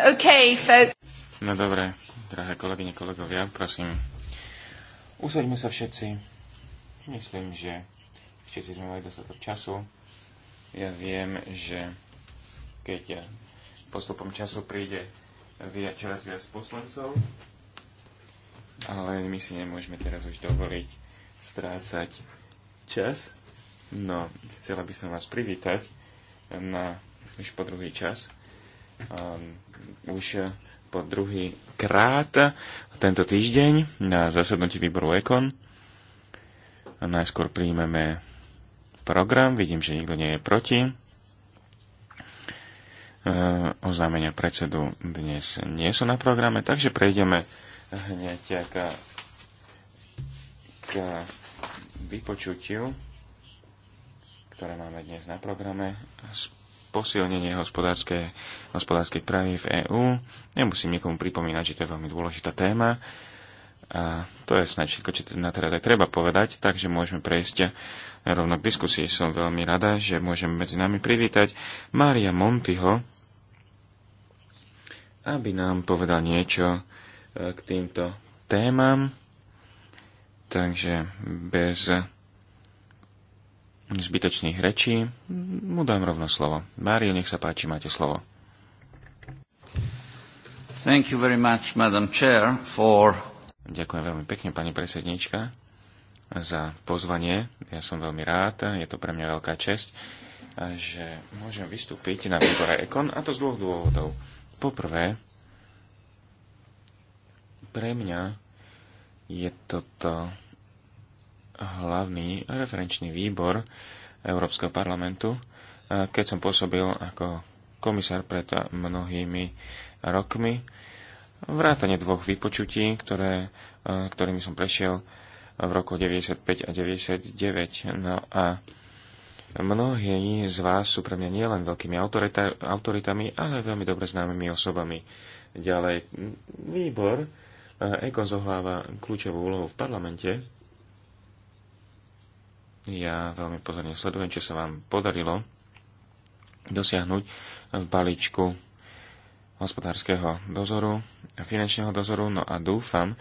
Okay, folks. No dobre, drahé kolegyne, kolegovia, prosím, usaďme sa všetci. Myslím, že všetci sme mali dostatok času. Ja viem, že keď ja postupom času príde viac, čoraz viac poslancov, ale my si nemôžeme teraz už dovoliť strácať čas. No, chcela by som vás privítať na už po druhý čas um, už eh, po druhý krát tento týždeň na zasadnutí výboru EKON. a Najskôr príjmeme program, vidím, že nikto nie je proti. Eh, oznámenia predsedu dnes nie sú na programe, takže prejdeme hneď k, k vypočutiu, ktoré máme dnes na programe posilnenie hospodárskej, hospodárskej právy v EÚ. Nemusím nikomu pripomínať, že to je veľmi dôležitá téma. A to je snáď všetko, čo na teraz aj treba povedať, takže môžeme prejsť rovno k diskusii. Som veľmi rada, že môžeme medzi nami privítať Mária Montyho, aby nám povedal niečo e, k týmto témam. Takže bez zbytočných rečí, mu dám rovno slovo. Mário, nech sa páči, máte slovo. Thank you very much, Madam Chair, for... Ďakujem veľmi pekne, pani predsednička, za pozvanie. Ja som veľmi rád, je to pre mňa veľká česť, že môžem vystúpiť na výbore Ekon, a to z dvoch dôvodov. Poprvé, pre mňa je toto hlavný referenčný výbor Európskeho parlamentu, e, keď som pôsobil ako komisár pred mnohými rokmi. Vrátane dvoch vypočutí, ktoré, e, ktorými som prešiel v roku 95 a 99. No a mnohí z vás sú pre mňa nielen veľkými autorita- autoritami, ale veľmi dobre známymi osobami. Ďalej, výbor e, Ekon zohláva kľúčovú úlohu v parlamente, ja veľmi pozorne sledujem, čo sa vám podarilo dosiahnuť v balíčku hospodárskeho dozoru a finančného dozoru. No a dúfam,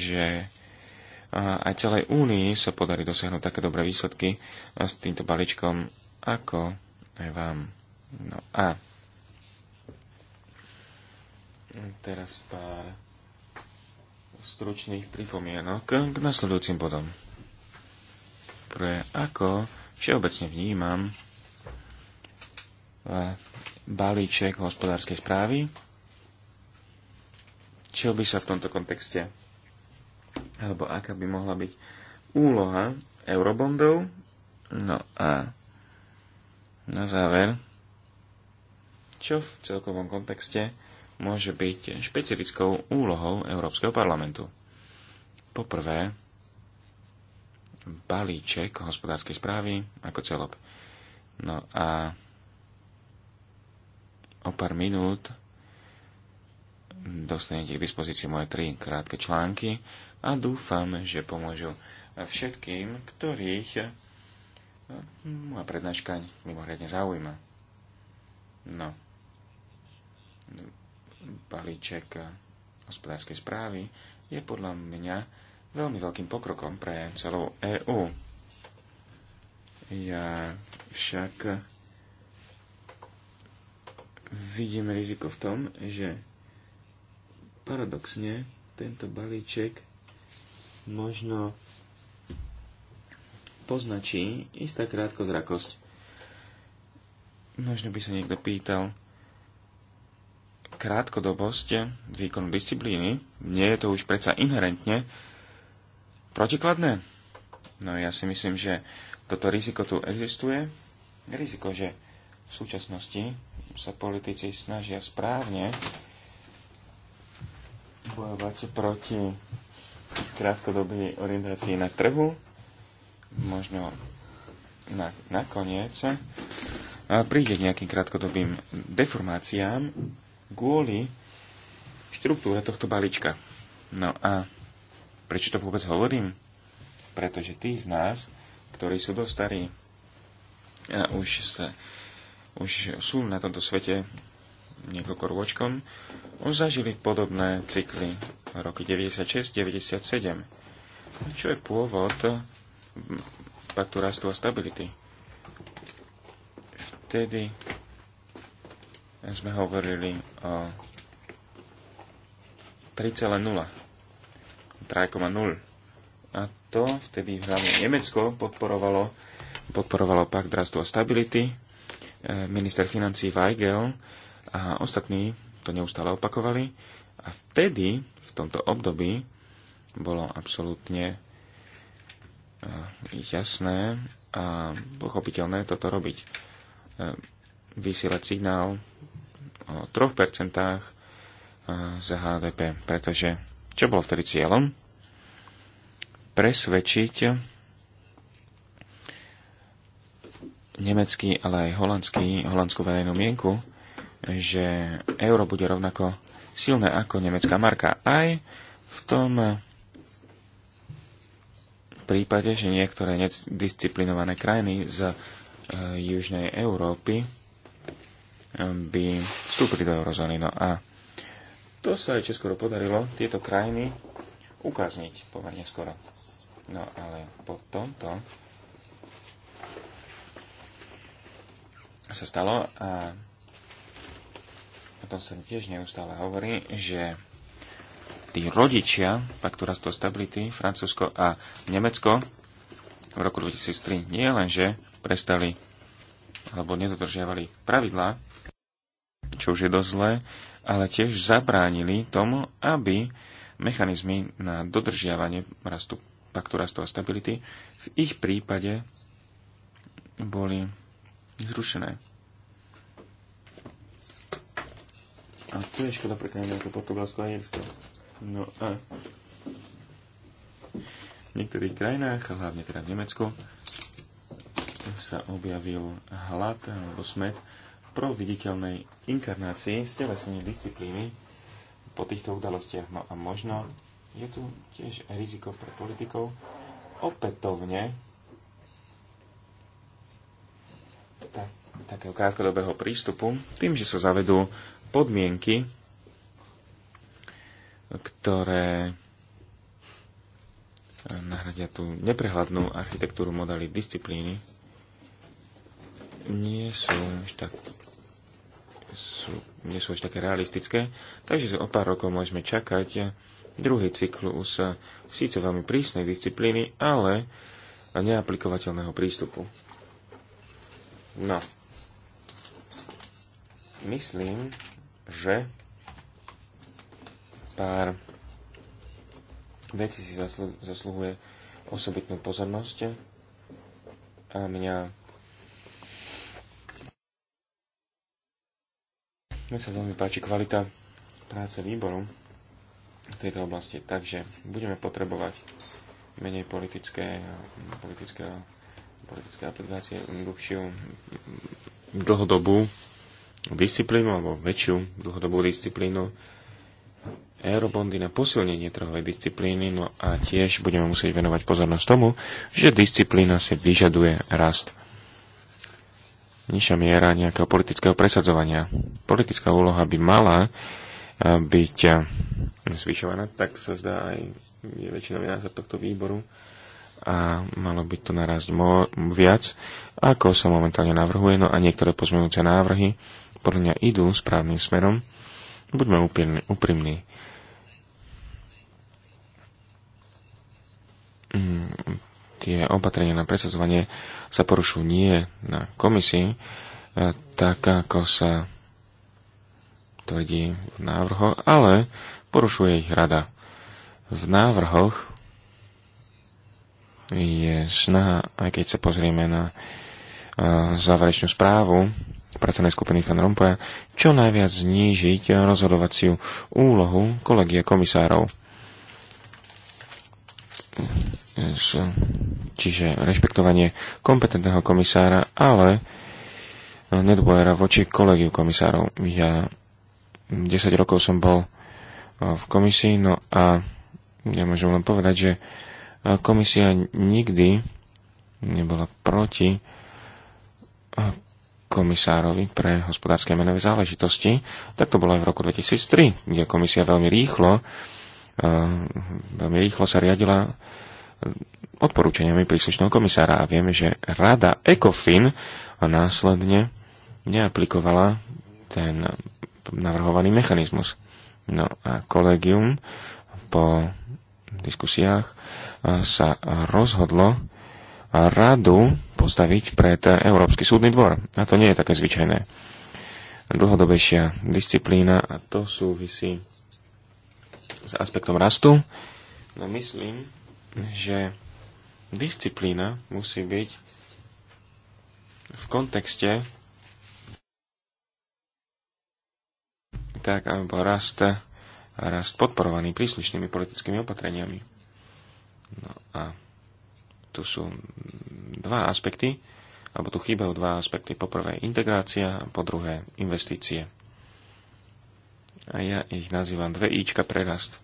že aj celej únii sa podarí dosiahnuť také dobré výsledky s týmto balíčkom, ako aj vám. No a teraz pár stručných pripomienok k nasledujúcim bodom nástroje, ako všeobecne vnímam e, balíček hospodárskej správy. Čo by sa v tomto kontexte, alebo aká by mohla byť úloha eurobondov? No a na záver, čo v celkovom kontexte môže byť špecifickou úlohou Európskeho parlamentu? Poprvé, balíček hospodárskej správy ako celok. No a o pár minút dostanete k dispozícii moje tri krátke články a dúfam, že pomôžu všetkým, ktorých moja prednáška mimoriadne zaujíma. No, balíček hospodárskej správy je podľa mňa veľmi veľkým pokrokom pre celú EÚ. Ja však vidím riziko v tom, že paradoxne tento balíček možno poznačí istá krátkozrakosť. Možno by sa niekto pýtal, krátkodobosť výkonu disciplíny, nie je to už predsa inherentne protikladné? No ja si myslím, že toto riziko tu existuje. Riziko, že v súčasnosti sa politici snažia správne bojovať proti krátkodobej orientácii na trhu, možno na, nakoniec príde k nejakým krátkodobým deformáciám kvôli štruktúre tohto balíčka. No a Prečo to vôbec hovorím? Pretože tí z nás, ktorí sú dosť starí a už, sa, už sú na tomto svete niekoľko rôčkom, už zažili podobné cykly roky 96-97, čo je pôvod paktu rastu a stability. Vtedy sme hovorili o 3,0 3,0. A to vtedy hlavne Nemecko podporovalo, podporovalo pakt rastu a stability. E, minister financí Weigel a ostatní to neustále opakovali. A vtedy, v tomto období, bolo absolútne e, jasné a pochopiteľné toto robiť. E, vysielať signál o 3% z HDP, pretože čo bolo vtedy cieľom? Presvedčiť nemecký, ale aj holandský, holandskú verejnú mienku, že euro bude rovnako silné ako nemecká marka. Aj v tom prípade, že niektoré nedisciplinované krajiny z e, južnej Európy e, by vstúpili do eurozóny. No a to sa aj čoskoro podarilo tieto krajiny ukázniť pomerne skoro. No ale po tomto sa stalo a o tom sa tiež neustále hovorí, že tí rodičia Paktu rastu stability, Francúzsko a Nemecko v roku 2003 nie len, že prestali alebo nedodržiavali pravidlá, čo už je dosť zlé, ale tiež zabránili tomu, aby mechanizmy na dodržiavanie rastu, paktu rastu a stability v ich prípade boli zrušené. A to je škoda pre krajinu ako Portugalsko a Irsko. No a v niektorých krajinách, hlavne teda v Nemecku, sa objavil hlad alebo smet providiteľnej inkarnácii stelesnej disciplíny po týchto udalostiach. No a možno je tu tiež riziko pre politikov opätovne tak, takého krátkodobého prístupu tým, že sa zavedú podmienky, ktoré nahradia tú neprehľadnú architektúru modely disciplíny, nie sú už tak sú, nie sú už také realistické, takže o pár rokov môžeme čakať druhý cyklus síce veľmi prísnej disciplíny, ale neaplikovateľného prístupu. No. Myslím, že pár vecí si zaslu- zasluhuje osobitnú pozornosť a mňa Mne sa veľmi páči kvalita práce výboru v tejto oblasti, takže budeme potrebovať menej politické, politické, politické aplikácie, dlhšiu dlhodobú disciplínu alebo väčšiu dlhodobú disciplínu eurobondy na posilnenie trhovej disciplíny, no a tiež budeme musieť venovať pozornosť tomu, že disciplína si vyžaduje rast nižšia miera nejakého politického presadzovania. Politická úloha by mala eh, byť eh, zvyšovaná, tak sa zdá aj je názor tohto výboru a malo by to narazť viac, ako sa momentálne navrhuje, no a niektoré pozmeňujúce návrhy podľa mňa idú správnym smerom. Buďme úprimní. úprimní. Mm, tie opatrenia na presadzovanie sa porušujú nie na komisii, e, tak ako sa tvrdí v návrhoch, ale porušuje ich rada. V návrhoch je snaha, aj keď sa pozrieme na e, záverečnú správu pracovnej skupiny Van Rompuya, čo najviac znížiť rozhodovaciu úlohu kolegie komisárov čiže rešpektovanie kompetentného komisára, ale eh, nedôvera voči kolegiu komisárov. Ja 10 rokov som bol eh, v komisii, no a ja môžem len povedať, že eh, komisia nikdy nebola proti komisárovi pre hospodárske menové záležitosti. Tak to bolo aj v roku 2003, kde komisia veľmi rýchlo veľmi rýchlo sa riadila odporúčaniami príslušného komisára a vieme, že rada ECOFIN následne neaplikovala ten navrhovaný mechanizmus. No a kolegium po diskusiách sa rozhodlo radu postaviť pred Európsky súdny dvor. A to nie je také zvyčajné. Dlhodobejšia disciplína a to súvisí s aspektom rastu. No myslím, že disciplína musí byť v kontexte tak, alebo rast, rast podporovaný príslušnými politickými opatreniami. No a tu sú dva aspekty, alebo tu chýbajú dva aspekty. Po prvé integrácia, a po druhé investície. A ja ich nazývam dve Ička pre rast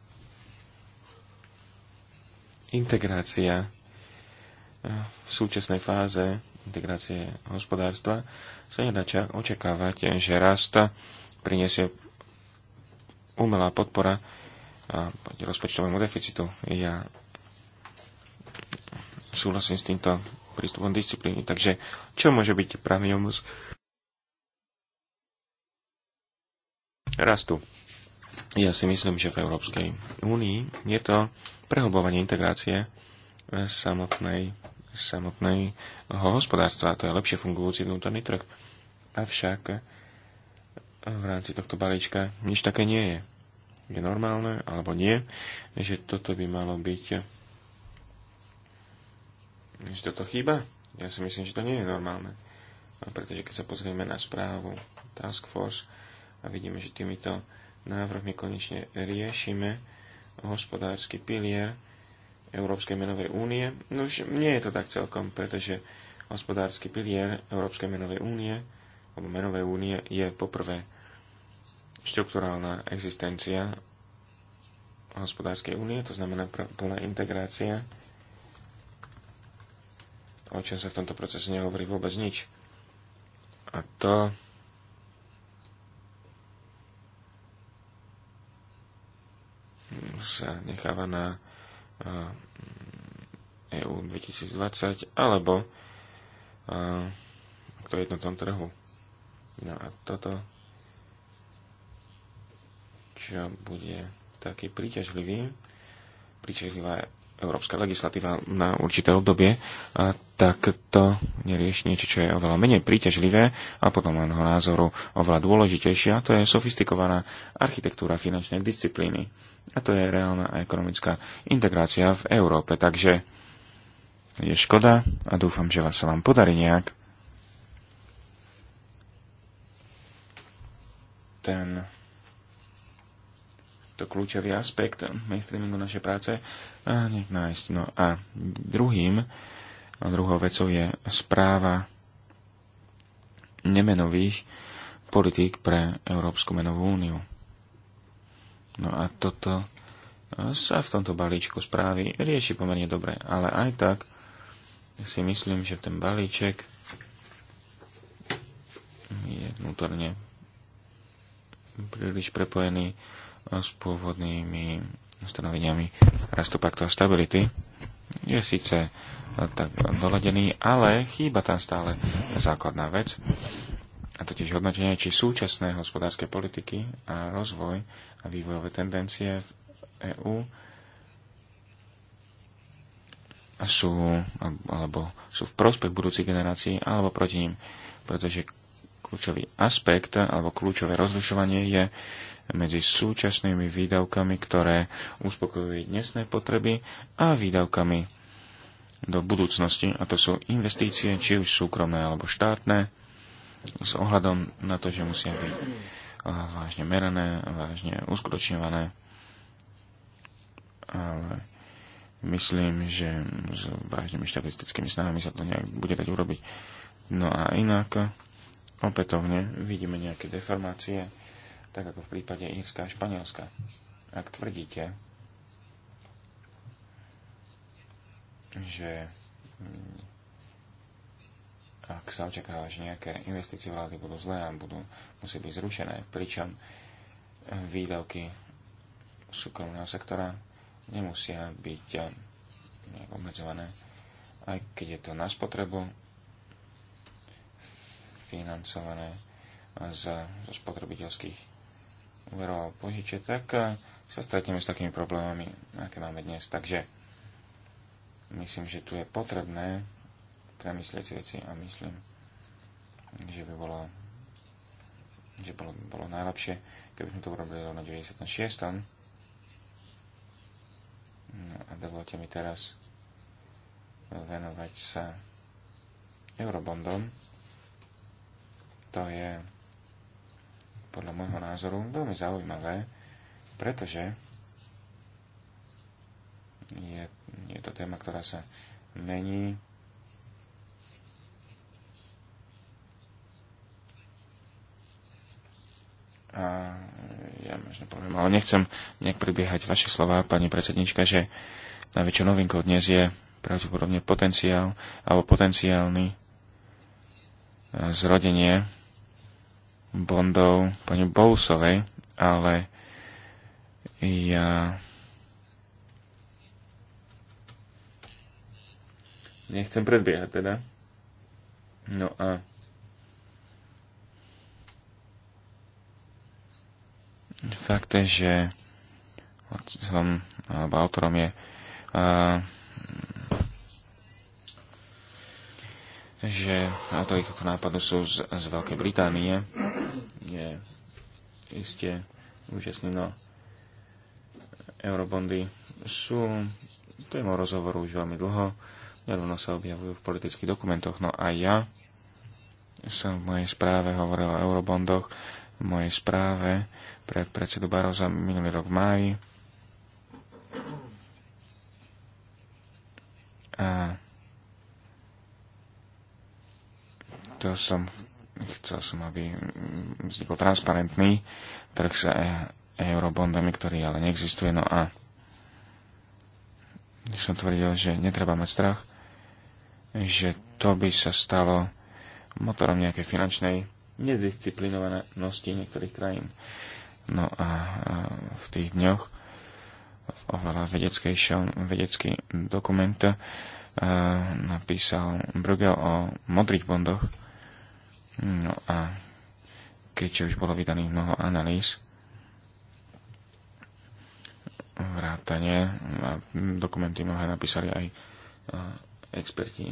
integrácia eh, v súčasnej fáze integrácie hospodárstva sa nedá očakávať, že rast priniesie umelá podpora rozpočtovému deficitu. Ja súhlasím s týmto prístupom disciplíny. Takže čo môže byť pravý omus rastu? Ja si myslím, že v Európskej únii je to prehlbovanie integrácie e, samotnej, samotnej hospodárstva. To je lepšie fungujúci vnútorný trh. Avšak v rámci tohto balíčka nič také nie je. Je normálne, alebo nie, že toto by malo byť... Že toto chýba? Ja si myslím, že to nie je normálne. Pretože keď sa pozrieme na správu Task Force a vidíme, že týmito návrhmi konečne riešime hospodársky pilier Európskej menovej únie. No už nie je to tak celkom, pretože hospodársky pilier Európskej menovej únie alebo menovej únie je poprvé štruktúrálna existencia hospodárskej únie, to znamená plná integrácia, o čom sa v tomto procese nehovorí vôbec nič. A to sa necháva na EU 2020 alebo to je na tom trhu. No a toto čo bude taký príťažlivý, príťažlivá európska legislatíva na určité obdobie, a tak to nerieši niečo, čo je oveľa menej príťažlivé a potom môjho názoru oveľa dôležitejšia. To je sofistikovaná architektúra finančnej disciplíny. A to je reálna a ekonomická integrácia v Európe. Takže je škoda a dúfam, že vás sa vám podarí nejak ten to kľúčový aspekt mainstreamingu našej práce nech nájsť. No a druhým, druhou vecou je správa nemenových politík pre Európsku menovú úniu. No a toto sa v tomto balíčku správy rieši pomerne dobre, ale aj tak si myslím, že ten balíček je vnútorne príliš prepojený s pôvodnými ustanoveniami rastu paktu a stability je síce tak doladený, ale chýba tam stále základná vec, a totiž hodnotenie, či súčasné hospodárske politiky a rozvoj a vývojové tendencie v EÚ sú, alebo sú v prospech budúcich generácií alebo proti ním, pretože kľúčový aspekt alebo kľúčové rozlišovanie je medzi súčasnými výdavkami, ktoré uspokojujú dnesné potreby a výdavkami do budúcnosti, a to sú investície, či už súkromné alebo štátne, s ohľadom na to, že musia byť vážne merané, vážne uskutočňované. Ale myslím, že s vážnymi štatistickými snahami sa to nejak bude dať urobiť. No a inak, opätovne vidíme nejaké deformácie tak ako v prípade Írska a Španielska. Ak tvrdíte, že mm, ak sa očakáva, že nejaké investície vlády budú zlé a budú musí byť zrušené, pričom eh, výdavky súkromného sektora nemusia byť eh, obmedzované, aj keď je to na spotrebu financované z, z spotrebiteľských uveroval a tak eh, sa stretneme s takými problémami, aké máme dnes. Takže myslím, že tu je potrebné premyslieť si veci a myslím, že by bolo, že bolo, bolo najlepšie, keby sme to urobili na 96. No a dovolte mi teraz venovať sa eurobondom. To je podľa môjho názoru veľmi zaujímavé, pretože je, je to téma, ktorá sa mení. A ja možno poviem, ale nechcem nejak pribiehať vaše slova, pani predsednička, že najväčšou novinkou dnes je pravdepodobne potenciál alebo potenciálny zrodenie Bondov pani Bousovej, ale ja nechcem predbiehať teda. No a fakt je, že som, alebo autorom je uh, že autori tohto nápadu sú z, z Veľkej Británie. Je iste úžasný, no eurobondy sú tému rozhovoru už veľmi dlho. Nerovno sa objavujú v politických dokumentoch. No a ja som v mojej správe hovoril o eurobondoch, v mojej správe pre predsedu Baroza minulý rok v máji. A to som, chcel som, aby vznikol transparentný trh sa e eurobondami, ktorý ale neexistuje. No a som tvrdil, že netreba mať strach, že to by sa stalo motorom nejakej finančnej nedisciplinovanosti niektorých krajín. No a v tých dňoch oveľa vedecký dokument e, napísal Bruegel o modrých bondoch, No a keďže už bolo vydaných mnoho analýz, vrátane a dokumenty mnohé napísali aj experti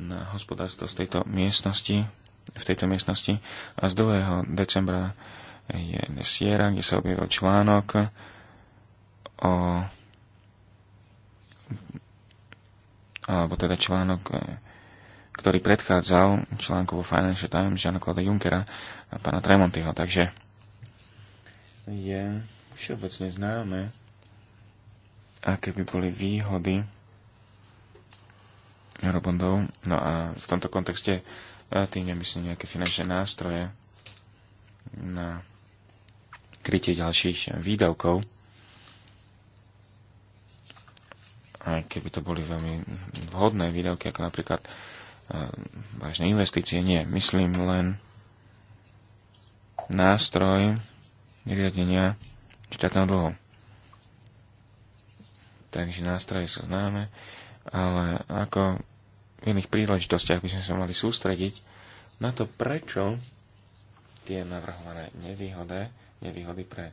na hospodárstvo z tejto miestnosti, v tejto miestnosti a z 2. decembra je Siera, kde sa objavil článok o alebo teda článok e, ktorý predchádzal článku vo Financial Times Jean-Claude Junckera a pána Tremontyho. Takže je všeobecne známe, aké by boli výhody eurobondov. No a v tomto kontexte tým nemyslím nejaké finančné nástroje na krytie ďalších výdavkov. Aj keby to boli veľmi vhodné výdavky, ako napríklad Ehm, vážne investície. Nie, myslím len nástroj riadenia štátneho dlhu. Takže nástroje sú známe, ale ako v iných príležitostiach by sme sa mali sústrediť na to, prečo tie navrhované nevýhody, nevýhody pre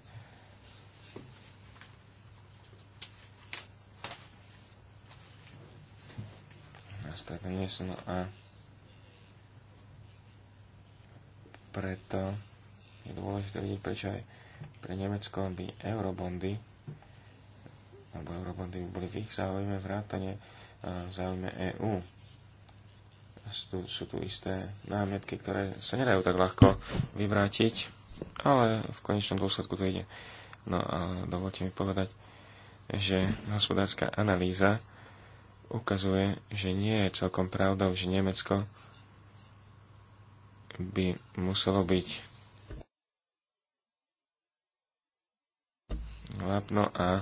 stredné miesto. No a preto je dôležité vidieť, prečo aj pre Nemecko by eurobondy alebo eurobondy by boli v ich záujme vrátane v záujme EÚ. Sú, sú tu isté námietky, ktoré sa nedajú tak ľahko vyvrátiť, ale v konečnom dôsledku to ide. No a dovolte mi povedať, že hospodárska analýza ukazuje, že nie je celkom pravdou, že Nemecko by muselo byť Lápno a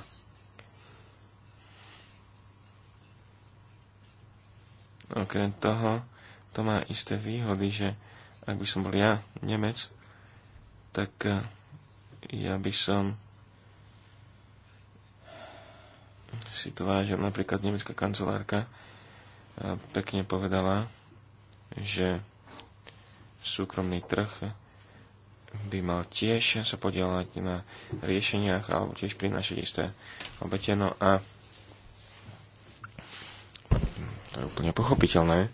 okrem toho to má isté výhody, že ak by som bol ja Nemec, tak eh, ja by som si to vážil. Napríklad nemecká kancelárka eh, pekne povedala, že súkromný trh by mal tiež sa podielať na riešeniach alebo tiež prinášať isté obete. No a to je úplne pochopiteľné.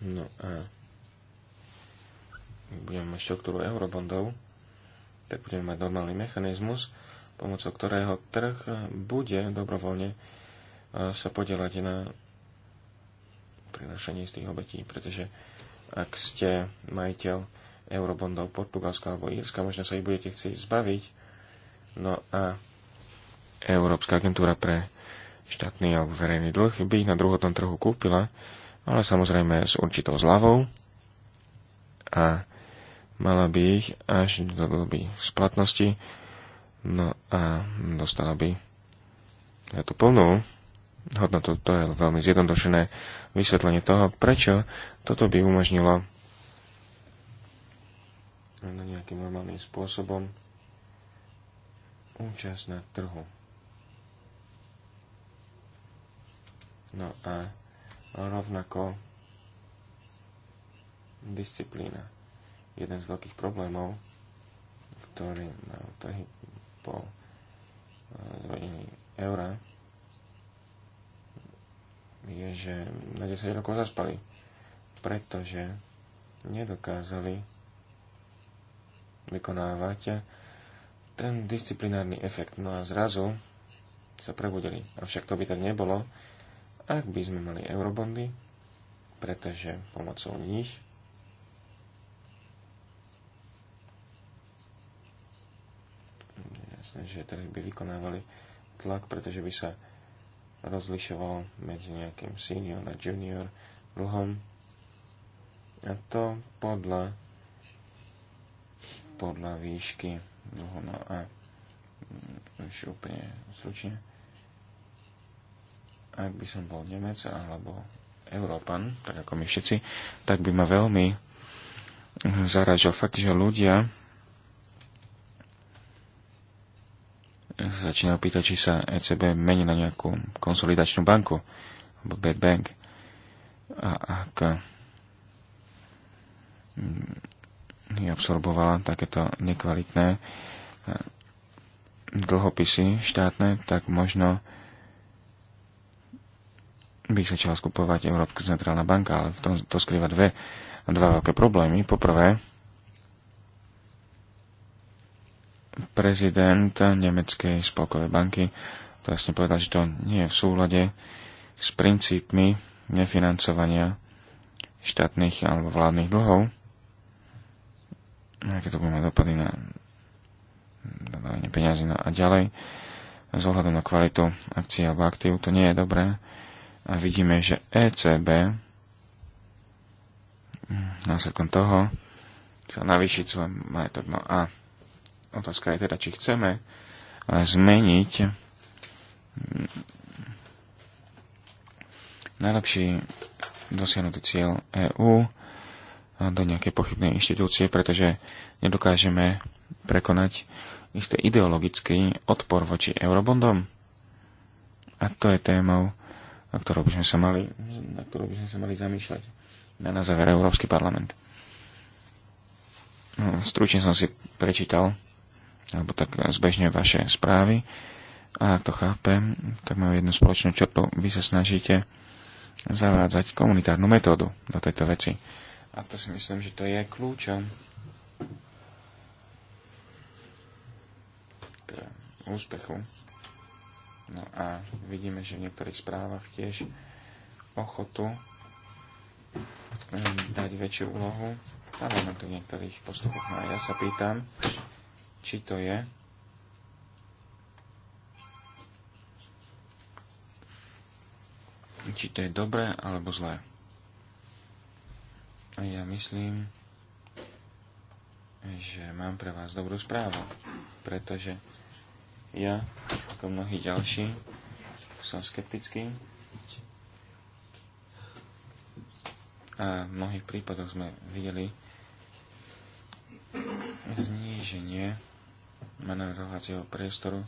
No a budeme mať štruktúru eurobondov tak budeme mať normálny mechanizmus, pomocou ktorého trh bude dobrovoľne e, sa podielať na prinašanie z tých obetí, pretože ak ste majiteľ eurobondov Portugalska alebo Írska, možno sa ich budete chcieť zbaviť. No a Európska agentúra pre štátny alebo verejný dlh by ich na druhotnom trhu kúpila, ale samozrejme s určitou zľavou a mala by ich až do doby splatnosti, no a dostala by ja tú plnú hodnotu, to je veľmi zjednodušené vysvetlenie toho, prečo toto by umožnilo na no nejakým normálnym spôsobom účasť na trhu. No a rovnako disciplína jeden z veľkých problémov, ktorý na trhy po e, zvedení eura je, že na 10 rokov zaspali, pretože nedokázali vykonávať ten disciplinárny efekt. No a zrazu sa prebudili. Avšak to by tak nebolo, ak by sme mali eurobondy, pretože pomocou nich že trhy by vykonávali tlak, pretože by sa rozlišovalo medzi nejakým senior a junior dlhom. A to podľa, podľa výšky dlho. No a mm, už úplne slučne. Ak by som bol Nemec alebo Európan, tak ako my všetci, tak by ma veľmi zaražil fakt, že ľudia začínajú pýtať, či sa ECB mení na nejakú konsolidačnú banku, alebo bad bank. A ak mm, absorbovala takéto nekvalitné e, dlhopisy štátne, tak možno by sa začala skupovať Európska centrálna banka, ale v tom to skrýva dve, dva veľké problémy. Poprvé, prezident Nemeckej spolkovej banky vlastne povedal, že to nie je v súlade s princípmi nefinancovania štátnych alebo vládnych dlhov. Aké to bude mať dopady na dávanie peňazí no a ďalej. Z ohľadom na kvalitu akcií alebo aktív to nie je dobré. A vidíme, že ECB následkom toho sa navýšiť svoj majetok. No a Otázka je teda, či chceme eh, zmeniť najlepší dosiahnutý cieľ EÚ eh, do nejakej pochybnej inštitúcie, pretože nedokážeme prekonať istý ideologický odpor voči eurobondom. A to je témou, na ktorú by sme sa mali, na ktorú by sme sa mali zamýšľať. Na, na záver Európsky parlament. No, stručne som si prečítal alebo tak zbežne vaše správy. A ak to chápem, tak majú jednu spoločnú črtu. Vy sa snažíte zavádzať komunitárnu metódu do tejto veci. A to si myslím, že to je kľúčom k úspechu. No a vidíme, že v niektorých správach tiež ochotu hm, dať väčšiu úlohu parlamentu v niektorých postupoch. No a ja sa pýtam, či to je či to je dobré alebo zlé. A ja myslím, že mám pre vás dobrú správu, pretože ja, ako mnohí ďalší, som skeptický a v mnohých prípadoch sme videli zníženie manévrovacieho priestoru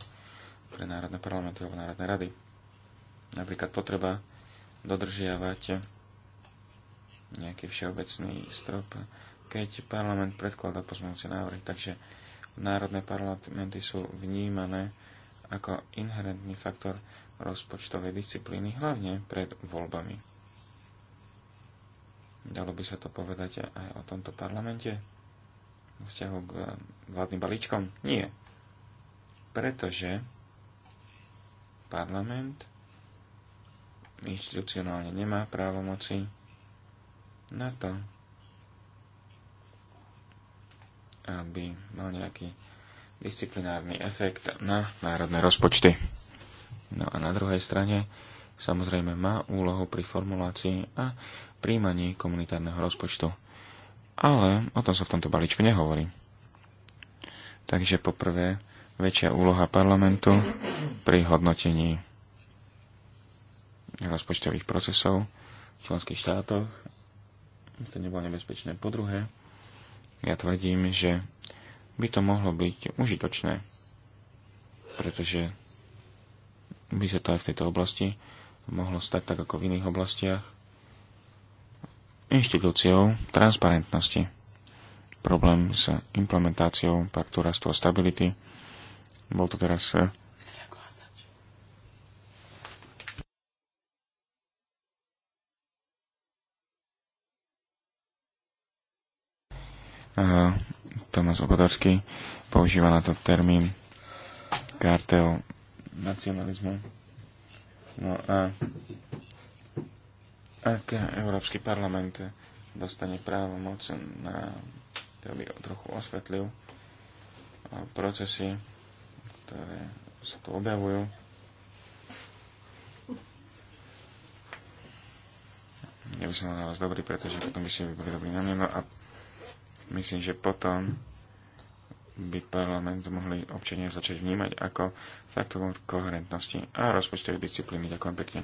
pre národné parlamenty alebo národné rady. Napríklad potreba dodržiavať nejaký všeobecný strop, keď parlament predkladá pozmeňujúce návrhy. Takže národné parlamenty sú vnímané ako inherentný faktor rozpočtovej disciplíny, hlavne pred voľbami. Dalo by sa to povedať aj o tomto parlamente? vzťahu k eh, vládnym balíčkom? Nie. Pretože parlament inštitucionálne nemá právomoci na to, aby mal nejaký disciplinárny efekt na národné rozpočty. No a na druhej strane samozrejme má úlohu pri formulácii a príjmaní komunitárneho rozpočtu ale o tom sa v tomto balíčku nehovorí. Takže poprvé, väčšia úloha parlamentu pri hodnotení rozpočtových procesov v členských štátoch. To nebolo nebezpečné. Po druhé, ja tvrdím, že by to mohlo byť užitočné, pretože by sa to aj v tejto oblasti mohlo stať tak ako v iných oblastiach inštitúciou transparentnosti. Problém s implementáciou paktu rastu a stability. Bol to teraz Uh, eh, Tomás Obodorský používa na to termín kartel nacionalizmu. No a ak Európsky parlament dostane právo moc na to by trochu osvetlil procesy, ktoré sa tu objavujú. Ja by som na vás dobrý, pretože potom by ste by boli dobrý na mňa. No a myslím, že potom by parlament mohli občania začať vnímať ako faktor koherentnosti a rozpočtovej disciplíny. Ďakujem pekne.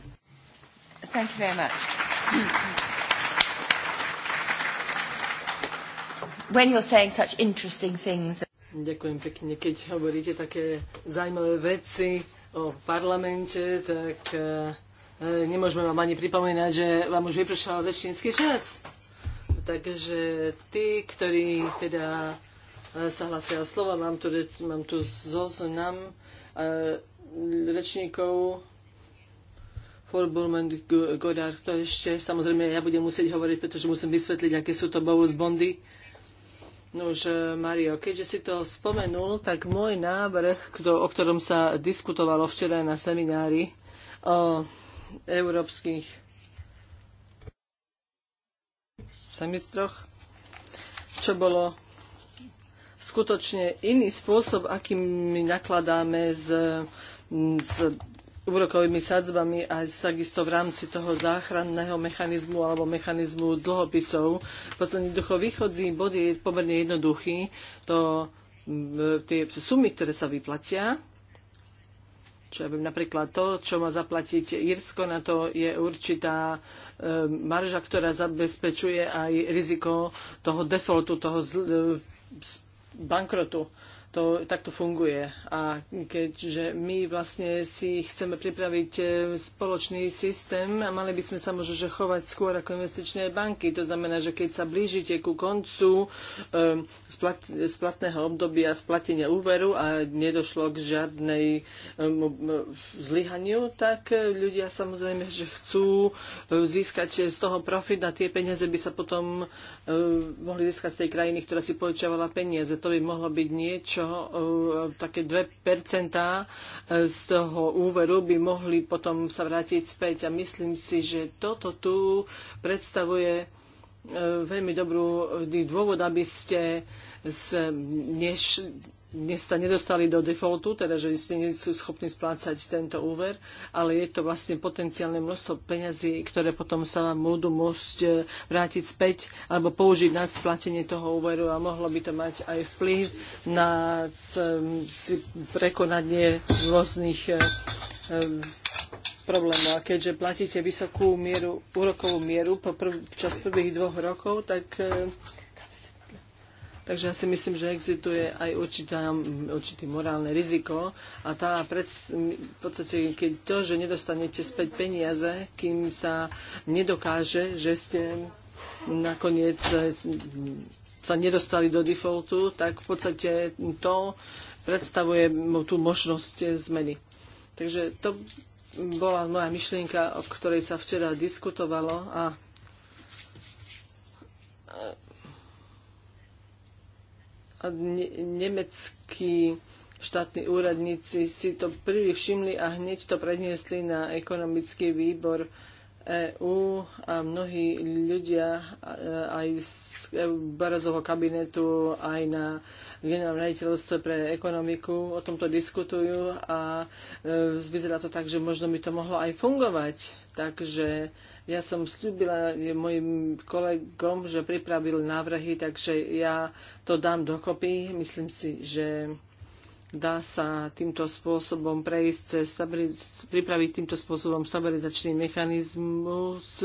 Thank you very much. When you're saying such interesting things. Ďakujem pekne, keď hovoríte také zaujímavé veci o parlamente, tak e, e nemôžeme vám ani pripomínať, že vám už vypršal rečnícky čas. Takže tí, ktorí teda e, sa hlasia slova, mám tu, mám tu zoznam e, rečníkov, Godard, to ešte, samozrejme ja budem musieť hovoriť, pretože musím vysvetliť, aké sú to bonus bondy. už, eh, Mario, keďže si to spomenul, tak môj návrh, kto, o ktorom sa diskutovalo včera na seminári o európskych semistroch, čo bolo skutočne iný spôsob, akým my nakladáme s, s úrokovými sadzbami a takisto v rámci toho záchranného mechanizmu alebo mechanizmu dlhopisov. Potom jednoducho východzí bod je pomerne jednoduchý. To, mm, tie sumy, ktoré sa vyplatia, čo ja viem, napríklad to, čo má zaplatiť Irsko, na to je určitá ehm, marža, ktorá zabezpečuje aj riziko toho defaultu, toho ehm, bankrotu to takto funguje. A keďže my vlastne si chceme pripraviť e, spoločný systém a mali by sme sa možno že chovať skôr ako investičné banky. To znamená, že keď sa blížite ku koncu um, splat, splatného obdobia splatenia úveru a nedošlo k žiadnej um, zlyhaniu, tak ľudia samozrejme, že chcú získať z toho profit a tie peniaze by sa potom um, mohli získať z tej krajiny, ktorá si požičiavala peniaze. To by mohlo byť niečo, čo e, také 2% e, z toho úveru by mohli potom sa vrátiť späť. A myslím si, že toto tu predstavuje e, veľmi dobrú dôvod, aby ste z, než, dnes sa nedostali do defaultu, teda že nie sú schopní splácať tento úver, ale je to vlastne potenciálne množstvo peňazí, ktoré potom sa vám budú môcť e, vrátiť späť alebo použiť na splatenie toho úveru a mohlo by to mať aj vplyv na prekonanie rôznych e, e, problémov. A keďže platíte vysokú mieru, úrokovú mieru po prv, čas prvých dvoch rokov, tak Takže ja si myslím, že existuje aj určitá, určitý morálne riziko a tá pred, v podstate, keď to, že nedostanete späť peniaze, kým sa nedokáže, že ste nakoniec eh, sa nedostali do defaultu, tak v podstate to predstavuje tú možnosť zmeny. Takže to bola moja myšlienka, o ktorej sa včera diskutovalo a nemeckí štátni úradníci si to prvý všimli a hneď to predniesli na ekonomický výbor EÚ a mnohí ľudia aj z Barazovho kabinetu, aj na generálne raditeľstve pre ekonomiku o tomto diskutujú a e, vyzerá to tak, že možno by to mohlo aj fungovať. Takže ja som slúbila mojim kolegom, že pripravil návrhy, takže ja to dám dokopy. Myslím si, že dá sa týmto spôsobom prejsť cez pripraviť týmto spôsobom stabilizačný mechanizmus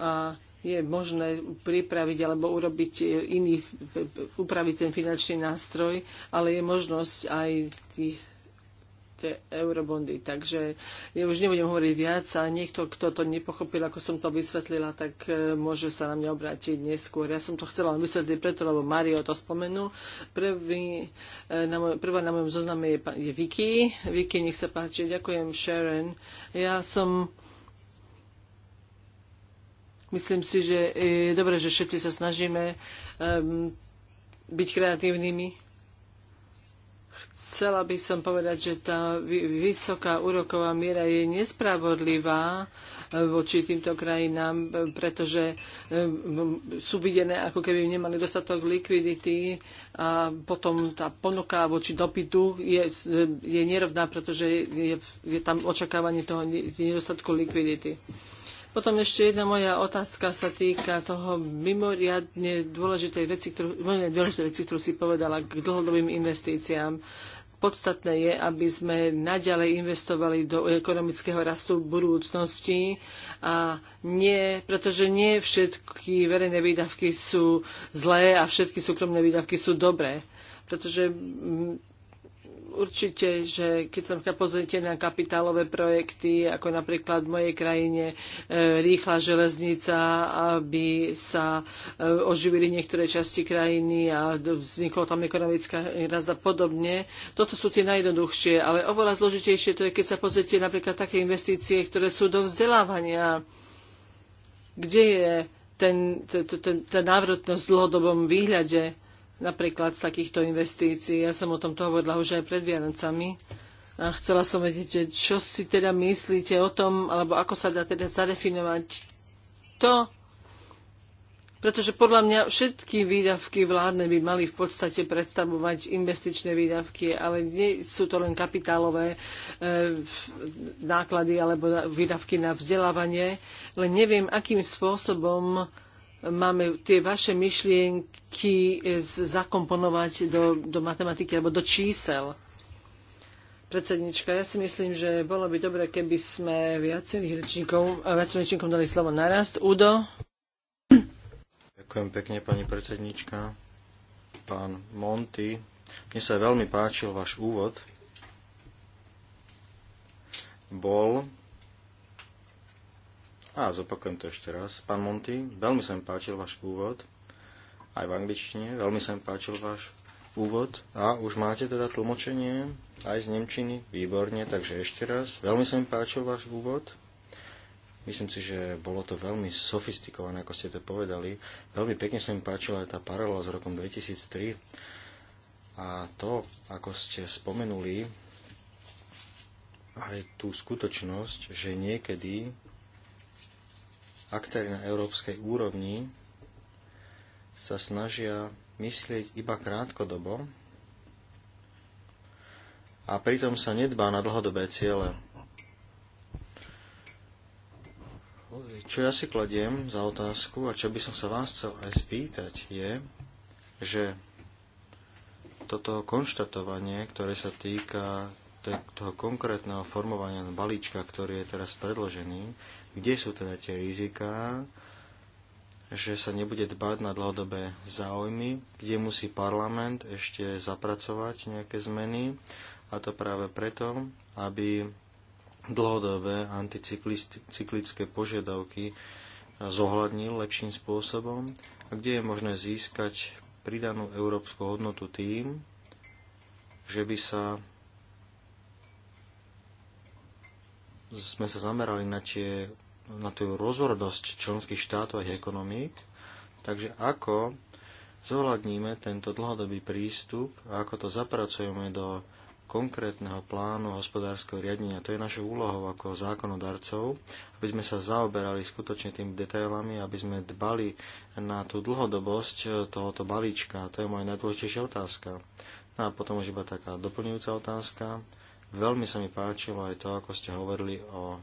a je možné pripraviť alebo urobiť iný, upraviť ten finančný nástroj, ale je možnosť aj tých tie eurobondy. Takže ja už nebudem hovoriť viac a niekto, kto to nepochopil, ako som to vysvetlila, tak e, môže sa na mňa obrátiť neskôr. Ja som to chcela vysvetliť preto, lebo Mario to spomenul. Prvý, e, na môj, prvá na mojom zozname je, je Vicky. Vicky, nech sa páči. Ďakujem, Sharon. Ja som Myslím si, že je dobré, že všetci sa snažíme um, byť kreatívnymi chcela by som povedať, že tá vysoká úroková miera je nespravodlivá eh, voči týmto krajinám, eh, pretože eh, sú videné, ako keby nemali dostatok likvidity a potom tá ponuka voči dopytu je, je nerovná, pretože je, je tam očakávanie toho nedostatku likvidity. Potom ešte jedna moja otázka sa týka toho mimoriadne dôležitej veci, ktorú, mimoriadne dôležitej veci, ktorú si povedala k dlhodobým investíciám. Podstatné je, aby sme naďalej investovali do ekonomického rastu v budúcnosti a nie, pretože nie všetky verejné výdavky sú zlé a všetky súkromné výdavky sú dobré. Pretože určite, že keď sa pozrite na kapitálové projekty, ako napríklad v mojej krajine e, rýchla železnica, aby sa e, oživili niektoré časti krajiny a vznikla tam ekonomická razda podobne. Toto sú tie najjednoduchšie, ale oveľa zložitejšie to je, keď sa pozrite napríklad také investície, ktoré sú do vzdelávania. Kde je ten, ten, ten, tá návratnosť v dlhodobom výhľade? napríklad z takýchto investícií. Ja som o tomto hovorila už aj pred Vianocami. A chcela som vedieť, čo si teda myslíte o tom, alebo ako sa dá teda zadefinovať to, pretože podľa mňa všetky výdavky vládne by mali v podstate predstavovať investičné výdavky, ale nie sú to len kapitálové e, náklady alebo výdavky na vzdelávanie. Len neviem, akým spôsobom máme tie vaše myšlienky e, zakomponovať do, do matematiky alebo do čísel. Predsednička, ja si myslím, že bolo by dobre, keby sme viacerých rečníkov, viacerých rečníkom dali slovo narast. Udo? Ďakujem pekne, pani predsednička. Pán Monty, mne sa veľmi páčil váš úvod. Bol a zopakujem to ešte raz. Pán Monty, veľmi sa mi páčil váš úvod, aj v angličtine, veľmi sa mi páčil váš úvod a už máte teda tlmočenie aj z Nemčiny, výborne, takže ešte raz, veľmi sa mi páčil váš úvod. Myslím si, že bolo to veľmi sofistikované, ako ste to povedali. Veľmi pekne sa mi páčila aj tá paralela s rokom 2003 a to, ako ste spomenuli, aj tú skutočnosť, že niekedy aktéry na európskej úrovni sa snažia myslieť iba krátkodobo a pritom sa nedbá na dlhodobé ciele. Čo ja si kladiem za otázku a čo by som sa vás chcel aj spýtať je, že toto konštatovanie, ktoré sa týka toho konkrétneho formovania balíčka, ktorý je teraz predložený, kde sú teda tie riziká, že sa nebude dbať na dlhodobé záujmy, kde musí parlament ešte zapracovať nejaké zmeny, a to práve preto, aby dlhodobé anticyklické požiadavky zohľadnil lepším spôsobom a kde je možné získať pridanú európsku hodnotu tým, že by sa sme sa zamerali na, tie, na tú rozhodnosť členských štátov a ekonomík. Takže ako zohľadníme tento dlhodobý prístup a ako to zapracujeme do konkrétneho plánu hospodárskeho riadenia. To je našou úlohou ako zákonodarcov, aby sme sa zaoberali skutočne tým detailami, aby sme dbali na tú dlhodobosť tohoto balíčka. To je moja najdôležitejšia otázka. No a potom už iba taká doplňujúca otázka. Veľmi sa mi páčilo aj to, ako ste hovorili o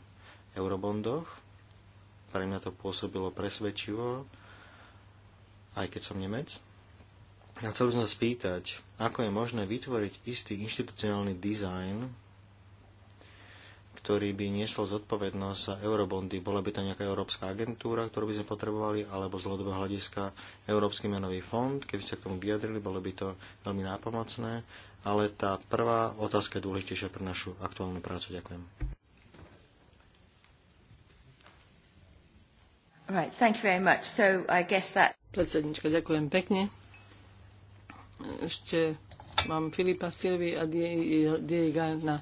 eurobondoch. Pre mňa to pôsobilo presvedčivo, aj keď som Nemec. A chcel by som sa spýtať, ako je možné vytvoriť istý inštitucionálny dizajn, ktorý by niesol zodpovednosť za eurobondy. Bola by to nejaká európska agentúra, ktorú by sme potrebovali, alebo z dlhodobého hľadiska Európsky menový fond. Keby ste k tomu vyjadrili, bolo by to veľmi nápomocné ale tá prvá otázka je dôležitejšia pre našu aktuálnu prácu. Ďakujem. Right, thank you very much. So I guess that... Predsednička, ďakujem pekne. Ešte mám Filipa Silvi a Diega na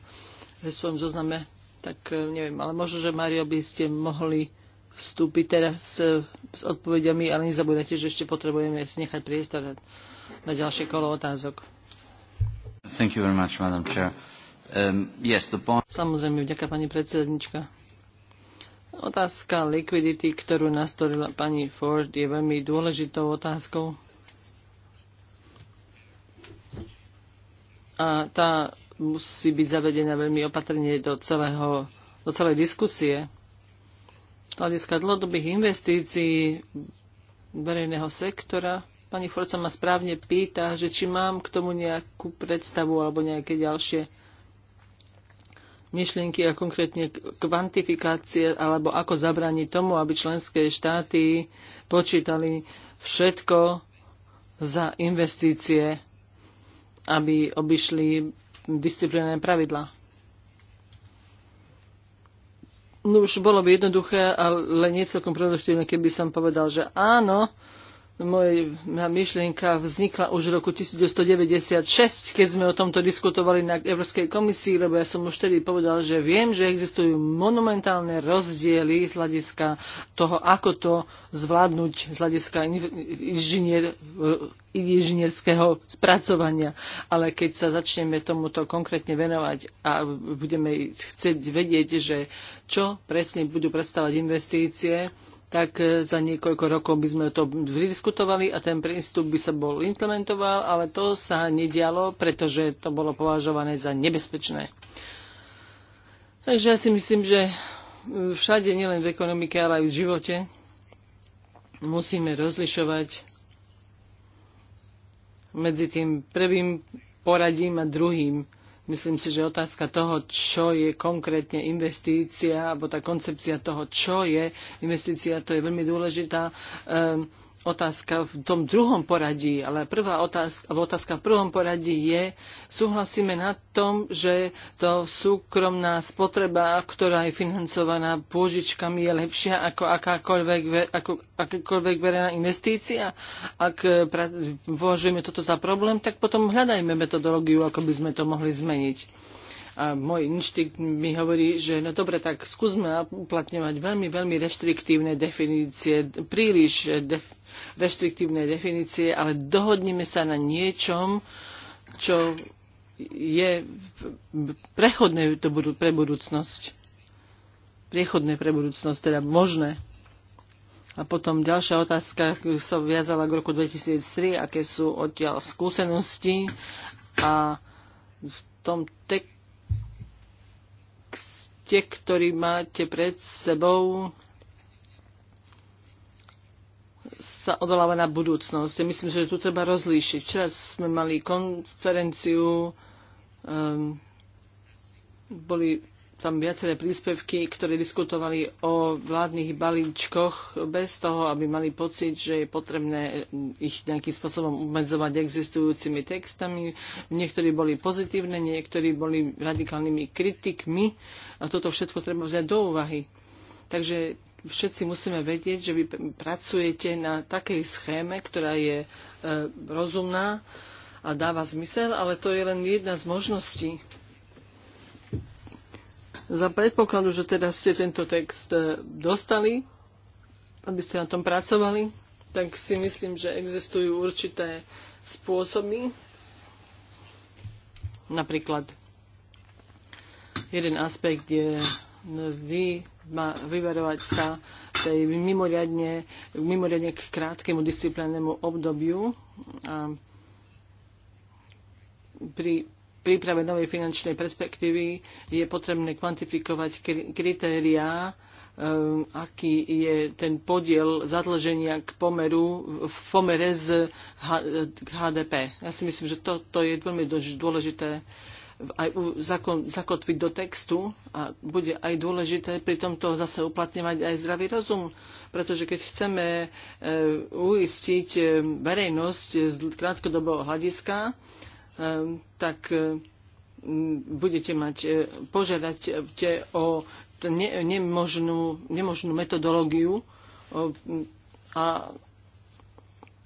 svojom zozname, tak e, neviem, ale možno, že Mario by ste mohli vstúpiť teraz e, s odpovediami, ale nezabudajte, že ešte potrebujeme si nechať priestor na ďalšie kolo otázok. Thank you very much, Madam Chair. Um, yes, the point... Samozrejme, vďaka pani predsednička. Otázka likvidity, ktorú nastorila pani Ford, je veľmi dôležitou otázkou. A tá musí byť zavedená veľmi opatrne do, celého, do celej diskusie. Z hľadiska dlhodobých investícií verejného sektora pani Forca ma správne pýta, že či mám k tomu nejakú predstavu alebo nejaké ďalšie myšlienky a konkrétne kvantifikácie alebo ako zabrániť tomu, aby členské štáty počítali všetko za investície, aby obišli disciplinárne pravidlá. No už bolo by jednoduché, ale nie celkom produktívne, keby som povedal, že áno, moja myšlienka vznikla už v roku 1996, keď sme o tomto diskutovali na Európskej komisii, lebo ja som už vtedy povedal, že viem, že existujú monumentálne rozdiely z hľadiska toho, ako to zvládnuť z hľadiska inžinier, inžinierského spracovania. Ale keď sa začneme tomuto konkrétne venovať a budeme chcieť vedieť, že čo presne budú predstavať investície, tak e, za niekoľko rokov by sme to vydiskutovali a ten prístup by sa bol implementoval, ale to sa nedialo, pretože to bolo považované za nebezpečné. Takže ja si myslím, že e, všade, nielen v ekonomike, ale aj v živote, musíme rozlišovať medzi tým prvým poradím a druhým Myslím si, že otázka toho, čo je konkrétne investícia, alebo tá koncepcia toho, čo je investícia, to je veľmi dôležitá. Um, otázka v tom druhom poradí, ale prvá otázka, otázka v prvom poradí je, súhlasíme na tom, že to súkromná spotreba, ktorá je financovaná pôžičkami, je lepšia ako akákoľvek, ako, akákoľvek verejná investícia. Ak eh, považujeme toto za problém, tak potom hľadajme metodológiu, ako by sme to mohli zmeniť. A môj inštinkt mi hovorí, že no dobre, tak skúsme uplatňovať veľmi, veľmi reštriktívne definície, príliš def- reštriktívne definície, ale dohodneme sa na niečom, čo je prechodné to budú, pre budúcnosť. Priechodné pre budúcnosť, teda možné. A potom ďalšia otázka sa viazala k roku 2003, aké sú odtiaľ skúsenosti. A v tom tek- texte, ktorý máte pred sebou, sa odoláva na budúcnosť. Ja myslím, že tu treba rozlíšiť. Včera sme mali konferenciu, um, boli tam viaceré príspevky, ktoré diskutovali o vládnych balíčkoch bez toho, aby mali pocit, že je potrebné ich nejakým spôsobom obmedzovať existujúcimi textami. Niektorí boli pozitívne, niektorí boli radikálnymi kritikmi a toto všetko treba vziať do úvahy. Takže všetci musíme vedieť, že vy pracujete na takej schéme, ktorá je e, rozumná a dáva zmysel, ale to je len jedna z možností. Za predpokladu, že teda ste tento text e, dostali, aby ste na tom pracovali, tak si myslím, že existujú určité spôsoby. Napríklad jeden aspekt je e, vy, vyverovať sa tej mimoriadne, mimoriadne k krátkemu disciplinárnemu obdobiu. A pri príprave novej finančnej perspektívy je potrebné kvantifikovať kritériá, eh, aký je ten podiel zadlženia k pomeru v pomere z HDP. Ja si myslím, že toto je veľmi dôležité aj zakotviť do textu a bude aj dôležité pri tomto zase uplatňovať aj zdravý rozum, pretože keď chceme eh, uistiť eh, verejnosť z krátkodobého hľadiska, Ehm, tak ehm, budete mať, e, požiadať o ne, nemožnú, nemožnú metodológiu a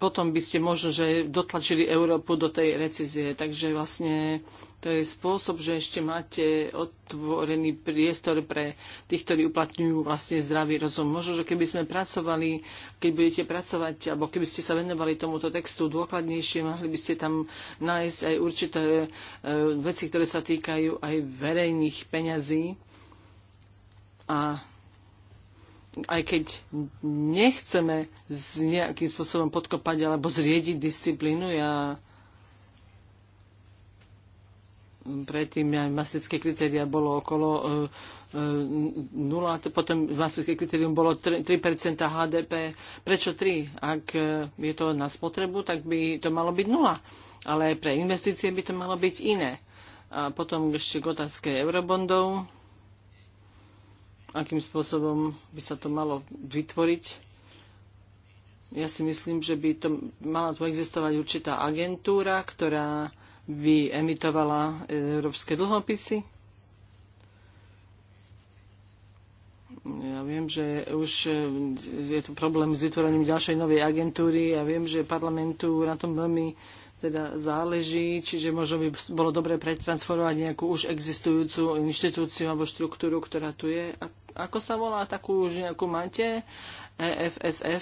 potom by ste možno, že dotlačili Európu do tej recizie. Takže vlastne to je spôsob, že ešte máte otvorený priestor pre tých, ktorí uplatňujú vlastne zdravý rozum. Možno, že keby sme pracovali, keď budete pracovať, alebo keby ste sa venovali tomuto textu dôkladnejšie, mohli by ste tam nájsť aj určité e, veci, ktoré sa týkajú aj verejných peňazí. A aj keď nechceme nejakým spôsobom podkopať alebo zriediť disciplínu, ja predtým aj masické kritéria bolo okolo e, e, nula, potom vlastne kritérium bolo 3, 3% HDP. Prečo 3? Ak e, je to na spotrebu, tak by to malo byť nula. Ale pre investície by to malo byť iné. A potom ešte k otázke eurobondov. Akým spôsobom by sa to malo vytvoriť? Ja si myslím, že by to mala tu existovať určitá agentúra, ktorá by emitovala európske dlhopisy? Ja viem, že už e, je tu problém s vytvorením ďalšej novej agentúry a ja viem, že parlamentu na tom veľmi teda záleží, čiže možno by bolo dobre pretransformovať nejakú už existujúcu inštitúciu alebo štruktúru, ktorá tu je. A ako sa volá takú už nejakú máte? EFSF?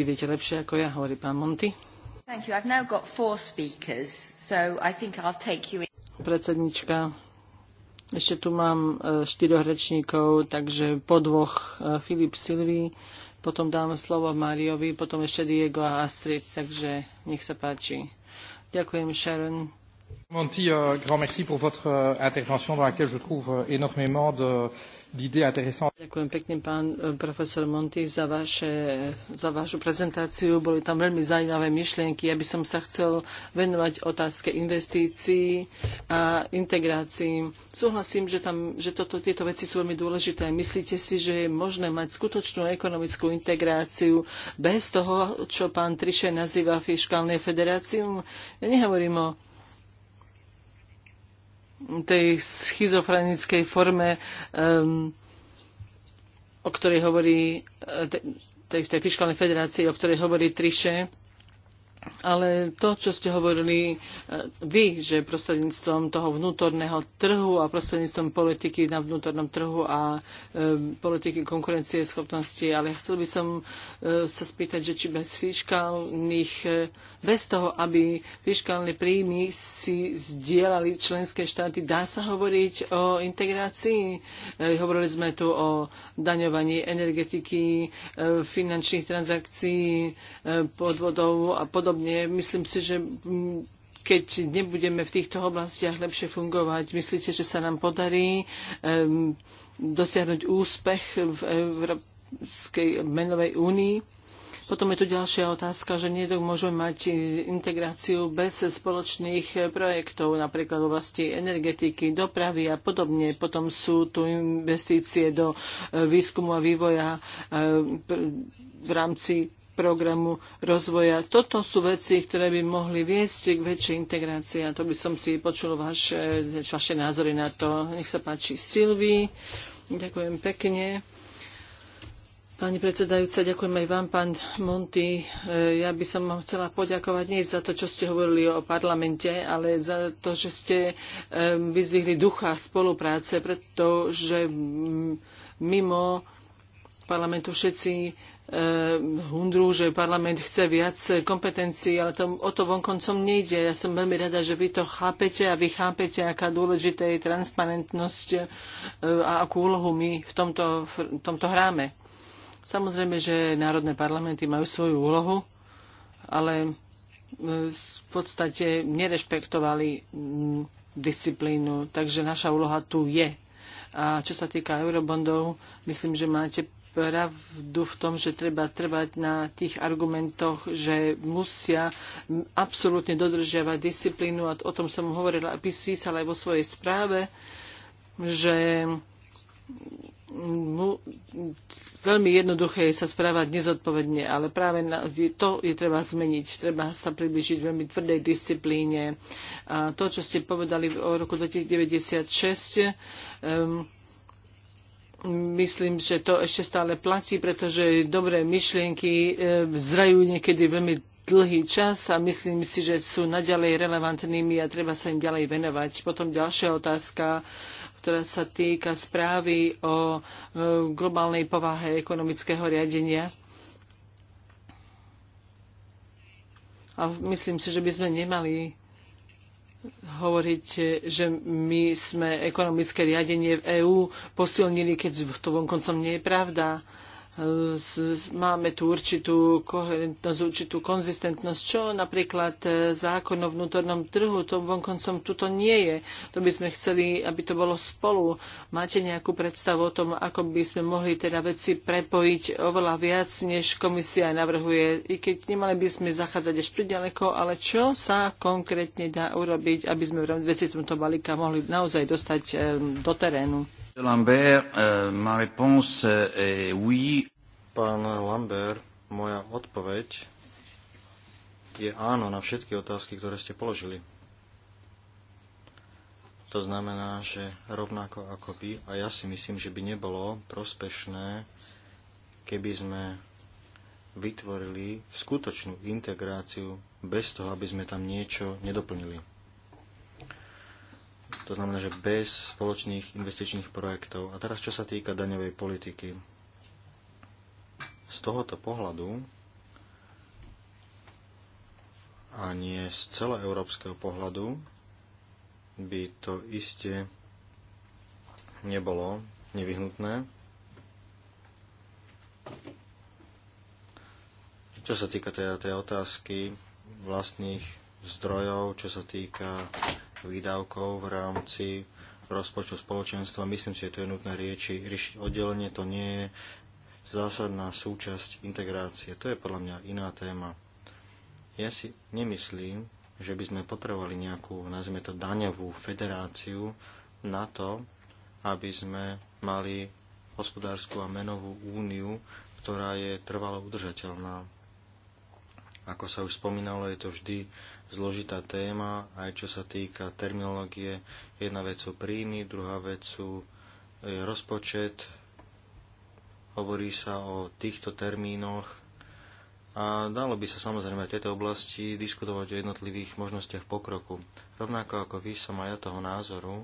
Vy viete lepšie ako ja, hovorí pán Monty. Thank you. I've now got four speakers, so I think I'll take you in. Predsednička, ešte tu mám e, štyroch rečníkov, takže po dvoch e, Filip Silvi, potom dám slovo Mariovi, potom ešte Diego a Astrid, takže nech sa páči. Ďakujem, Sharon. Monty, euh, grand merci pour votre euh, intervention dans laquelle je trouve euh, énormément de, euh, Ďakujem pekne, pán e, profesor Monti za, vaše, za vašu prezentáciu. Boli tam veľmi zaujímavé myšlienky. Ja by som sa chcel venovať otázke investícií a integrácií. Súhlasím, že, tam, že toto, tieto veci sú veľmi dôležité. Myslíte si, že je možné mať skutočnú ekonomickú integráciu bez toho, čo pán Triše nazýva fiskálne federácium? Ja nehovorím o tej schizofrenickej forme, um, o ktorej hovorí e, tej, tej fiskálnej federácii, o ktorej hovorí Triše, ale to, čo ste hovorili e, vy, že prostredníctvom toho vnútorného trhu a prostredníctvom politiky na vnútornom trhu a e, politiky konkurencie schopnosti, ale chcel by som e, sa spýtať, že či bez fiskálnych, e, bez toho, aby fiskálne príjmy si zdieľali členské štáty, dá sa hovoriť o integrácii? E, hovorili sme tu o daňovaní energetiky, e, finančných transakcií, e, podvodov a podobne podobne. Myslím si, že mm, keď nebudeme v týchto oblastiach lepšie fungovať, myslíte, že sa nám podarí um, dosiahnuť úspech v Európskej menovej únii? Potom je tu ďalšia otázka, že niekto môžeme mať integráciu bez spoločných projektov, napríklad v oblasti energetiky, dopravy a podobne. Potom sú tu investície do eh, výskumu a vývoja eh, v rámci programu rozvoja. Toto sú veci, ktoré by mohli viesť k väčšej integrácii a to by som si počul vaše, vaše názory na to. Nech sa páči Silvi. Ďakujem pekne. Pani predsedajúca, ďakujem aj vám, pán Monty. E, ja by som vám chcela poďakovať nie za to, čo ste hovorili o parlamente, ale za to, že ste vyzdvihli ducha spolupráce, pretože mimo parlamentu všetci Eh, hundru, že parlament chce viac kompetencií, ale to, o to vonkoncom nejde. Ja som veľmi rada, že vy to chápete a vy chápete, aká dôležitá je transparentnosť eh, a akú úlohu my v tomto, v tomto hráme. Samozrejme, že národné parlamenty majú svoju úlohu, ale eh, v podstate nerešpektovali mm, disciplínu, takže naša úloha tu je. A čo sa týka eurobondov, myslím, že máte pravdu v tom, že treba trvať na tých argumentoch, že musia absolútne dodržiavať disciplínu a o tom som hovorila a písala aj vo svojej správe, že mu, veľmi jednoduché je sa správať nezodpovedne, ale práve na, to je treba zmeniť. Treba sa približiť veľmi tvrdej disciplíne. A to, čo ste povedali o roku 1996, um, myslím, že to ešte stále platí, pretože dobré myšlienky e, zrajú niekedy veľmi dlhý čas a myslím si, že sú naďalej relevantnými a treba sa im ďalej venovať. Potom ďalšia otázka, ktorá sa týka správy o e, globálnej povahe ekonomického riadenia. A myslím si, že by sme nemali hovoriť, že my sme ekonomické riadenie v EÚ posilnili, keď to vonkoncom nie je pravda máme tu určitú koherentnosť, určitú konzistentnosť, čo napríklad e, zákon o vnútornom trhu, to vonkoncom tuto nie je. To by sme chceli, aby to bolo spolu. Máte nejakú predstavu o tom, ako by sme mohli teda veci prepojiť oveľa viac, než komisia navrhuje. I keď nemali by sme zachádzať až ďaleko, ale čo sa konkrétne dá urobiť, aby sme v veci tomto balíka mohli naozaj dostať e, do terénu? Lambert, eh, ma réponse eh, est oui. Pán Lambert, moja odpoveď je áno na všetky otázky, ktoré ste položili. To znamená, že rovnako ako by, a ja si myslím, že by nebolo prospešné, keby sme vytvorili skutočnú integráciu bez toho, aby sme tam niečo nedoplnili. To znamená, že bez spoločných investičných projektov. A teraz, čo sa týka daňovej politiky. Z tohoto pohľadu a nie z celoeurópskeho pohľadu by to iste nebolo nevyhnutné. Čo sa týka tej, teda tej otázky vlastných zdrojov, čo sa týka výdavkov v rámci rozpočtu spoločenstva. Myslím si, že to je nutné rieči, riešiť oddelenie. To nie je zásadná súčasť integrácie. To je podľa mňa iná téma. Ja si nemyslím, že by sme potrebovali nejakú, nazvime to, daňovú federáciu na to, aby sme mali hospodárskú a menovú úniu, ktorá je trvalo udržateľná. Ako sa už spomínalo, je to vždy zložitá téma, aj čo sa týka terminológie. Jedna vec sú príjmy, druhá vec sú e, rozpočet. Hovorí sa o týchto termínoch a dalo by sa samozrejme v tejto oblasti diskutovať o jednotlivých možnostiach pokroku. Rovnako ako vy som aj ja toho názoru,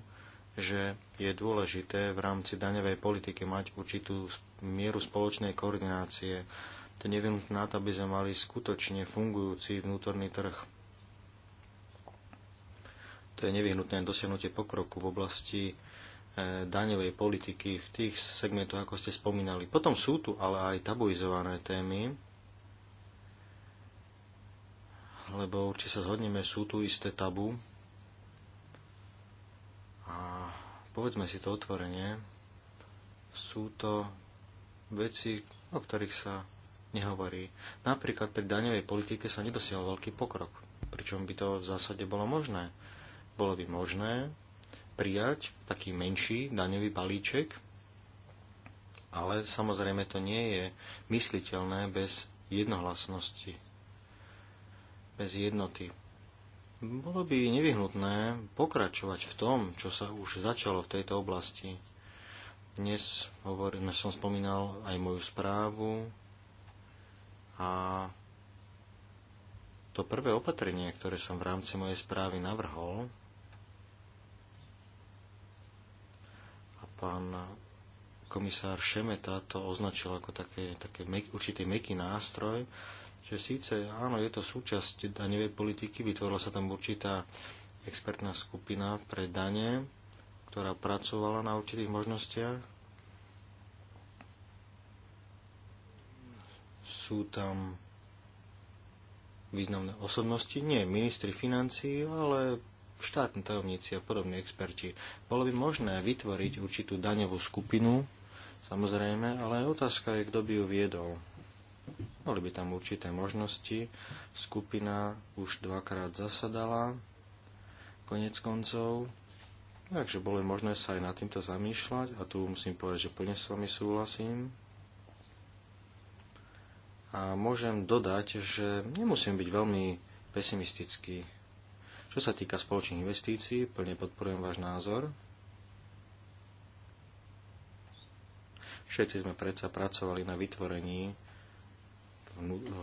že je dôležité v rámci daňovej politiky mať určitú mieru spoločnej koordinácie to je na to, aby sme mali skutočne fungujúci vnútorný trh. To je nevyhnutné dosiahnutie pokroku v oblasti e, daňovej politiky v tých segmentoch, ako ste spomínali. Potom sú tu ale aj tabuizované témy, lebo určite sa zhodneme, sú tu isté tabu. A povedzme si to otvorene, sú to veci, o ktorých sa nehovorí. Napríklad pri daňovej politike sa nedosiahol veľký pokrok, pričom by to v zásade bolo možné. Bolo by možné prijať taký menší daňový balíček, ale samozrejme to nie je mysliteľné bez jednohlasnosti, bez jednoty. Bolo by nevyhnutné pokračovať v tom, čo sa už začalo v tejto oblasti. Dnes hovorím, som spomínal aj moju správu, a to prvé opatrenie, ktoré som v rámci mojej správy navrhol, a pán komisár Šemeta to označil ako také, také mek, určitý meký nástroj, že síce áno, je to súčasť daňovej politiky, vytvorila sa tam určitá expertná skupina pre dane, ktorá pracovala na určitých možnostiach, sú tam významné osobnosti, nie ministri financí, ale štátni tajomníci a podobní experti. Bolo by možné vytvoriť určitú daňovú skupinu, samozrejme, ale otázka je, kto by ju viedol. Boli by tam určité možnosti. Skupina už dvakrát zasadala, konec koncov. Takže bolo možné sa aj nad týmto zamýšľať a tu musím povedať, že plne s vami súhlasím. A môžem dodať, že nemusím byť veľmi pesimistický. Čo sa týka spoločných investícií, plne podporujem váš názor. Všetci sme predsa pracovali na vytvorení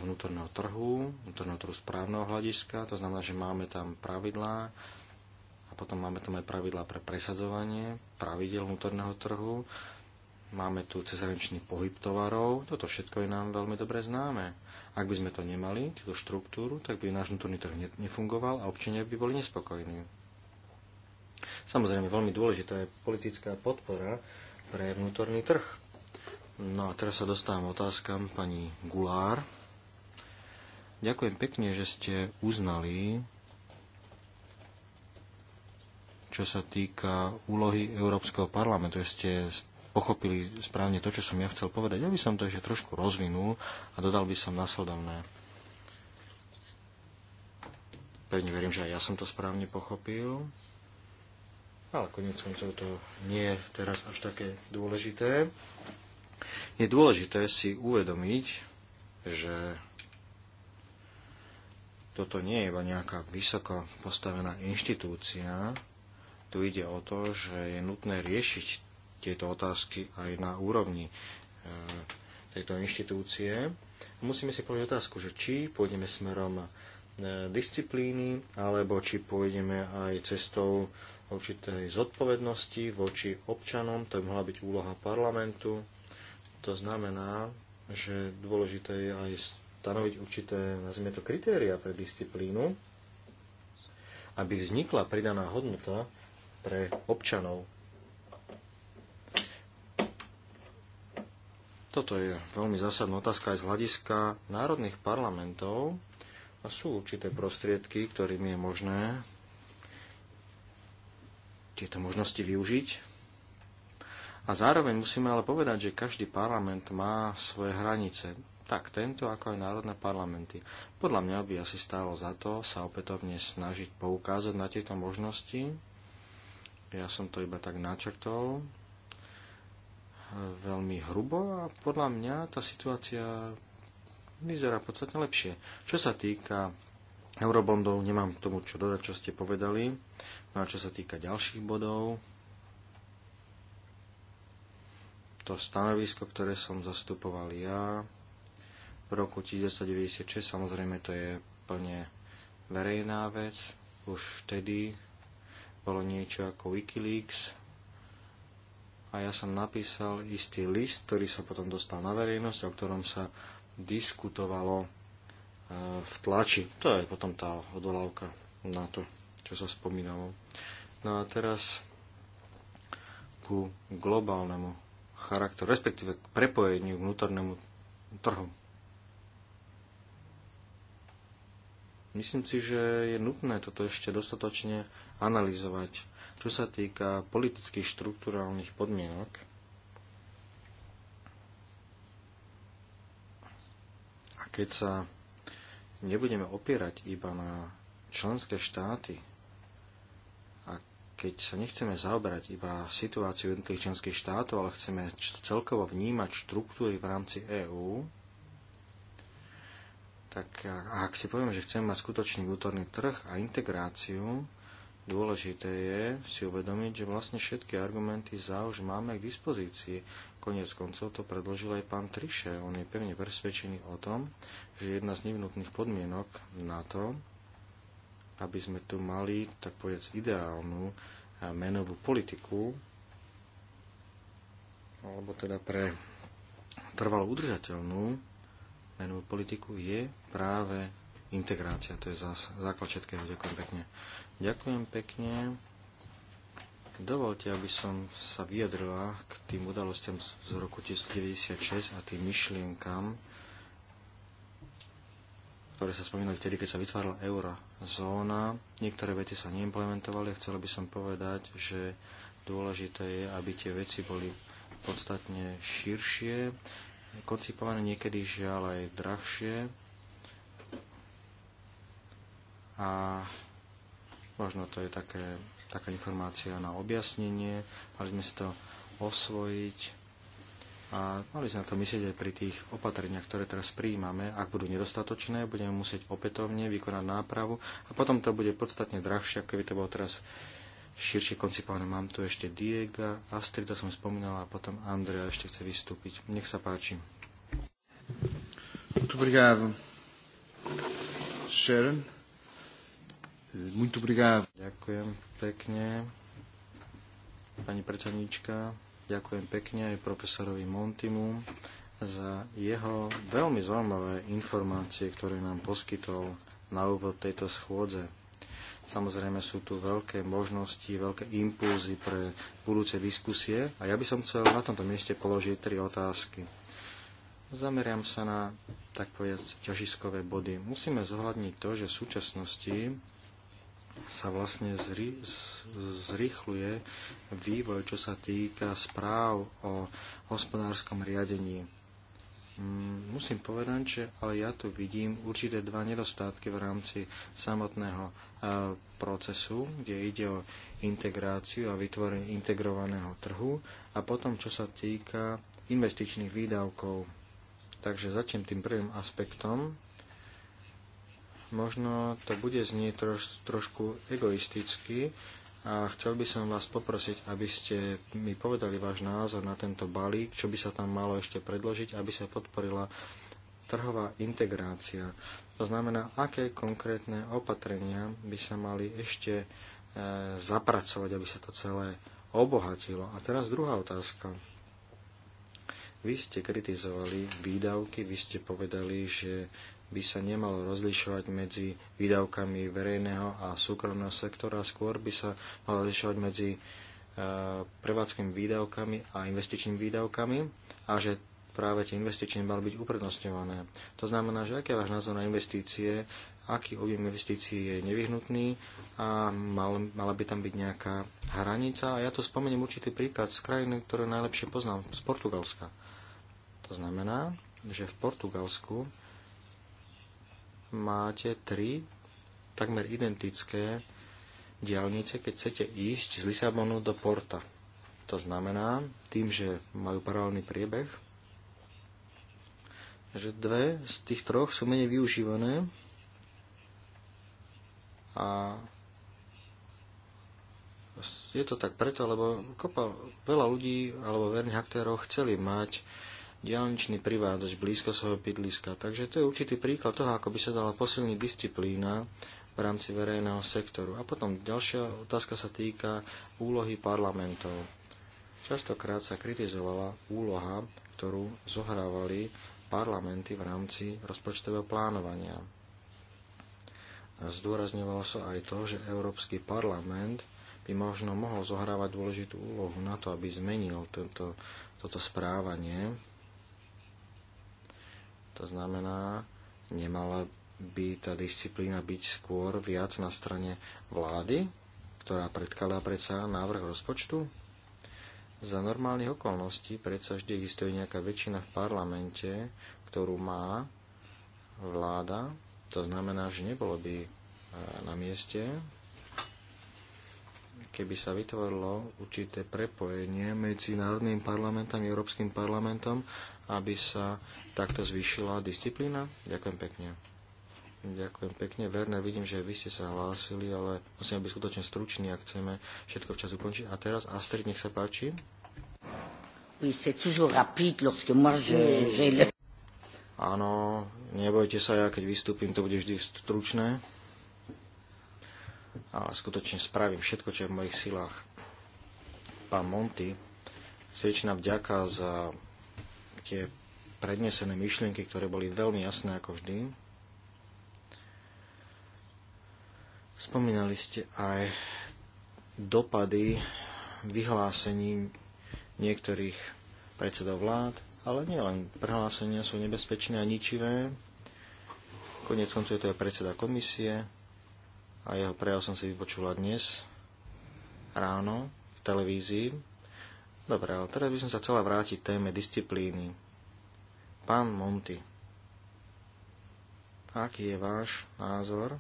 vnútorného trhu, vnútorného trhu správneho hľadiska, to znamená, že máme tam pravidlá a potom máme tam aj pravidlá pre presadzovanie pravidel vnútorného trhu. Máme tu cezhraničný pohyb tovarov, toto všetko je nám veľmi dobre známe. Ak by sme to nemali, túto štruktúru, tak by náš vnútorný trh nefungoval a občania by boli nespokojní. Samozrejme, veľmi dôležitá je politická podpora pre vnútorný trh. No a teraz sa dostávam otázkam pani Gulár. Ďakujem pekne, že ste uznali, čo sa týka úlohy Európskeho parlamentu, že ste pochopili správne to, čo som ja chcel povedať. Ja by som to ešte trošku rozvinul a dodal by som nasledovné. Pevne verím, že aj ja som to správne pochopil. Ale konec koncov to nie je teraz až také dôležité. Je dôležité si uvedomiť, že toto nie je iba nejaká vysoko postavená inštitúcia. Tu ide o to, že je nutné riešiť tieto otázky aj na úrovni eh, tejto inštitúcie. Musíme si povedať otázku, že či pôjdeme smerom eh, disciplíny, alebo či pôjdeme aj cestou určitej zodpovednosti voči občanom, to by mohla byť úloha parlamentu. To znamená, že dôležité je aj stanoviť určité, nazvime to, kritéria pre disciplínu, aby vznikla pridaná hodnota pre občanov. Toto je veľmi zásadná otázka aj z hľadiska národných parlamentov a sú určité prostriedky, ktorými je možné tieto možnosti využiť. A zároveň musíme ale povedať, že každý parlament má svoje hranice. Tak tento, ako aj národné parlamenty. Podľa mňa by asi stálo za to sa opätovne snažiť poukázať na tieto možnosti. Ja som to iba tak načrtol veľmi hrubo a podľa mňa tá situácia vyzerá podstatne lepšie. Čo sa týka eurobondov, nemám tomu čo dodať, čo ste povedali. No a čo sa týka ďalších bodov, to stanovisko, ktoré som zastupoval ja v roku 1996, samozrejme to je plne verejná vec. Už vtedy bolo niečo ako Wikileaks, a ja som napísal istý list, ktorý sa potom dostal na verejnosť, o ktorom sa diskutovalo e, v tlači. To je potom tá odvolávka na to, čo sa spomínalo. No a teraz ku globálnemu charakteru, respektíve k prepojeniu k vnútornému trhu. Myslím si, že je nutné toto ešte dostatočne analyzovať čo sa týka politických štruktúrálnych podmienok, a keď sa nebudeme opierať iba na členské štáty a keď sa nechceme zaoberať iba situáciu jednotlivých členských štátov, ale chceme celkovo vnímať štruktúry v rámci EÚ, tak ak si povieme, že chceme mať skutočný vnútorný trh a integráciu, Dôležité je si uvedomiť, že vlastne všetky argumenty za už máme k dispozícii. Konec koncov to predložil aj pán Triše. On je pevne presvedčený o tom, že jedna z nevnutných podmienok na to, aby sme tu mali, tak povedz, ideálnu eh, menovú politiku, alebo teda pre trvalo udržateľnú menovú politiku je práve integrácia. To je zás, základ všetkého. Ďakujem pekne. Ďakujem pekne. Dovolte, aby som sa vyjadrila k tým udalostiam z roku 1996 a tým myšlienkam, ktoré sa spomínali vtedy, keď sa vytvárala eurozóna. Niektoré veci sa neimplementovali a chcela by som povedať, že dôležité je, aby tie veci boli podstatne širšie, koncipované niekedy žiaľ aj drahšie. A Možno to je také, taká informácia na objasnenie, mali sme si to osvojiť a mali sme na to myslieť aj pri tých opatreniach, ktoré teraz prijímame. Ak budú nedostatočné, budeme musieť opätovne vykonať nápravu a potom to bude podstatne drahšie, ako keby to bolo teraz širšie koncipované. Mám tu ešte Diega, Astrida som spomínala a potom Andrea ešte chce vystúpiť. Nech sa páči. obrigado. Sharon. Muito obrigado. Ďakujem pekne. Pani predsedníčka, ďakujem pekne aj profesorovi Montimu za jeho veľmi zaujímavé informácie, ktoré nám poskytol na úvod tejto schôdze. Samozrejme sú tu veľké možnosti, veľké impulzy pre budúce diskusie a ja by som chcel na tomto mieste položiť tri otázky. Zameriam sa na, tak povedať, ťažiskové body. Musíme zohľadniť to, že v súčasnosti sa vlastne zry, zrychluje vývoj, čo sa týka správ o hospodárskom riadení. Mm, musím povedať, že ale ja tu vidím určité dva nedostatky v rámci samotného e, procesu, kde ide o integráciu a vytvorenie integrovaného trhu a potom, čo sa týka investičných výdavkov. Takže začnem tým prvým aspektom, Možno to bude znieť troš, trošku egoisticky a chcel by som vás poprosiť, aby ste mi povedali váš názor na tento balík, čo by sa tam malo ešte predložiť, aby sa podporila trhová integrácia. To znamená, aké konkrétne opatrenia by sa mali ešte e, zapracovať, aby sa to celé obohatilo. A teraz druhá otázka. Vy ste kritizovali výdavky, vy ste povedali, že by sa nemalo rozlišovať medzi výdavkami verejného a súkromného sektora, skôr by sa malo rozlišovať medzi e, prevádzkými výdavkami a investičnými výdavkami a že práve tie investičné mali byť uprednostňované. To znamená, že aký je váš názor na investície, aký objem investícií je nevyhnutný a mal, mala by tam byť nejaká hranica. A ja tu spomeniem určitý príklad z krajiny, ktoré najlepšie poznám, z Portugalska. To znamená, že v Portugalsku máte tri takmer identické diálnice, keď chcete ísť z Lisabonu do Porta. To znamená, tým, že majú paralelný priebeh, že dve z tých troch sú menej využívané a je to tak preto, lebo kopa, veľa ľudí alebo verných aktérov chceli mať diálničný privádzač blízko svojho bydliska. Takže to je určitý príklad toho, ako by sa dala posilniť disciplína v rámci verejného sektoru. A potom ďalšia otázka sa týka úlohy parlamentov. Častokrát sa kritizovala úloha, ktorú zohrávali parlamenty v rámci rozpočtového plánovania. A zdôrazňovalo sa aj to, že Európsky parlament by možno mohol zohrávať dôležitú úlohu na to, aby zmenil tento, toto správanie to znamená, nemala by tá disciplína byť skôr viac na strane vlády, ktorá predkladá predsa návrh rozpočtu? Za normálnych okolností predsa vždy existuje nejaká väčšina v parlamente, ktorú má vláda. To znamená, že nebolo by e, na mieste, keby sa vytvorilo určité prepojenie medzi Národným parlamentom a Európskym parlamentom, aby sa takto zvýšila disciplína? Ďakujem pekne. Ďakujem pekne. Verne, vidím, že vy ste sa hlásili, ale musíme byť skutočne struční, ak chceme všetko včas ukončiť. A teraz Astrid, nech sa páči. Áno, nebojte sa, ja keď vystúpim, to bude vždy stručné. Ale skutočne spravím všetko, čo je v mojich silách. Pán Monty, srdečná vďaka za tie prednesené myšlienky, ktoré boli veľmi jasné ako vždy. Spomínali ste aj dopady vyhlásení niektorých predsedov vlád, ale nielen prehlásenia sú nebezpečné a ničivé. Konec koncov je to aj predseda komisie a jeho prejav som si vypočula dnes ráno v televízii. Dobre, ale teraz by som sa chcela vrátiť téme disciplíny. Pán Monty, aký je váš názor?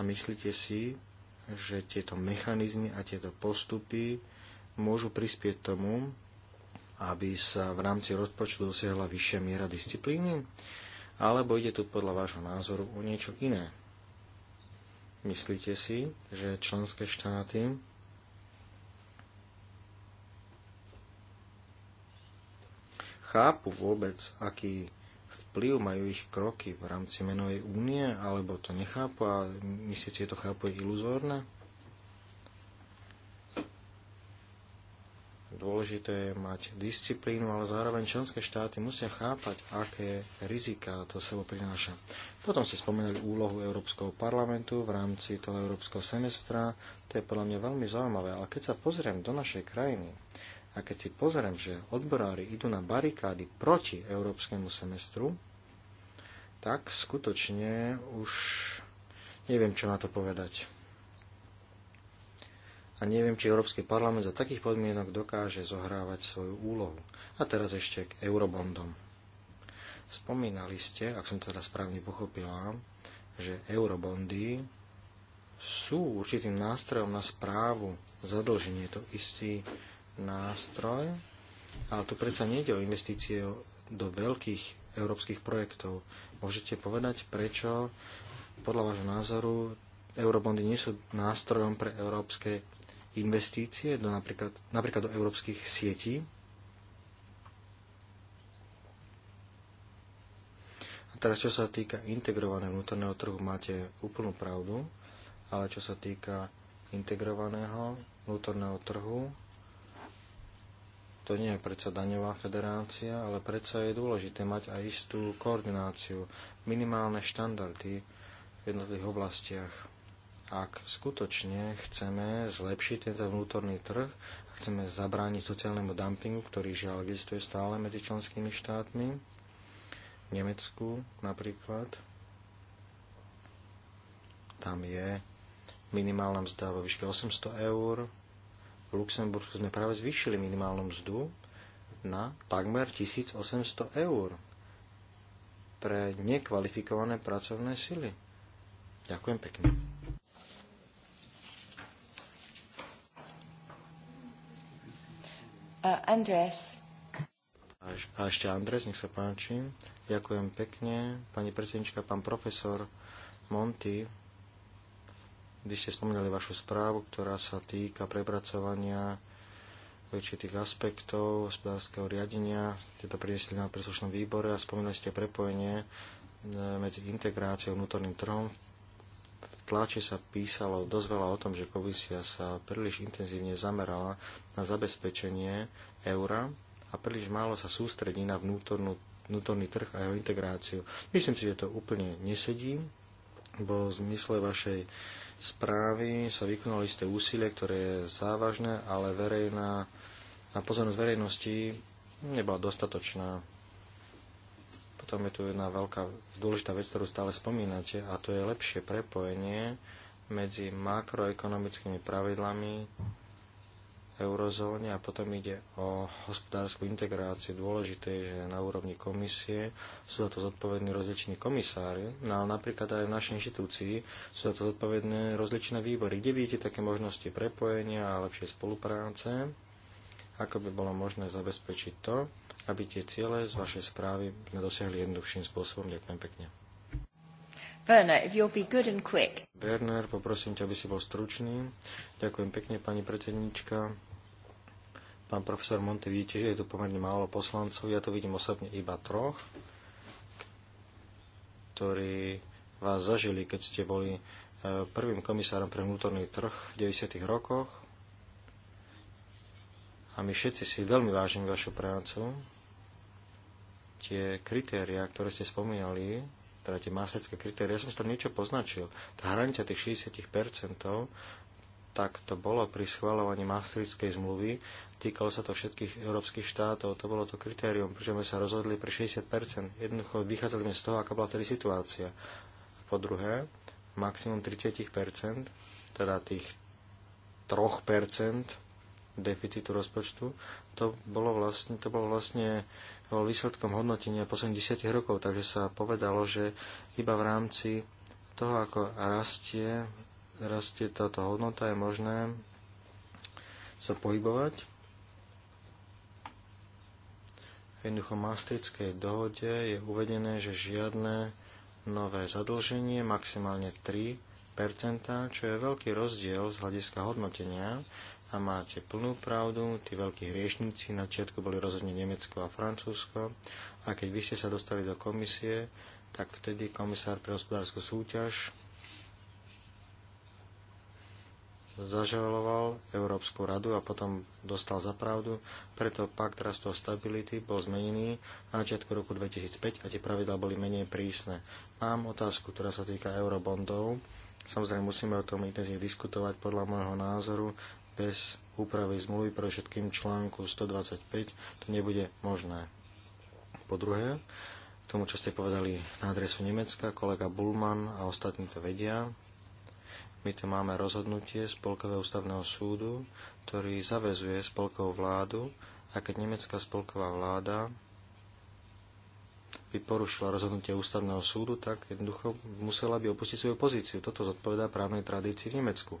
A myslíte si, že tieto mechanizmy a tieto postupy môžu prispieť tomu, aby sa v rámci rozpočtu dosiahla vyššia miera disciplíny? Alebo ide tu podľa vášho názoru o niečo iné? Myslíte si, že členské štáty chápu vôbec, aký vplyv majú ich kroky v rámci menovej únie, alebo to nechápu a myslíte, že to chápu je iluzórne? Dôležité je mať disciplínu, ale zároveň členské štáty musia chápať, aké rizika to sebo prináša. Potom ste spomenuli úlohu Európskeho parlamentu v rámci toho Európskeho semestra. To je podľa mňa veľmi zaujímavé, ale keď sa pozriem do našej krajiny, a keď si pozriem, že odborári idú na barikády proti európskemu semestru, tak skutočne už neviem, čo na to povedať. A neviem, či Európsky parlament za takých podmienok dokáže zohrávať svoju úlohu. A teraz ešte k eurobondom. Spomínali ste, ak som to teda správne pochopila, že eurobondy sú určitým nástrojom na správu zadlženie. Je to istý nástroj, ale tu predsa nejde o investície do veľkých európskych projektov. Môžete povedať, prečo podľa vášho názoru eurobondy nie sú nástrojom pre európske investície do napríklad, napríklad do európskych sietí? A teraz, čo sa týka integrovaného vnútorného trhu, máte úplnú pravdu, ale čo sa týka integrovaného vnútorného trhu, to nie je predsa daňová federácia, ale predsa je dôležité mať aj istú koordináciu, minimálne štandardy v jednotlivých oblastiach. Ak skutočne chceme zlepšiť tento vnútorný trh a chceme zabrániť sociálnemu dumpingu, ktorý žiaľ existuje stále medzi členskými štátmi, v Nemecku napríklad, tam je minimálna mzda vo výške 800 eur, v Luxembursku sme práve zvýšili minimálnu mzdu na takmer 1800 eur pre nekvalifikované pracovné sily. Ďakujem pekne. Uh, Andres. A, a ešte Andres, nech sa páči. Ďakujem pekne. Pani predsednička, pán profesor Monty vy ste spomínali vašu správu, ktorá sa týka prepracovania určitých aspektov hospodárskeho riadenia. Ste to priniesli na príslušnom výbore a spomínali ste prepojenie e, medzi integráciou vnútorným trhom. V tlači sa písalo dosť veľa o tom, že komisia sa príliš intenzívne zamerala na zabezpečenie eura a príliš málo sa sústredí na vnútornú, vnútorný trh a jeho integráciu. Myslím si, že to úplne nesedí, bo v zmysle vašej správy sa vykonalo isté úsilie, ktoré je závažné, ale verejná a pozornosť verejnosti nebola dostatočná. Potom je tu jedna veľká dôležitá vec, ktorú stále spomínate, a to je lepšie prepojenie medzi makroekonomickými pravidlami eurozóne a potom ide o hospodárskú integráciu. Dôležité je, že na úrovni komisie sú za to zodpovední rozliční komisári, no ale napríklad aj v našej inštitúcii sú za to zodpovedné rozličné výbory. Kde vidíte také možnosti prepojenia a lepšie spolupráce? Ako by bolo možné zabezpečiť to, aby tie ciele z vašej správy sme dosiahli jednoduchším spôsobom? Ďakujem pekne. Werner, if you'll be good and quick. Werner, poprosím ťa, aby si bol stručný. Ďakujem pekne, pani predsednička. Pán profesor Monty, vidíte, že je tu pomerne málo poslancov. Ja tu vidím osobne iba troch, ktorí vás zažili, keď ste boli e, prvým komisárom pre vnútorný trh v 90. rokoch. A my všetci si veľmi vážime vašu prácu. Tie kritériá, ktoré ste spomínali, teda tie maastrické kritéria, som tam niečo poznačil. Tá hranica tých 60%, tak to bolo pri schvalovaní maastrickej zmluvy, týkalo sa to všetkých európskych štátov, to bolo to kritérium, pretože sme sa rozhodli pre 60%. Jednoducho vychádzali sme z toho, aká bola tedy situácia. A po druhé, maximum 30%, teda tých 3%, deficitu rozpočtu, to bolo vlastne, to bolo vlastne bolo výsledkom hodnotenia posledných 10 rokov, takže sa povedalo, že iba v rámci toho, ako rastie, rastie táto hodnota, je možné sa pohybovať. V jednoducho Maastrichtskej dohode je uvedené, že žiadne nové zadlženie, maximálne 3 čo je veľký rozdiel z hľadiska hodnotenia, a máte plnú pravdu, tí veľkí hriešnici na začiatku boli rozhodne Nemecko a Francúzsko a keď vy ste sa dostali do komisie, tak vtedy komisár pre hospodárskú súťaž zažaloval Európsku radu a potom dostal za pravdu, preto pakt rastu stability bol zmenený na začiatku roku 2005 a tie pravidlá boli menej prísne. Mám otázku, ktorá sa týka eurobondov. Samozrejme musíme o tom intenzívne diskutovať. Podľa môjho názoru bez úpravy zmluvy pre všetkým článku 125 to nebude možné. Po druhé, k tomu, čo ste povedali na adresu Nemecka, kolega Bulman a ostatní to vedia, my tu máme rozhodnutie Spolkového ústavného súdu, ktorý zavezuje spolkovú vládu a keď nemecká spolková vláda by porušila rozhodnutie ústavného súdu, tak jednoducho musela by opustiť svoju pozíciu. Toto zodpovedá právnej tradícii v Nemecku.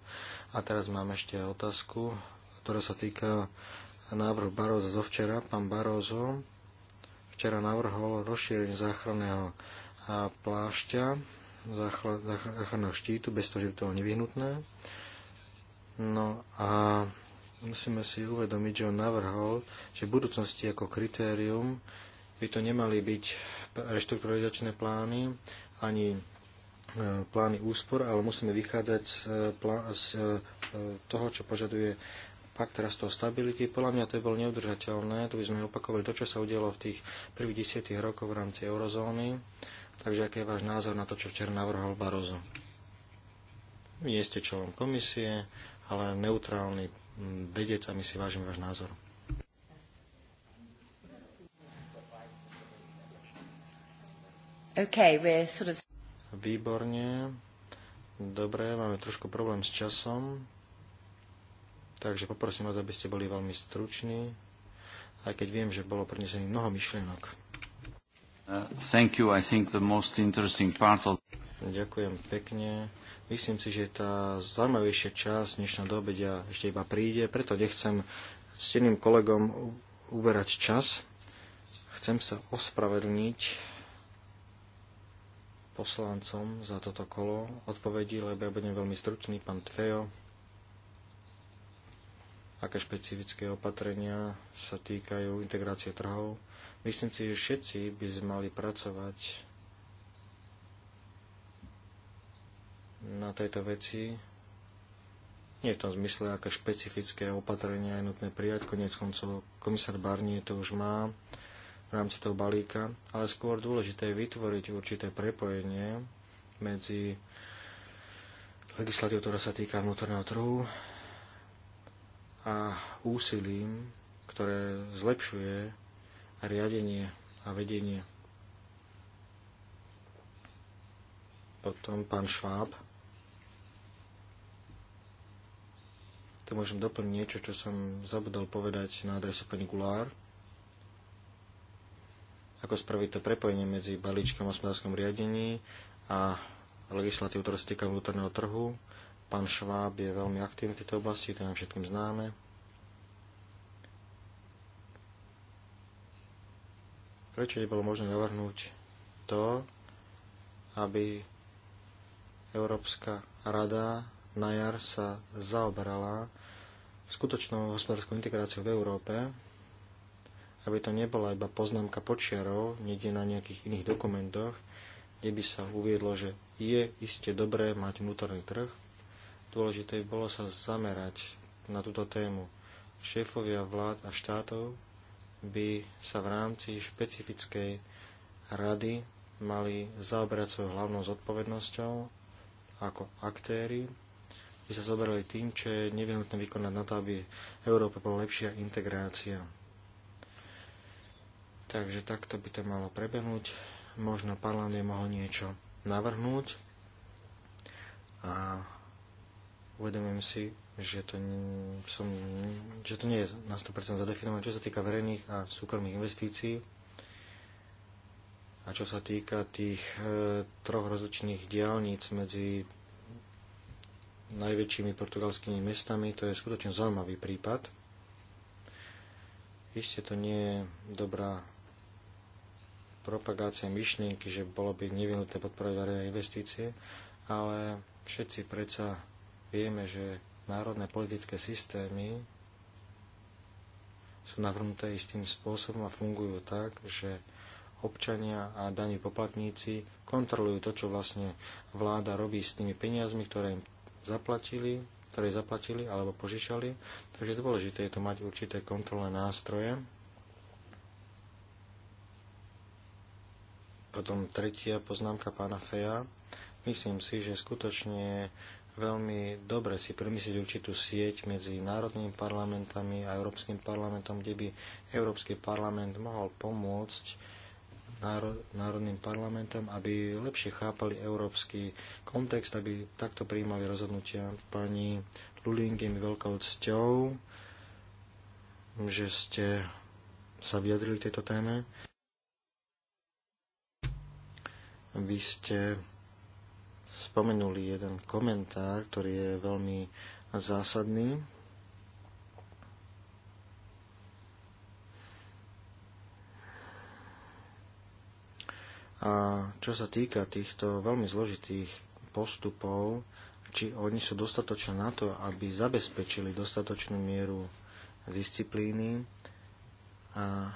A teraz mám ešte otázku, ktorá sa týka návrhu Baróza zo včera. Pán Barózo včera navrhol rozšírenie záchranného plášťa, záchranného štítu, bez toho, že by to bolo nevyhnutné. No a musíme si uvedomiť, že on navrhol, že v budúcnosti ako kritérium by to nemali byť reštrukturalizačné plány, ani e, plány úspor, ale musíme vychádzať z, e, z e, toho, čo požaduje pakt rastov stability. Podľa mňa to je bolo neudržateľné, to by sme opakovali to, čo sa udialo v tých prvých desiatých rokoch v rámci eurozóny. Takže aký je váš názor na to, čo včera navrhol Barozo? nie ste členom komisie, ale neutrálny vedec a my si vážime váš názor. Okay, we're sort of... Výborne. Dobre, máme trošku problém s časom. Takže poprosím vás, aby ste boli veľmi struční, aj keď viem, že bolo prinesený mnoho myšlienok. Uh, Ďakujem pekne. Myslím si, že tá zaujímavejšia časť dnešná do obedia ešte iba príde, preto nechcem cteným kolegom uberať čas. Chcem sa ospravedlniť poslancom za toto kolo odpovedí, lebo ja budem veľmi stručný. Pán Tfeo, aké špecifické opatrenia sa týkajú integrácie trhov. Myslím si, že všetci by sme mali pracovať na tejto veci. Nie v tom zmysle, aké špecifické opatrenia je nutné prijať. Konec koncov komisár Barnier to už má v rámci toho balíka, ale skôr dôležité je vytvoriť určité prepojenie medzi legislatívou, ktorá sa týka vnútorného trhu a úsilím, ktoré zlepšuje riadenie a vedenie. Potom pán Šváb. Tu môžem doplniť niečo, čo som zabudol povedať na adresu pani Gulár ako spraviť to prepojenie medzi balíčkom a hospodárskom riadení a legislatívou, ktorá sa týka vnútorného trhu. Pán Šváb je veľmi aktívny v tejto oblasti, to nám všetkým známe. Prečo nebolo možné navrhnúť to, aby Európska rada na jar sa zaoberala skutočnou hospodárskou integráciou v Európe, aby to nebola iba poznámka počiarov, niekde na nejakých iných dokumentoch, kde by sa uviedlo, že je iste dobré mať vnútorný trh. Dôležité by bolo sa zamerať na túto tému. Šéfovia vlád a štátov by sa v rámci špecifickej rady mali zaoberať svojou hlavnou zodpovednosťou ako aktéry, by sa zoberali tým, čo je nevyhnutné vykonať na to, aby Európa bola lepšia integrácia Takže takto by to malo prebehnúť. Možno parlament by mohol niečo navrhnúť a uvedomujem si, že to, som, že to nie je na 100% zadefinované, čo sa týka verejných a súkromných investícií a čo sa týka tých e, troch rozličných diálnic medzi najväčšími portugalskými mestami, to je skutočne zaujímavý prípad. Ešte to nie je dobrá propagácia myšlienky, že bolo by nevinutné podporovať verejné investície, ale všetci predsa vieme, že národné politické systémy sú navrhnuté istým spôsobom a fungujú tak, že občania a daní poplatníci kontrolujú to, čo vlastne vláda robí s tými peniazmi, ktoré im zaplatili, ktoré zaplatili alebo požičali. Takže dôležité je to mať určité kontrolné nástroje, Potom tretia poznámka pána Feja. Myslím si, že skutočne veľmi dobre si premyslieť určitú sieť medzi národnými parlamentami a Európskym parlamentom, kde by Európsky parlament mohol pomôcť národným parlamentom, aby lepšie chápali európsky kontext, aby takto prijímali rozhodnutia. Pani Luling je mi veľkou cťou, že ste sa vyjadrili tejto téme. Vy ste spomenuli jeden komentár, ktorý je veľmi zásadný. A čo sa týka týchto veľmi zložitých postupov, či oni sú dostatočné na to, aby zabezpečili dostatočnú mieru disciplíny a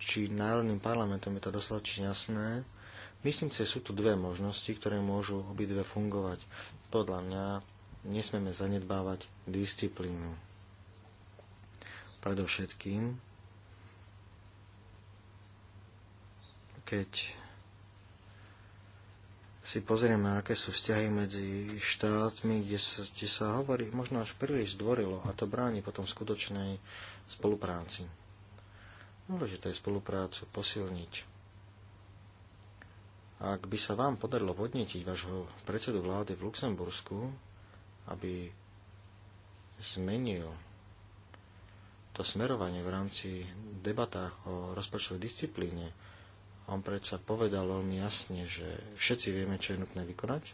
či národným parlamentom je to dostatočne jasné. Myslím si, že sú tu dve možnosti, ktoré môžu obidve fungovať. Podľa mňa nesmieme zanedbávať disciplínu. Predovšetkým, keď si pozrieme, aké sú vzťahy medzi štátmi, kde sa, kde sa hovorí možno až príliš zdvorilo a to bráni potom skutočnej spolupráci. Dôležité je spoluprácu posilniť. Ak by sa vám podarilo podnetiť vášho predsedu vlády v Luxembursku, aby zmenil to smerovanie v rámci debatách o rozpočtovej disciplíne, on predsa povedal veľmi jasne, že všetci vieme, čo je nutné vykonať,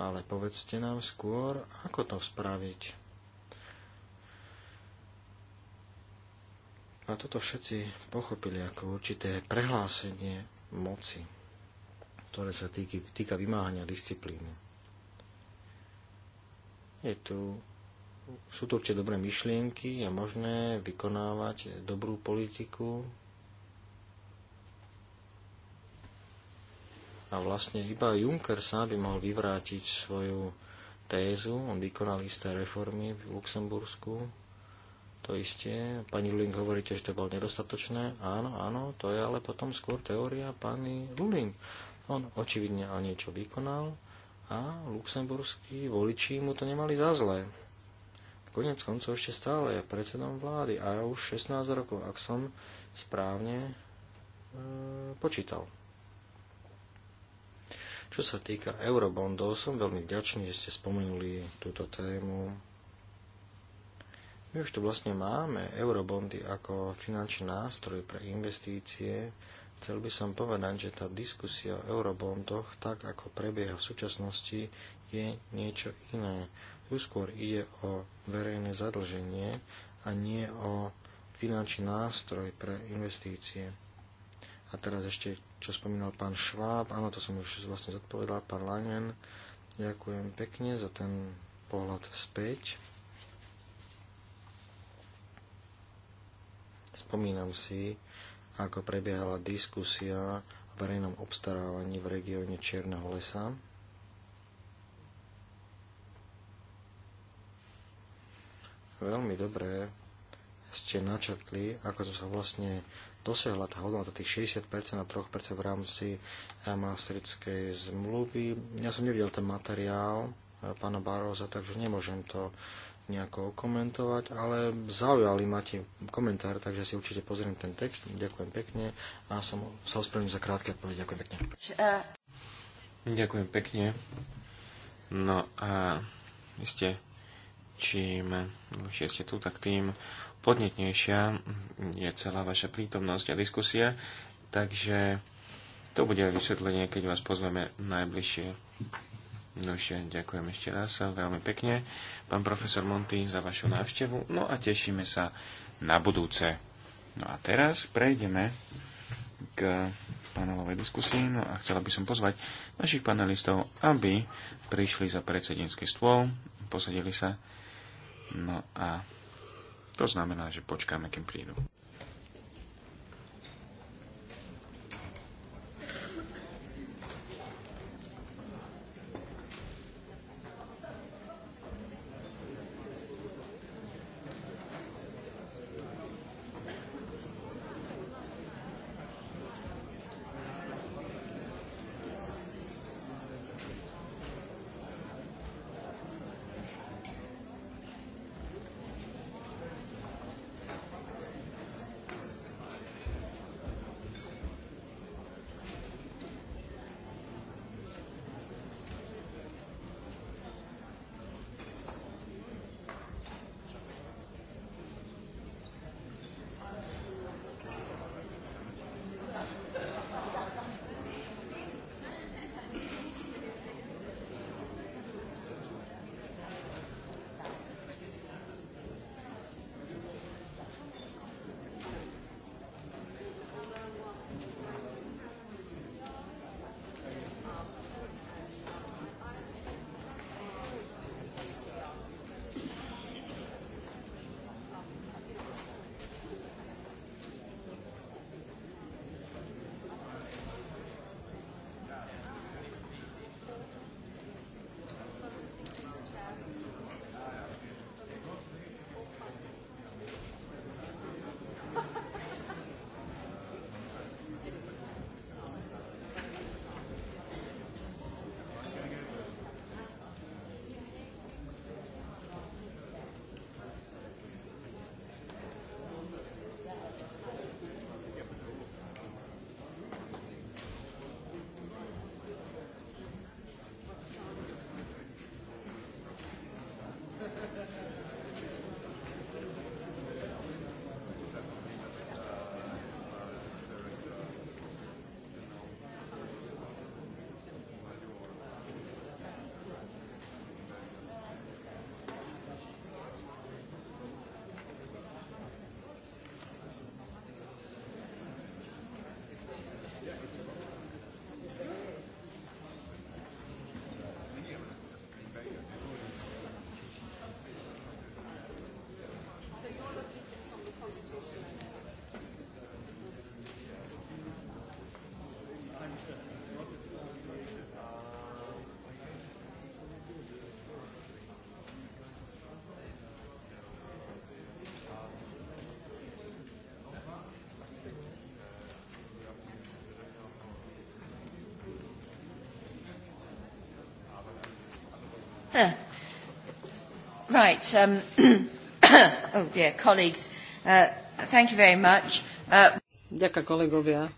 ale povedzte nám skôr, ako to spraviť. A toto všetci pochopili ako určité prehlásenie moci, ktoré sa týky, týka vymáhania disciplíny. Je tu, sú tu určite dobré myšlienky, je možné vykonávať dobrú politiku a vlastne iba Juncker sám by mohol vyvrátiť svoju tézu. On vykonal isté reformy v Luxembursku, to isté. Pani Luling hovoríte, že to bolo nedostatočné. Áno, áno, to je ale potom skôr teória pani Luling. On očividne ale niečo vykonal a luxemburskí voliči mu to nemali za zlé. Konec koncov ešte stále je predsedom vlády a ja už 16 rokov, ak som správne e, počítal. Čo sa týka eurobondov, som veľmi vďačný, že ste spomenuli túto tému my už tu vlastne máme eurobondy ako finančný nástroj pre investície. Chcel by som povedať, že tá diskusia o eurobondoch, tak ako prebieha v súčasnosti, je niečo iné. Tu skôr ide o verejné zadlženie a nie o finančný nástroj pre investície. A teraz ešte, čo spomínal pán Šváb, áno, to som už vlastne zodpovedal, pán Langen, ďakujem pekne za ten pohľad späť. Spomínam si, ako prebiehala diskusia o verejnom obstarávaní v regióne Čierneho lesa. Veľmi dobre ste načrtli, ako som sa vlastne dosiahla tá hodnota tých 60% a 3% v rámci eh, maastrichtskej zmluvy. Ja som nevidel ten materiál eh, pána Baroza, takže nemôžem to nejako komentovať, ale zaujali ma tie komentár, takže si určite pozriem ten text. Ďakujem pekne a som sa ospravedlňujem za krátke odpovede. Ďakujem pekne. Ďakujem pekne. No a vy ste, čím dlhšie ste tu, tak tým podnetnejšia je celá vaša prítomnosť a diskusia, takže to bude aj vysvetlenie, keď vás pozveme najbližšie. Nože, ďakujem ešte raz veľmi pekne, pán profesor Monty, za vašu návštevu. No a tešíme sa na budúce. No a teraz prejdeme k panelovej diskusii. No a chcela by som pozvať našich panelistov, aby prišli za predsedinský stôl, posadili sa. No a to znamená, že počkáme, kým prídu. Huh. Right. Um, oh dear, colleagues. Uh, thank you very much. Uh, kolegovia.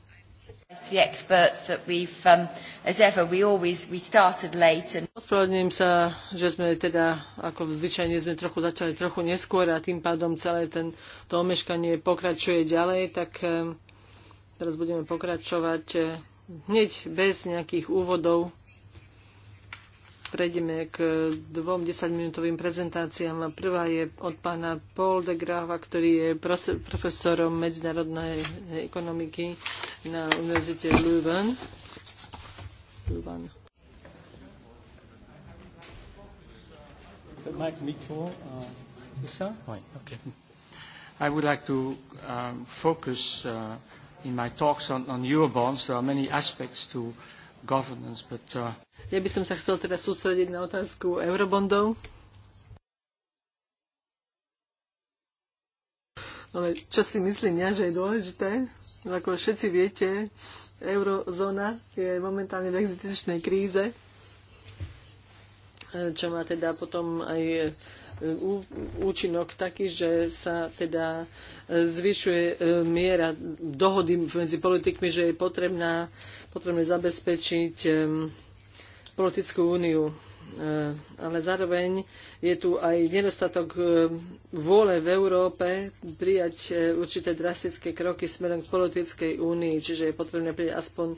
the experts that we've, um, as ever, we always, we started late. And... Ospravedlňujem sa, že sme teda, ako zvyčajne sme trochu začali trochu neskôr a tým pádom celé ten, to omeškanie pokračuje ďalej, tak um, teraz budeme pokračovať eh, hneď bez nejakých úvodov prejdeme k dvom desaťminútovým prezentáciám. Prvá je od pána Paul de Grava, ktorý je profesorom medzinárodnej ekonomiky na Univerzite Leuven. Leuven. Uh, I would like to um, focus uh, in my talks on, on Eurobonds. There are many aspects to governance, but uh, ja by som sa chcel teraz sústrediť na otázku eurobondov. Ale čo si myslím ja, že je dôležité, ako všetci viete, eurozóna je momentálne v existenčnej kríze, čo má teda potom aj e, účinok taký, že sa teda e, zvyšuje e, miera dohody medzi politikmi, že je potrebná, potrebné zabezpečiť politickú úniu. E, ale zároveň je tu aj nedostatok e, vôle v Európe prijať e, určité drastické kroky smerom k politickej únii, čiže je potrebné prijať aspoň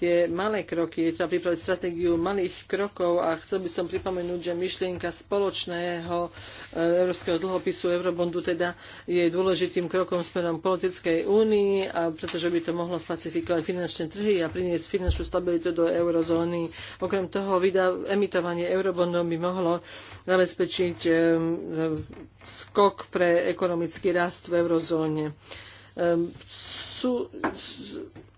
tie malé kroky, je treba pripraviť stratégiu malých krokov a chcel by som pripomenúť, že myšlienka spoločného e, európskeho dlhopisu Eurobondu teda je dôležitým krokom smerom politickej únii, a pretože by to mohlo spacifikovať finančné trhy a priniesť finančnú stabilitu do eurozóny. Okrem toho emitovanie eurobondov by mohlo zabezpečiť e, skok pre ekonomický rast v eurozóne. E, sú,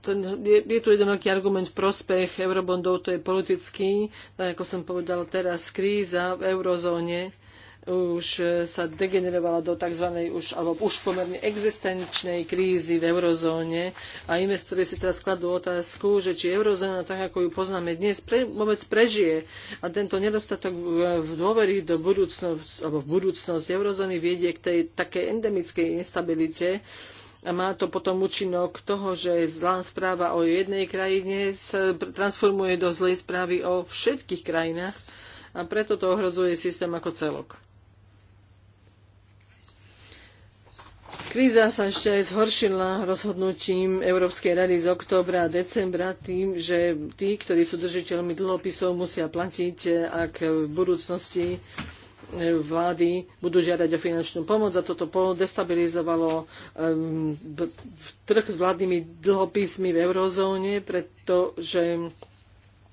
to, je, je tu veľký argument v prospech eurobondov, to je politický, tak ako som povedal teraz, kríza v eurozóne už sa degenerovala do tzv. už, alebo už pomerne existenčnej krízy v eurozóne a investori si teraz kladú otázku, že či eurozóna, tak ako ju poznáme dnes, pre, vôbec prežije. A tento nedostatok v dôvery do budúcnosti, alebo v budúcnosť eurozóny viedie k tej takej endemickej instabilite, a má to potom účinok toho, že zlá správa o jednej krajine sa transformuje do zlej správy o všetkých krajinách a preto to ohrozuje systém ako celok. Kríza sa ešte aj zhoršila rozhodnutím Európskej rady z októbra a decembra tým, že tí, ktorí sú držiteľmi dlhopisov, musia platiť, eh, ak v budúcnosti vlády budú žiadať o finančnú pomoc a toto destabilizovalo ehm, trh s vládnymi dlhopismi v eurozóne, pretože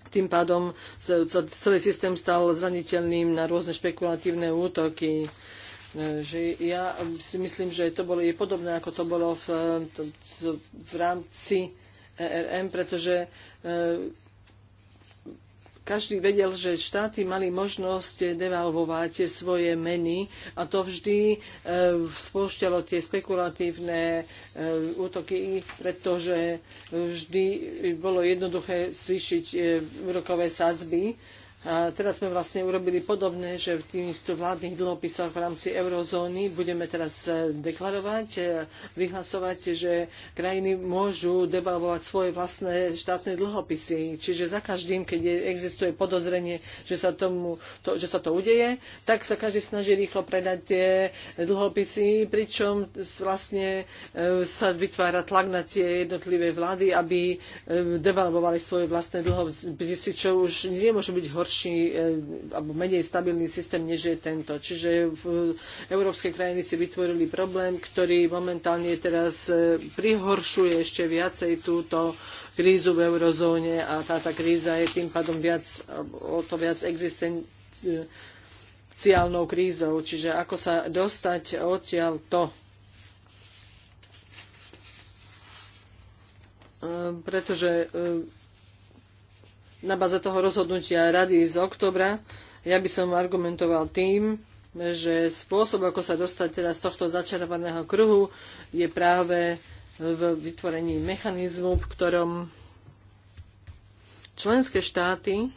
tým pádom sa celý systém stal zraniteľným na rôzne špekulatívne útoky e, že ja si myslím, že to bolo je podobné, ako to bolo v, e, v rámci ERM, pretože e, každý vedel, že štáty mali možnosť devalvovať svoje meny a to vždy e, spúšťalo tie spekulatívne e, útoky, pretože vždy bolo jednoduché zvýšiť e, úrokové sadzby teraz sme vlastne urobili podobné, že v týchto vládnych dlhopisoch v rámci eurozóny budeme teraz e, deklarovať, e, vyhlasovať, že krajiny môžu devalvovať svoje vlastné štátne dlhopisy. Čiže za každým, keď je, existuje podozrenie, že sa, tomu, to, že sa to udeje, tak sa každý snaží rýchlo predať tie dlhopisy, pričom vlastne e, sa vytvára tlak na tie jednotlivé vlády, aby devalvovali svoje vlastné dlhopisy, čo už nemôže byť horšie horší eh, alebo menej stabilný systém, než je tento. Čiže v eh, Európskej krajiny si vytvorili problém, ktorý momentálne teraz eh, prihoršuje ešte viacej túto krízu v eurozóne a táto kríza je tým pádom viac, o to viac existenciálnou krízou. Čiže ako sa dostať odtiaľ to? pretože na baze toho rozhodnutia rady z oktobra, ja by som argumentoval tým, že spôsob, ako sa dostať teda z tohto začarovaného kruhu, je práve v vytvorení mechanizmu, v ktorom členské štáty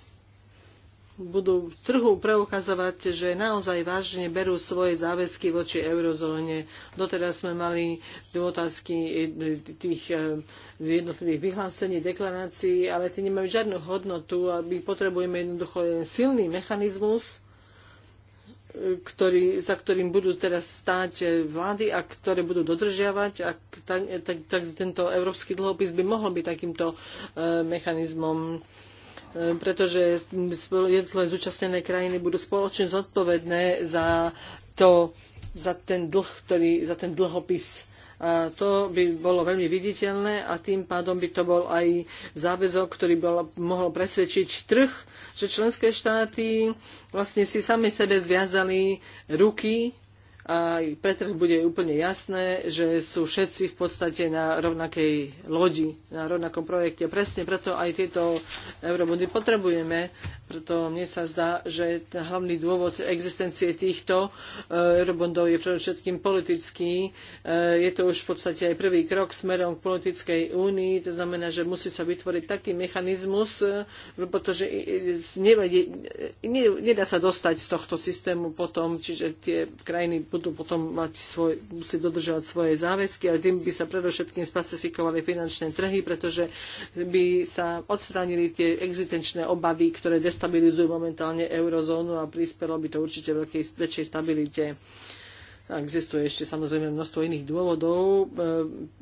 budú trhu preukazovať, že naozaj vážne berú svoje záväzky voči eurozóne. Doteraz sme mali otázky eh, tých eh, jednotlivých vyhlásení, deklarácií, ale tie nemajú žiadnu hodnotu a my potrebujeme jednoducho jeden silný mechanizmus, eh, ktorý, za ktorým budú teraz stáť vlády a ktoré budú dodržiavať a tak, tak, tak tento európsky dlhopis by mohol byť takýmto e, mechanizmom Ehm, pretože jednotlivé zúčastnené krajiny budú spoločne zodpovedné za, to, za, ten, dlh, ktorý, za ten dlhopis. A to by bolo veľmi viditeľné a tým pádom by to bol aj záväzok, ktorý bol, mohol presvedčiť trh, že členské štáty vlastne si sami sebe zviazali ruky a pre trh bude úplne jasné, že sú všetci v podstate na rovnakej lodi, na rovnakom projekte. Presne preto aj tieto eurobody potrebujeme, preto mne sa zdá, že hlavný dôvod existencie týchto e, eurobondov je predovšetkým politický. E, je to už v podstate aj prvý krok smerom k politickej únii, to znamená, že musí sa vytvoriť taký mechanizmus, e, pretože nedá sa dostať z tohto systému potom, čiže tie krajiny budú potom mať svoj, musieť dodržovať svoje záväzky, ale tým by sa predovšetkým spacifikovali finančné trhy, pretože by sa odstránili tie existenčné obavy, ktoré destabilizujú momentálne eurozónu a prispelo by to určite veľkej, väčšej stabilite. Existuje ešte samozrejme množstvo iných dôvodov e,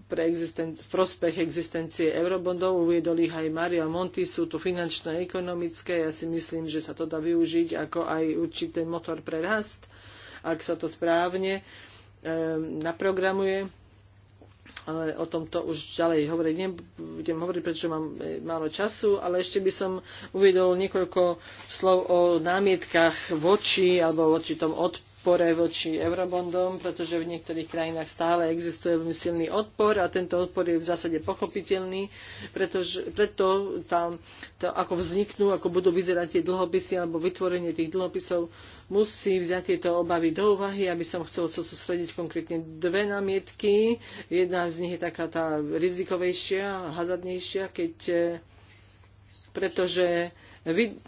pre existen- prospech existencie eurobondov. Uviedol ich aj Mario Monti, sú tu finančné, a ekonomické. Ja si myslím, že sa to dá využiť ako aj určitý motor pre rast ak sa to správne ehm, naprogramuje. Ale o tom to už ďalej hovoriť nebudem hovoriť, pretože mám e, málo času, ale ešte by som uvedol niekoľko slov o námietkach voči alebo voči tom odp- odpore voči eurobondom, pretože v niektorých krajinách stále existuje veľmi silný odpor a tento odpor je v zásade pochopiteľný, pretože, preto tam, to, ako vzniknú, ako budú vyzerať tie dlhopisy alebo vytvorenie tých dlhopisov, musí vziať tieto obavy do úvahy. aby som chcel sa sústrediť konkrétne dve námietky. Jedna z nich je taká tá rizikovejšia, hazardnejšia, keď pretože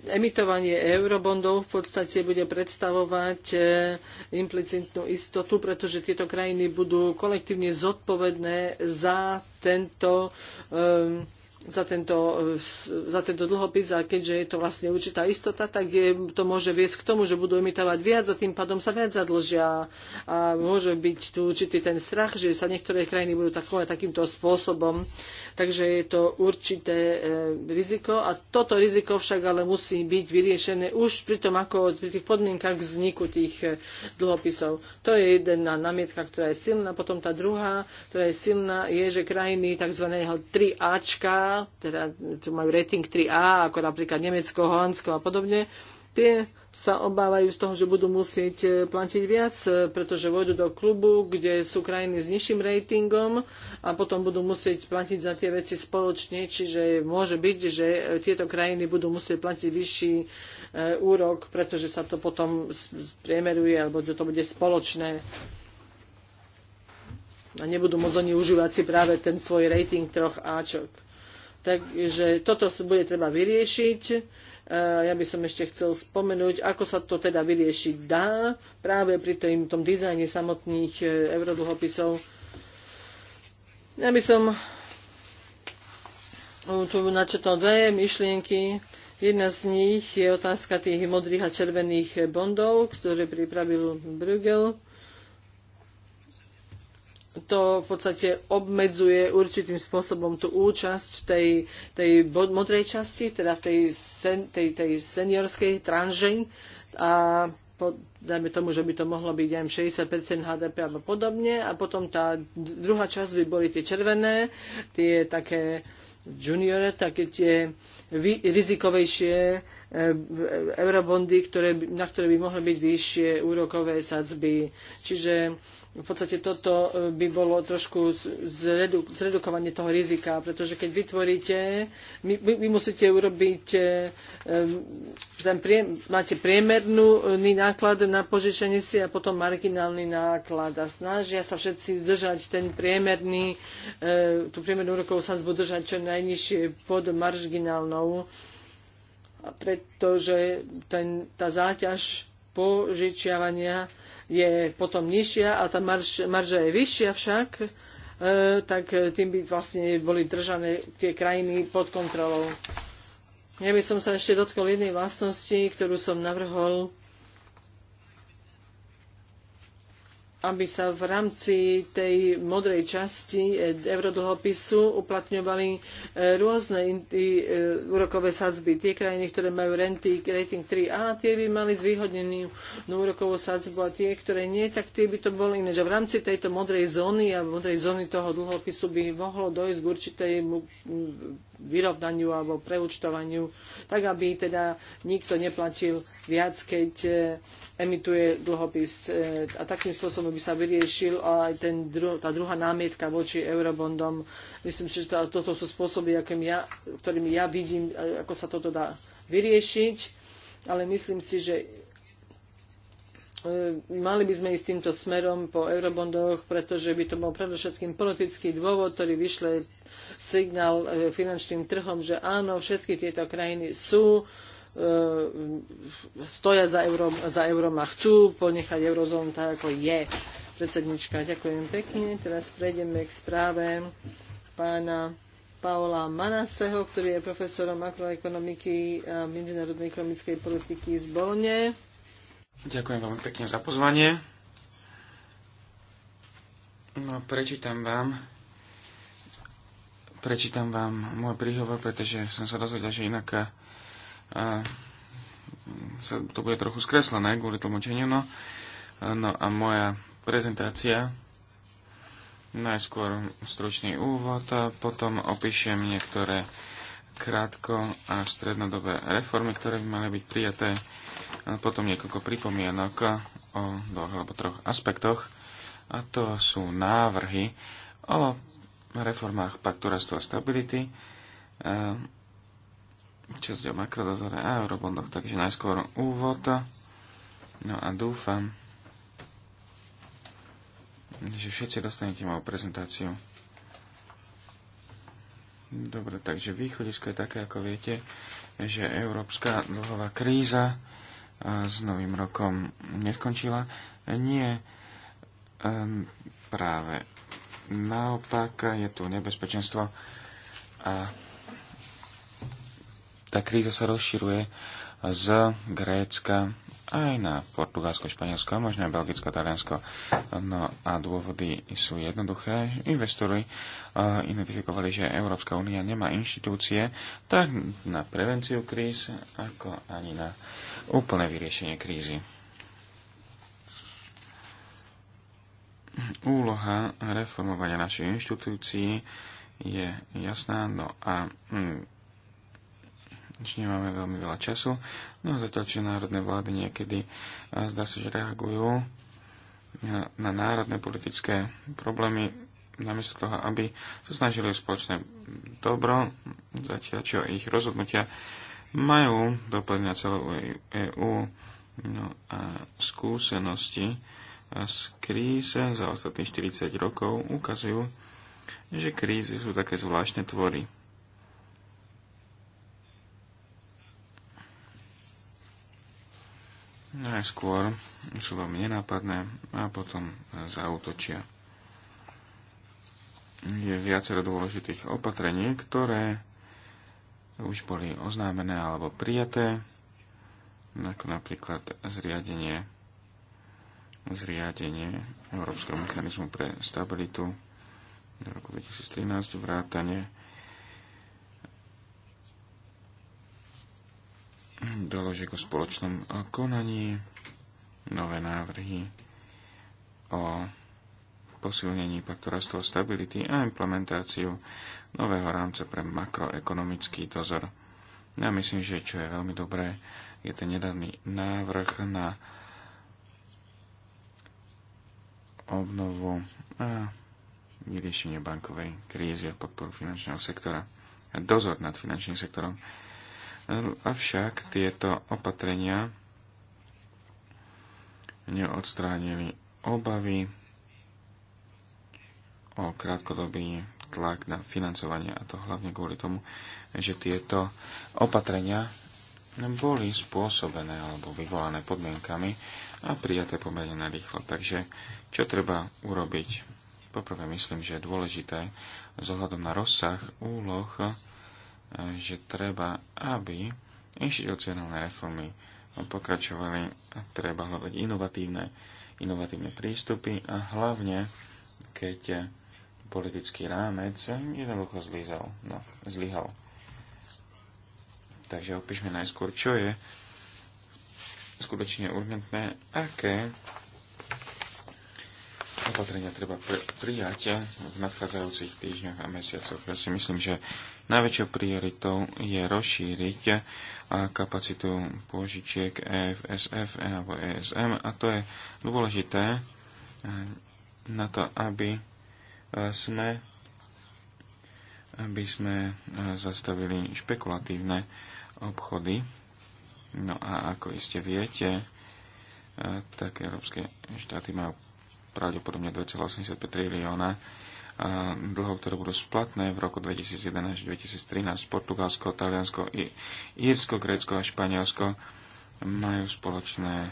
Emitovanie eurobondov v podstate bude predstavovať e, implicitnú istotu, pretože tieto krajiny budú kolektívne zodpovedné za tento um, za tento, eh, za tento dlhopis a keďže je to vlastne určitá istota, tak je, to môže viesť k tomu, že budú imitovať viac a tým pádom sa viac zadlžia a môže byť tu určitý ten strach, že sa niektoré krajiny budú takovať takýmto spôsobom. Takže je to určité e, riziko a toto riziko však ale musí byť vyriešené už pri tom, ako pri tých podmienkach vzniku tých eh, dlhopisov. To je jedna namietka, ktorá je silná. Potom tá druhá, ktorá je silná, je, že krajiny tzv. 3Ačka teda čo majú rating 3A, ako napríklad Nemecko, Holandsko a podobne, tie sa obávajú z toho, že budú musieť e, platiť viac, e, pretože vôjdu do klubu, kde sú krajiny s nižším ratingom a potom budú musieť platiť za tie veci spoločne, čiže môže byť, že e, tieto krajiny budú musieť platiť vyšší úrok, pretože sa to potom spriemeruje alebo že to bude spoločné a nebudú môcť oni užívať si práve ten svoj rating troch Ačok. Takže toto bude treba vyriešiť. E, ja by som ešte chcel spomenúť, ako sa to teda vyriešiť dá práve pri tým, tom dizajne samotných e, eurodlhopisov. Ja by som e, tu načetol dve myšlienky. Jedna z nich je otázka tých modrých a červených bondov, ktoré pripravil Bruegel to v podstate obmedzuje určitým spôsobom tú účasť v tej, tej modrej časti, teda v tej, sen, tej, tej seniorskej tranže. a po, dajme tomu, že by to mohlo byť aj 60% HDP alebo podobne a potom tá druhá časť by boli tie červené, tie také juniore, také tie rizikovejšie E, eurobondy, ktoré, na ktoré by mohli byť vyššie úrokové sadzby. Čiže v podstate toto e, by bolo trošku zredu, zredukovanie toho rizika, pretože keď vytvoríte, vy, vy musíte urobiť, e, tam prie, máte priemerný náklad na požičanie si a potom marginálny náklad a snažia sa všetci držať ten priemerný, tú priemernú úrokovú sadzbu držať čo najnižšie pod marginálnou pretože ten, tá záťaž požičiavania je potom nižšia a tá marž, marža je vyššia však, e, tak tým by vlastne boli držané tie krajiny pod kontrolou. Ja by som sa ešte dotkol jednej vlastnosti, ktorú som navrhol aby sa v rámci tej modrej časti eh, eurodlhopisu uplatňovali eh, rôzne eh, úrokové sadzby. Tie krajiny, ktoré majú renty, rating 3A, tie by mali zvýhodnenú no, úrokovú sadzbu a tie, ktoré nie, tak tie by to boli iné. Že v rámci tejto modrej zóny a modrej zóny toho dlhopisu by mohlo dojsť k určitej vyrovnaniu alebo preúčtovaniu, tak aby teda nikto neplatil viac, keď e, emituje dlhopis. E, a takým spôsobom by sa vyriešil aj ten, tá druhá námietka voči eurobondom. Myslím, že toto sú spôsoby, ja, ktorými ja vidím, e, ako sa toto dá vyriešiť. Ale myslím si, že mali by sme ísť týmto smerom po eurobondoch, pretože by to bol predovšetkým politický dôvod, ktorý vyšle signál e, finančným trhom, že áno, všetky tieto krajiny sú e, stoja za eurom, za eurom a chcú ponechať eurozónu tak, ako je. Predsednička, ďakujem pekne. Teraz prejdeme k správe pána Paola Manaseho, ktorý je profesorom makroekonomiky a medzinárodnej ekonomickej politiky z Bolne. Ďakujem veľmi pekne za pozvanie. No, prečítam vám Prečítam vám môj príhovor, pretože som sa dozvedel, že inak a, eh, a, sa to bude trochu skreslené kvôli tlmočeniu. No, no a moja prezentácia najskôr stručný úvod a potom opíšem niektoré krátko a strednodobé reformy, ktoré by mali byť prijaté. A potom niekoľko pripomienok o dvoch alebo troch aspektoch. A to sú návrhy o reformách Paktu rastu a stability, eh, časť o makrodozore a eurobondoch, takže najskôr úvod. No a dúfam, že všetci dostanete moju prezentáciu. Dobre, takže východisko je také, ako viete, že európska dlhová kríza eh, s novým rokom neskončila. Nie eh, práve Naopak je tu nebezpečenstvo a tá kríza sa rozširuje z Grécka aj na Portugalsko, Španielsko, možno aj Belgicko, Taliansko. No a dôvody sú jednoduché. Investori eh, identifikovali, že Európska únia nemá inštitúcie tak na prevenciu kríz, ako ani na úplné vyriešenie krízy. úloha reformovania našej inštitúcií je jasná, no a či hm, nemáme veľmi veľa času, no zatiaľ, či národné vlády niekedy zdá sa, že reagujú na, na národné politické problémy, namiesto toho, aby sa snažili spoločné dobro, zatiaľ čo ich rozhodnutia majú dopad na celú EÚ e no a skúsenosti z kríze za ostatných 40 rokov ukazujú, že krízy sú také zvláštne tvory. Najskôr sú veľmi nenápadné a potom zautočia. Je viacero dôležitých opatrení, ktoré už boli oznámené alebo prijaté, ako napríklad zriadenie zriadenie Európskeho mechanizmu pre stabilitu do roku 2013, vrátane doložiek o spoločnom konaní, nové návrhy o posilnení paktu rastu a stability a implementáciu nového rámca pre makroekonomický dozor. Ja myslím, že čo je veľmi dobré, je ten nedávny návrh na obnovu a vyriešenie bankovej krízy a podporu finančného sektora a dozor nad finančným sektorom. Avšak tieto opatrenia neodstránili obavy o krátkodobý tlak na financovanie a to hlavne kvôli tomu, že tieto opatrenia boli spôsobené alebo vyvolané podmienkami, a prijaté pomerne na rýchlo. Takže čo treba urobiť? Poprvé myslím, že je dôležité z ohľadom na rozsah úloh, eh, že treba, aby inštitucionálne reformy pokračovali a treba hľadať inovatívne, inovatívne prístupy a hlavne, keď politický rámec jednoducho zlyhal. No, zlyhal. Takže opíšme najskôr, čo je skutočne urgentné, aké opatrenia treba prijať v nadchádzajúcich týždňoch a mesiacoch. Ja si myslím, že najväčšou prioritou je rozšíriť kapacitu pôžičiek EFSF alebo ESM a to je dôležité na to, aby sme, aby sme zastavili špekulatívne obchody No a ako iste viete, e, tak európske štáty majú pravdepodobne 2,85 trilióna e, dlhov, ktoré budú splatné v roku 2011 až 2013. Portugalsko, Taliansko, Írsko, Grécko a Španielsko majú spoločné e,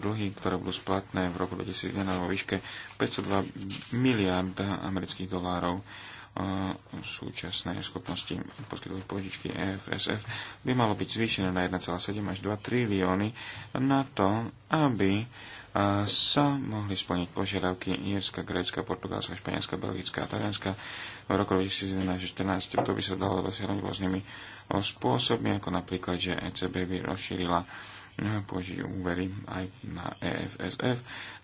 dlhy, ktoré budú splatné v roku 2011 vo výške 502 miliard amerických dolárov súčasnej schopnosti poskytovať požičky EFSF by malo byť zvýšené na 1,7 až 2 trilióny na to, aby sa mohli splniť požiadavky Jerska, Grécka, Portugalska, Španielska, Belgická a Talianska. V roku 2014 to by sa dalo dosiahnuť rôznymi spôsobmi, ako napríklad, že ECB by rozšírila požiť úvery aj na EFSF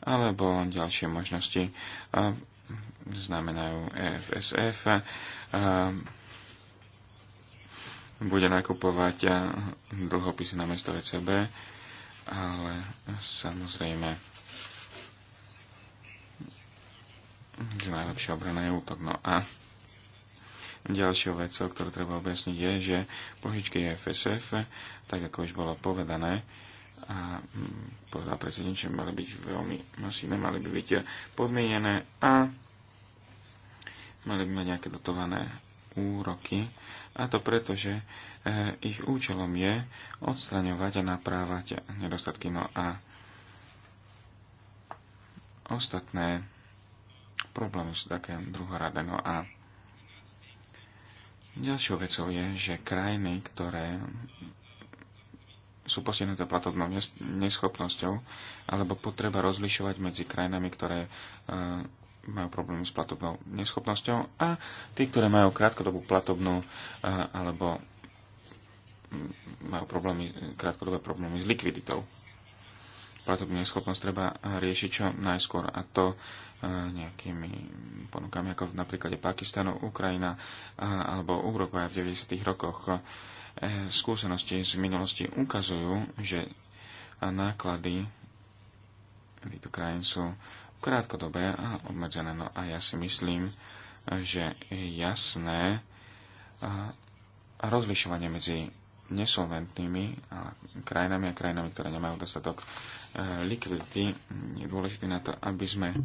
alebo ďalšie možnosti znamenajú EFSF, bude nakupovať dlhopisy na mesto ECB, ale samozrejme že najlepšia obrana je útok. No a ďalšou vecou, ktorú treba objasniť, je, že požičky EFSF, tak ako už bolo povedané, a podľa predsedniče mali byť veľmi masívne, mali by byť podmienené a mali by mať nejaké dotované úroky, a to preto, že e, ich účelom je odstraňovať a naprávať nedostatky. No a ostatné problémy sú také druhorade. No a ďalšou vecou je, že krajiny, ktoré sú postihnuté platobnou neschopnosťou, alebo potreba rozlišovať medzi krajinami, ktoré e, majú problémy s platobnou neschopnosťou a tí, ktoré majú krátkodobú platobnú alebo majú problémy, krátkodobé problémy s likviditou. Platobnú neschopnosť treba riešiť čo najskôr a to nejakými ponukami, ako v napríklade Pakistanu, Ukrajina alebo Uruguay v 90. rokoch. E, skúsenosti z minulosti ukazujú, že náklady týchto krajín sú krátkodobé a obmedzené. No a ja si myslím, že je jasné rozlišovanie medzi nesolventnými krajinami a krajinami, ktoré nemajú dostatok e, likvidity, je dôležité na to, aby sme e,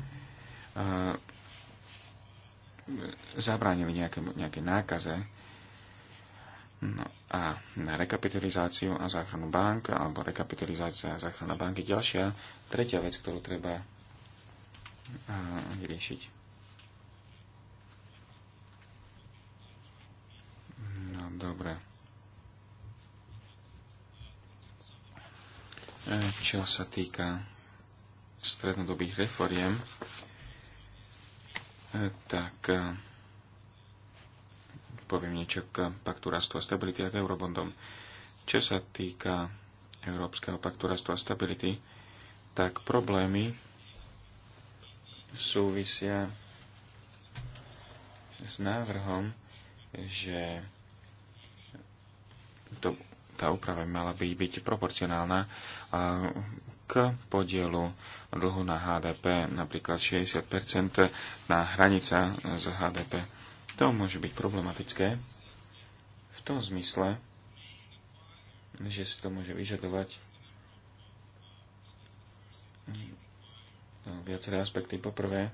zabránili nejaké, nejaké nákaze no a na rekapitalizáciu a záchranu bank alebo rekapitalizácia a záchrana banky ďalšia tretia vec, ktorú treba vyriešiť. No dobre. E, čo sa týka strednodobých reforiem, e, tak e, poviem niečo k paktu rastu a stability a k eurobondom. Čo sa týka Európskeho paktu rastu a stability, tak problémy súvisia s návrhom, že to, tá úprava mala by byť proporcionálna k podielu dlhu na HDP, napríklad 60% na hranica z HDP. To môže byť problematické v tom zmysle, že si to môže vyžadovať viaceré aspekty. Poprvé,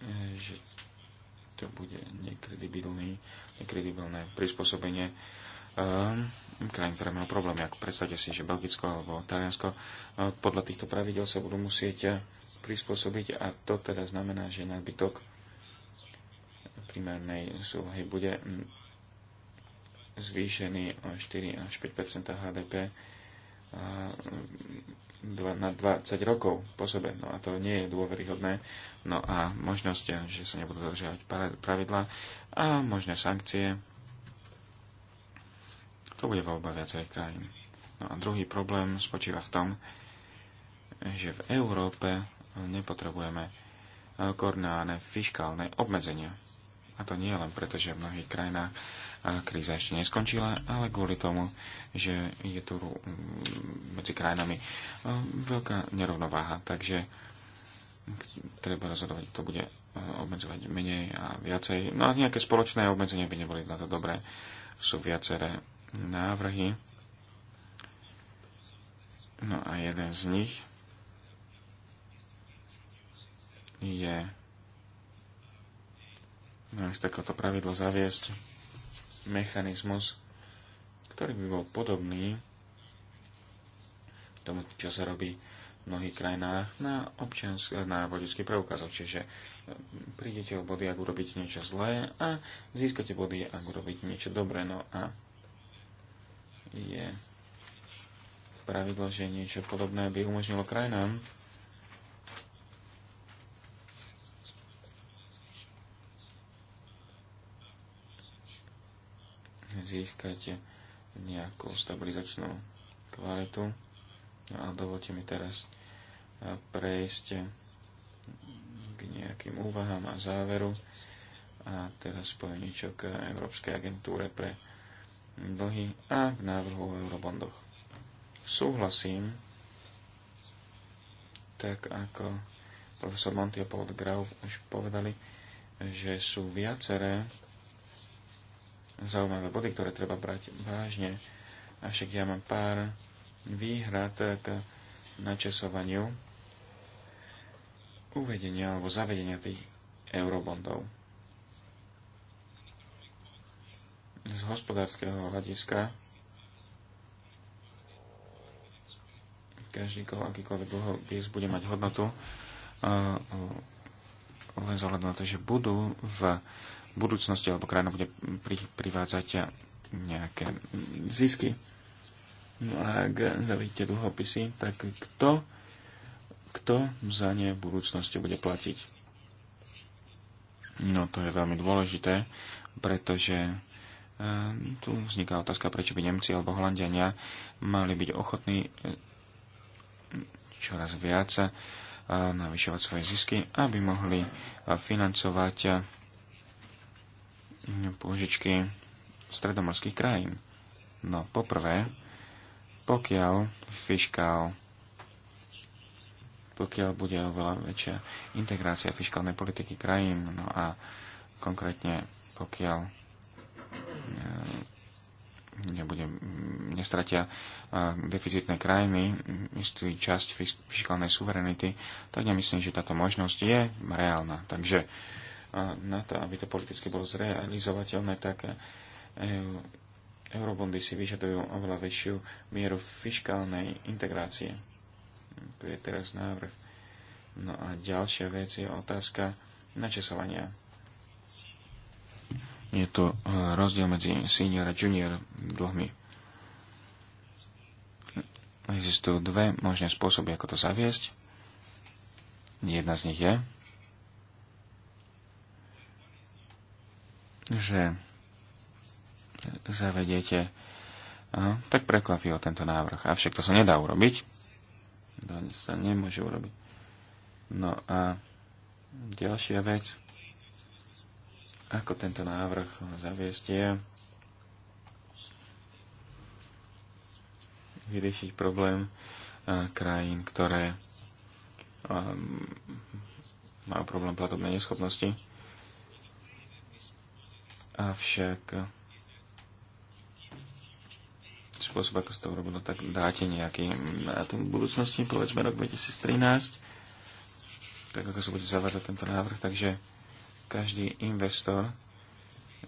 e, že to bude nekredibilný, nekredibilné prispôsobenie e, krajín, ktoré majú problémy. Ako predstavte si, že Belgicko alebo Taliansko e, podľa týchto pravidel sa budú musieť prispôsobiť a to teda znamená, že nadbytok primárnej súlohy bude zvýšený o 4 až 5 HDP na 20 rokov po sebe. No a to nie je dôveryhodné. No a možnosť, že sa nebudú dodržiavať pravidla a možné sankcie. To bude voľba viacerých krajín. No a druhý problém spočíva v tom, že v Európe nepotrebujeme koordinované fiskálne obmedzenia. A to nie len preto, že v mnohých krajinách a kríza ešte neskončila, ale kvôli tomu, že je tu mm, medzi krajinami e, veľká nerovnováha. Takže treba rozhodovať, to bude e, obmedzovať menej a viacej. No a nejaké spoločné obmedzenia by neboli na to dobré. Sú viaceré návrhy. No a jeden z nich je no, z takéhoto pravidlo zaviesť mechanizmus, ktorý by bol podobný tomu, čo sa robí v mnohých krajinách na, občansk- na vodický preukaz. Čiže eh, prídete o body, ak urobíte niečo zlé a získate body, ak urobíte niečo dobré. No a je pravidlo, že niečo podobné by umožnilo krajinám získať nejakú stabilizačnú kvalitu. No a dovolte mi teraz prejsť k nejakým úvahám a záveru a teda spojeničok k Európskej agentúre pre dlhy a k návrhu o eurobondoch. Súhlasím, tak ako profesor Monty a Paul Grau už povedali, že sú viaceré zaujímavé body, ktoré treba brať vážne. Avšak ja mám pár výhrad k načasovaniu uvedenia alebo zavedenia tých eurobondov. Z hospodárskeho hľadiska každý akýkoľvek dlhopis bude mať hodnotu len zohľadom na to, že budú v v budúcnosti alebo krajina bude pri, privádzať nejaké zisky. No a ak zavíte dlhopisy, tak kto, kto za ne v budúcnosti bude platiť? No to je veľmi dôležité, pretože e, tu vzniká otázka, prečo by Nemci alebo Holandiania mali byť ochotní e, čoraz viac e, navyšovať svoje zisky, aby mohli e, financovať pôžičky stredomorských krajín. No poprvé, pokiaľ fiskál pokiaľ bude oveľa väčšia integrácia fiskálnej politiky krajín, no a konkrétne pokiaľ e, nebude, nestratia e, deficitné krajiny istú časť fiskálnej suverenity, tak nemyslím, že táto možnosť je reálna. Takže na to, aby to politicky bolo zrealizovateľné, tak eh, eurobondy si vyžadujú oveľa väčšiu mieru fiskálnej integrácie. Tu je teraz návrh. No a ďalšia vec je otázka načasovania. Je to eh, rozdiel medzi senior a junior dlhmi. Existujú dve možné spôsoby, ako to zaviesť. Jedna z nich je, že zavediete, aha, tak prekvapilo tento návrh. Avšak to sa nedá urobiť. To sa nemôže urobiť. No a ďalšia vec, ako tento návrh zaviesť je vyriešiť problém krajín, ktoré majú problém platobnej neschopnosti Avšak spôsob, ako sa to urobilo, tak dáte nejaký na tom budúcnosti, povedzme rok 2013, tak ako sa bude zavádzať tento návrh, takže každý investor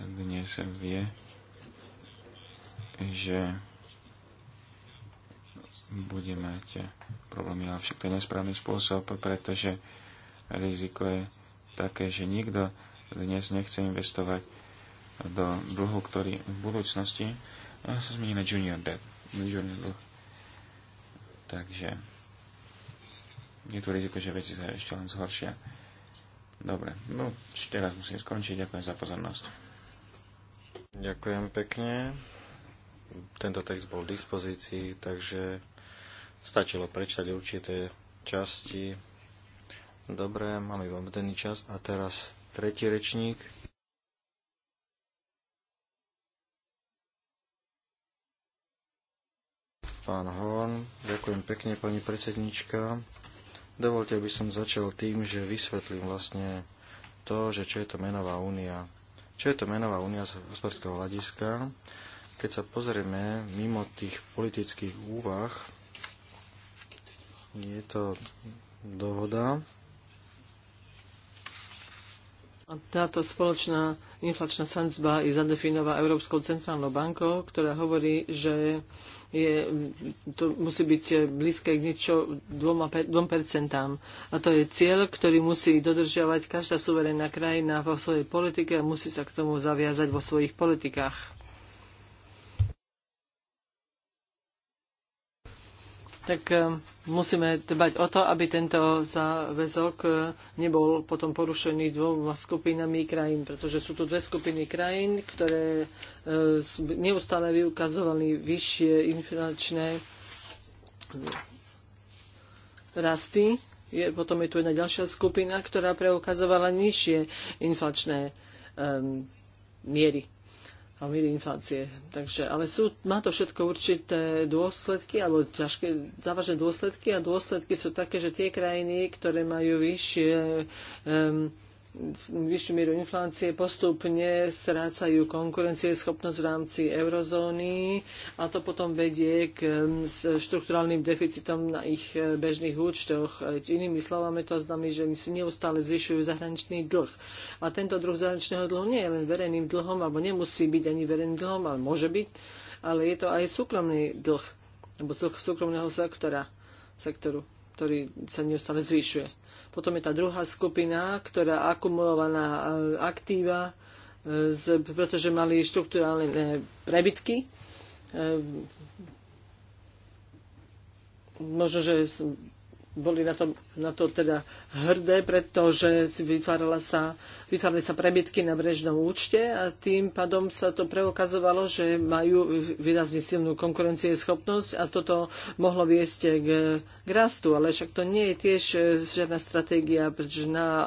dnes vie, že bude mať problémy, ale však to je nesprávny spôsob, pretože riziko je také, že nikto dnes nechce investovať do dlhu, ktorý v budúcnosti eh, sa zmení na junior debt, junior dlh. Takže je tu riziko, že veci sa ešte len zhoršia. Dobre, no teraz musím skončiť. Ďakujem za pozornosť. Ďakujem pekne. Tento text bol v dispozícii, takže stačilo prečítať určité časti. Dobre, máme iba čas a teraz tretí rečník. pán Horn. Ďakujem pekne, pani predsednička. Dovolte, aby som začal tým, že vysvetlím vlastne to, že čo je to menová únia. Čo je to menová únia z hospodárskeho hľadiska? Keď sa pozrieme mimo tých politických úvah, je to dohoda, táto spoločná inflačná sanzba je zadefinovaná Európskou centrálnou bankou, ktorá hovorí, že je, to musí byť blízke k niečo 2%. A to je cieľ, ktorý musí dodržiavať každá suverénna krajina vo svojej politike a musí sa k tomu zaviazať vo svojich politikách. tak eh, musíme dbať o to, aby tento záväzok eh, nebol potom porušený dvoma skupinami krajín, pretože sú tu dve skupiny krajín, ktoré eh, neustále vyukazovali vyššie inflačné rasty. Je, potom je tu jedna ďalšia skupina, ktorá preukazovala nižšie inflačné um, miery a miery inflácie. Takže, ale sú, má to všetko určité dôsledky, alebo ťažké, závažné dôsledky a dôsledky sú také, že tie krajiny, ktoré majú vyššie um, vyššiu mieru inflácie, postupne strácajú konkurencieschopnosť v rámci eurozóny a to potom vedie k mm, štrukturálnym deficitom na ich e, bežných účtoch. E, inými slovami to znamená, že si neustále zvyšujú zahraničný dlh. A tento druh zahraničného dlhu nie je len verejným dlhom, alebo nemusí byť ani verejným dlhom, ale môže byť, ale je to aj súkromný dlh, alebo dlh súkromného sektora, sektoru, ktorý sa neustále zvyšuje. Potom je tá druhá skupina, ktorá akumulovaná e, aktíva, e, pretože mali štruktúrálne e, prebytky. Možno, že boli na to, na to teda hrdé, pretože si vytvárala sa, vytvárali sa prebytky na brežnom účte a tým pádom sa to preukazovalo, že majú výrazne silnú konkurencieschopnosť a toto mohlo viesť k, k rastu. Ale však to nie je tiež e, žiadna stratégia, pretože na e,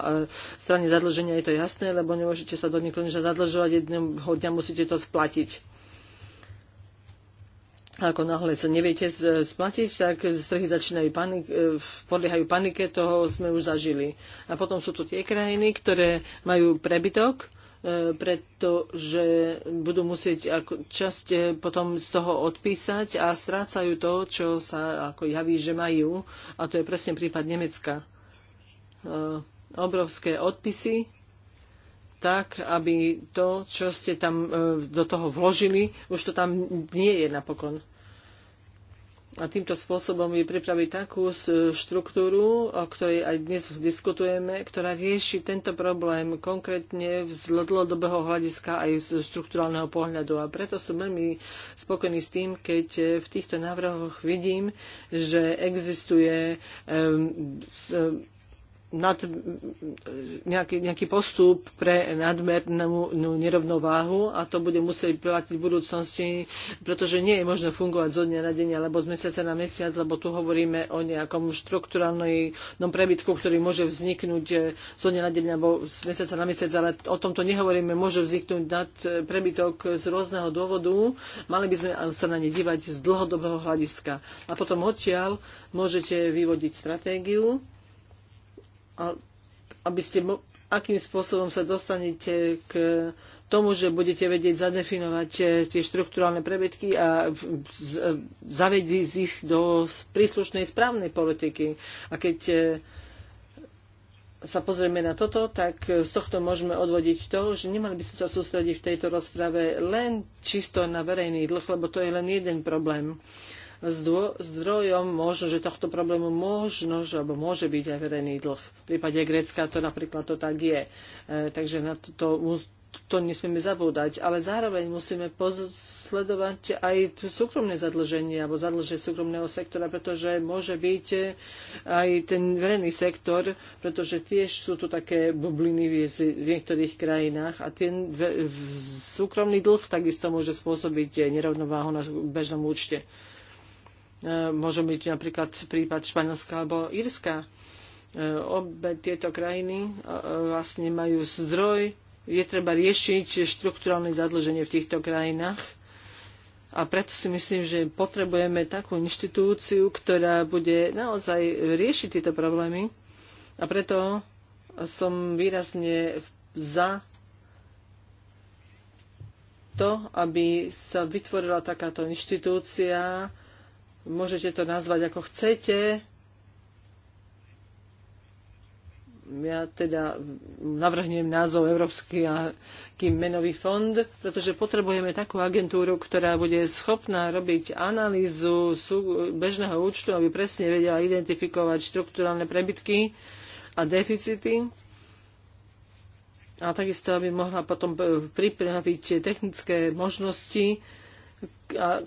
strane zadlženia je to jasné, lebo nemôžete sa do nikoho zadlžovať, jedného dňa musíte to splatiť ako náhle sa neviete splatiť, tak strhy začínajú panik, e, podliehajú panike, toho sme už zažili. A potom sú tu tie krajiny, ktoré majú prebytok, e, pretože budú musieť ako časť e, potom z toho odpísať a strácajú to, čo sa ako javí, že majú. A to je presne prípad Nemecka. Obrovské odpisy tak, aby to, čo ste tam e, do toho vložili, už to tam nie je napokon. A týmto spôsobom je pripraviť takú e, štruktúru, o ktorej aj dnes diskutujeme, ktorá rieši tento problém konkrétne z dlhodobého hľadiska aj z štruktúrálneho pohľadu. A preto som veľmi spokojný s tým, keď e, v týchto návrhoch vidím, že existuje um, nad, nejaký, nejaký postup pre nadmernú nerovnováhu a to bude musieť platiť v budúcnosti, pretože nie je možné fungovať zo dňa na deň alebo z mesiaca na mesiac, lebo tu hovoríme o nejakom štruktúralnom prebytku, ktorý môže vzniknúť eh, zo dňa na deň alebo z mesiaca na mesiac, ale o tomto nehovoríme, môže vzniknúť nad eh, prebytok z rôzneho dôvodu. Mali by sme sa na ne dívať z dlhodobého hľadiska. A potom odtiaľ môžete vyvodiť stratégiu, aby ste, akým spôsobom sa dostanete k tomu, že budete vedieť zadefinovať eh, tie štruktúrálne prebytky a zavedieť ich do príslušnej správnej politiky. A keď eh, sa pozrieme na toto, tak eh, z tohto môžeme odvodiť to, že nemali by sme sa sústrediť v tejto rozprave len čisto na verejný dlh, lebo to je len jeden problém zdrojom možno, že tohto problému možno, že, alebo môže byť aj verejný dlh. V prípade Grécka to napríklad to tak je. E, takže na to, to, to nesmieme zabúdať, ale zároveň musíme posledovať aj súkromné zadlženie alebo zadlženie súkromného sektora, pretože môže byť e, aj ten verejný sektor, pretože tiež sú tu také bubliny v, niektorých krajinách a ten súkromný dlh takisto môže spôsobiť nerovnováhu na bežnom účte. E, Môže byť napríklad prípad Španielska alebo Írska. E, obe tieto krajiny e, vlastne majú zdroj, je treba riešiť štruktúralne zadlženie v týchto krajinách. A preto si myslím, že potrebujeme takú inštitúciu, ktorá bude naozaj riešiť tieto problémy. A preto som výrazne za to, aby sa vytvorila takáto inštitúcia, Môžete to nazvať ako chcete. Ja teda navrhnem názov Európsky a kým menový fond, pretože potrebujeme takú agentúru, ktorá bude schopná robiť analýzu bežného účtu, aby presne vedela identifikovať štruktúralne prebytky a deficity a takisto aby mohla potom pripraviť technické možnosti,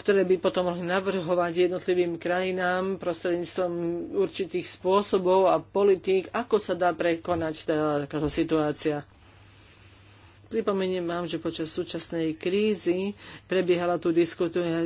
ktoré by potom mohli navrhovať jednotlivým krajinám prostredníctvom určitých spôsobov a politík, ako sa dá prekonať táto situácia. Pripomeniem vám, že počas súčasnej krízy prebiehala tu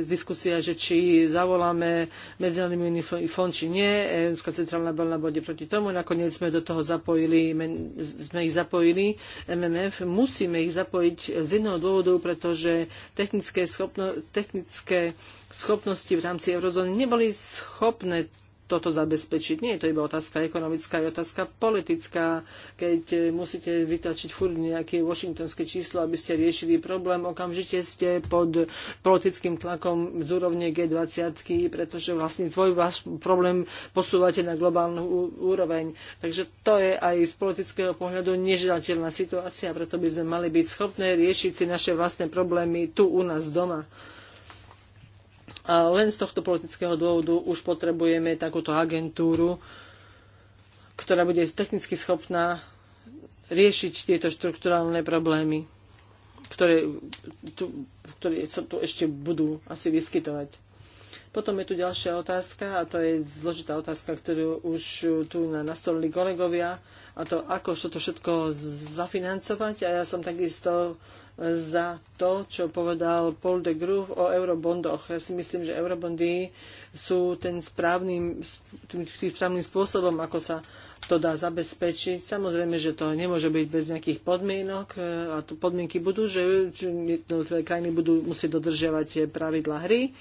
diskusia, že či zavoláme medzinárodný fond, či nie. Európska centrálna banka bode proti tomu. Nakoniec sme do toho zapojili, sme ich zapojili. MMF musíme ich zapojiť z jedného dôvodu, pretože technické, schopno, technické schopnosti v rámci eurozóny neboli schopné toto zabezpečiť. Nie je to iba otázka ekonomická, je otázka politická. Keď eh, musíte vytačiť furt nejaké washingtonské číslo, aby ste riešili problém, okamžite ste pod politickým tlakom z úrovne G20, pretože vlastne tvoj váš problém posúvate na globálnu úroveň. Takže to je aj z politického pohľadu neželateľná situácia, preto by sme mali byť schopné riešiť si naše vlastné problémy tu u nás doma. A len z tohto politického dôvodu už potrebujeme takúto agentúru, ktorá bude technicky schopná riešiť tieto štruktúralné problémy, ktoré, tu, ktoré sa tu ešte budú asi vyskytovať. Potom je tu ďalšia otázka, a to je zložitá otázka, ktorú už tu nastolili kolegovia, a to ako to všetko zafinancovať. A ja som takisto za to, čo povedal Paul de Groove o eurobondoch. Ja si myslím, že eurobondy sú ten správny, tým, tým správnym spôsobom, ako sa to dá zabezpečiť. Samozrejme, že to nemôže byť bez nejakých podmienok e, a tu podmienky budú, že jednotlivé krajiny budú musieť dodržiavať e, pravidla hry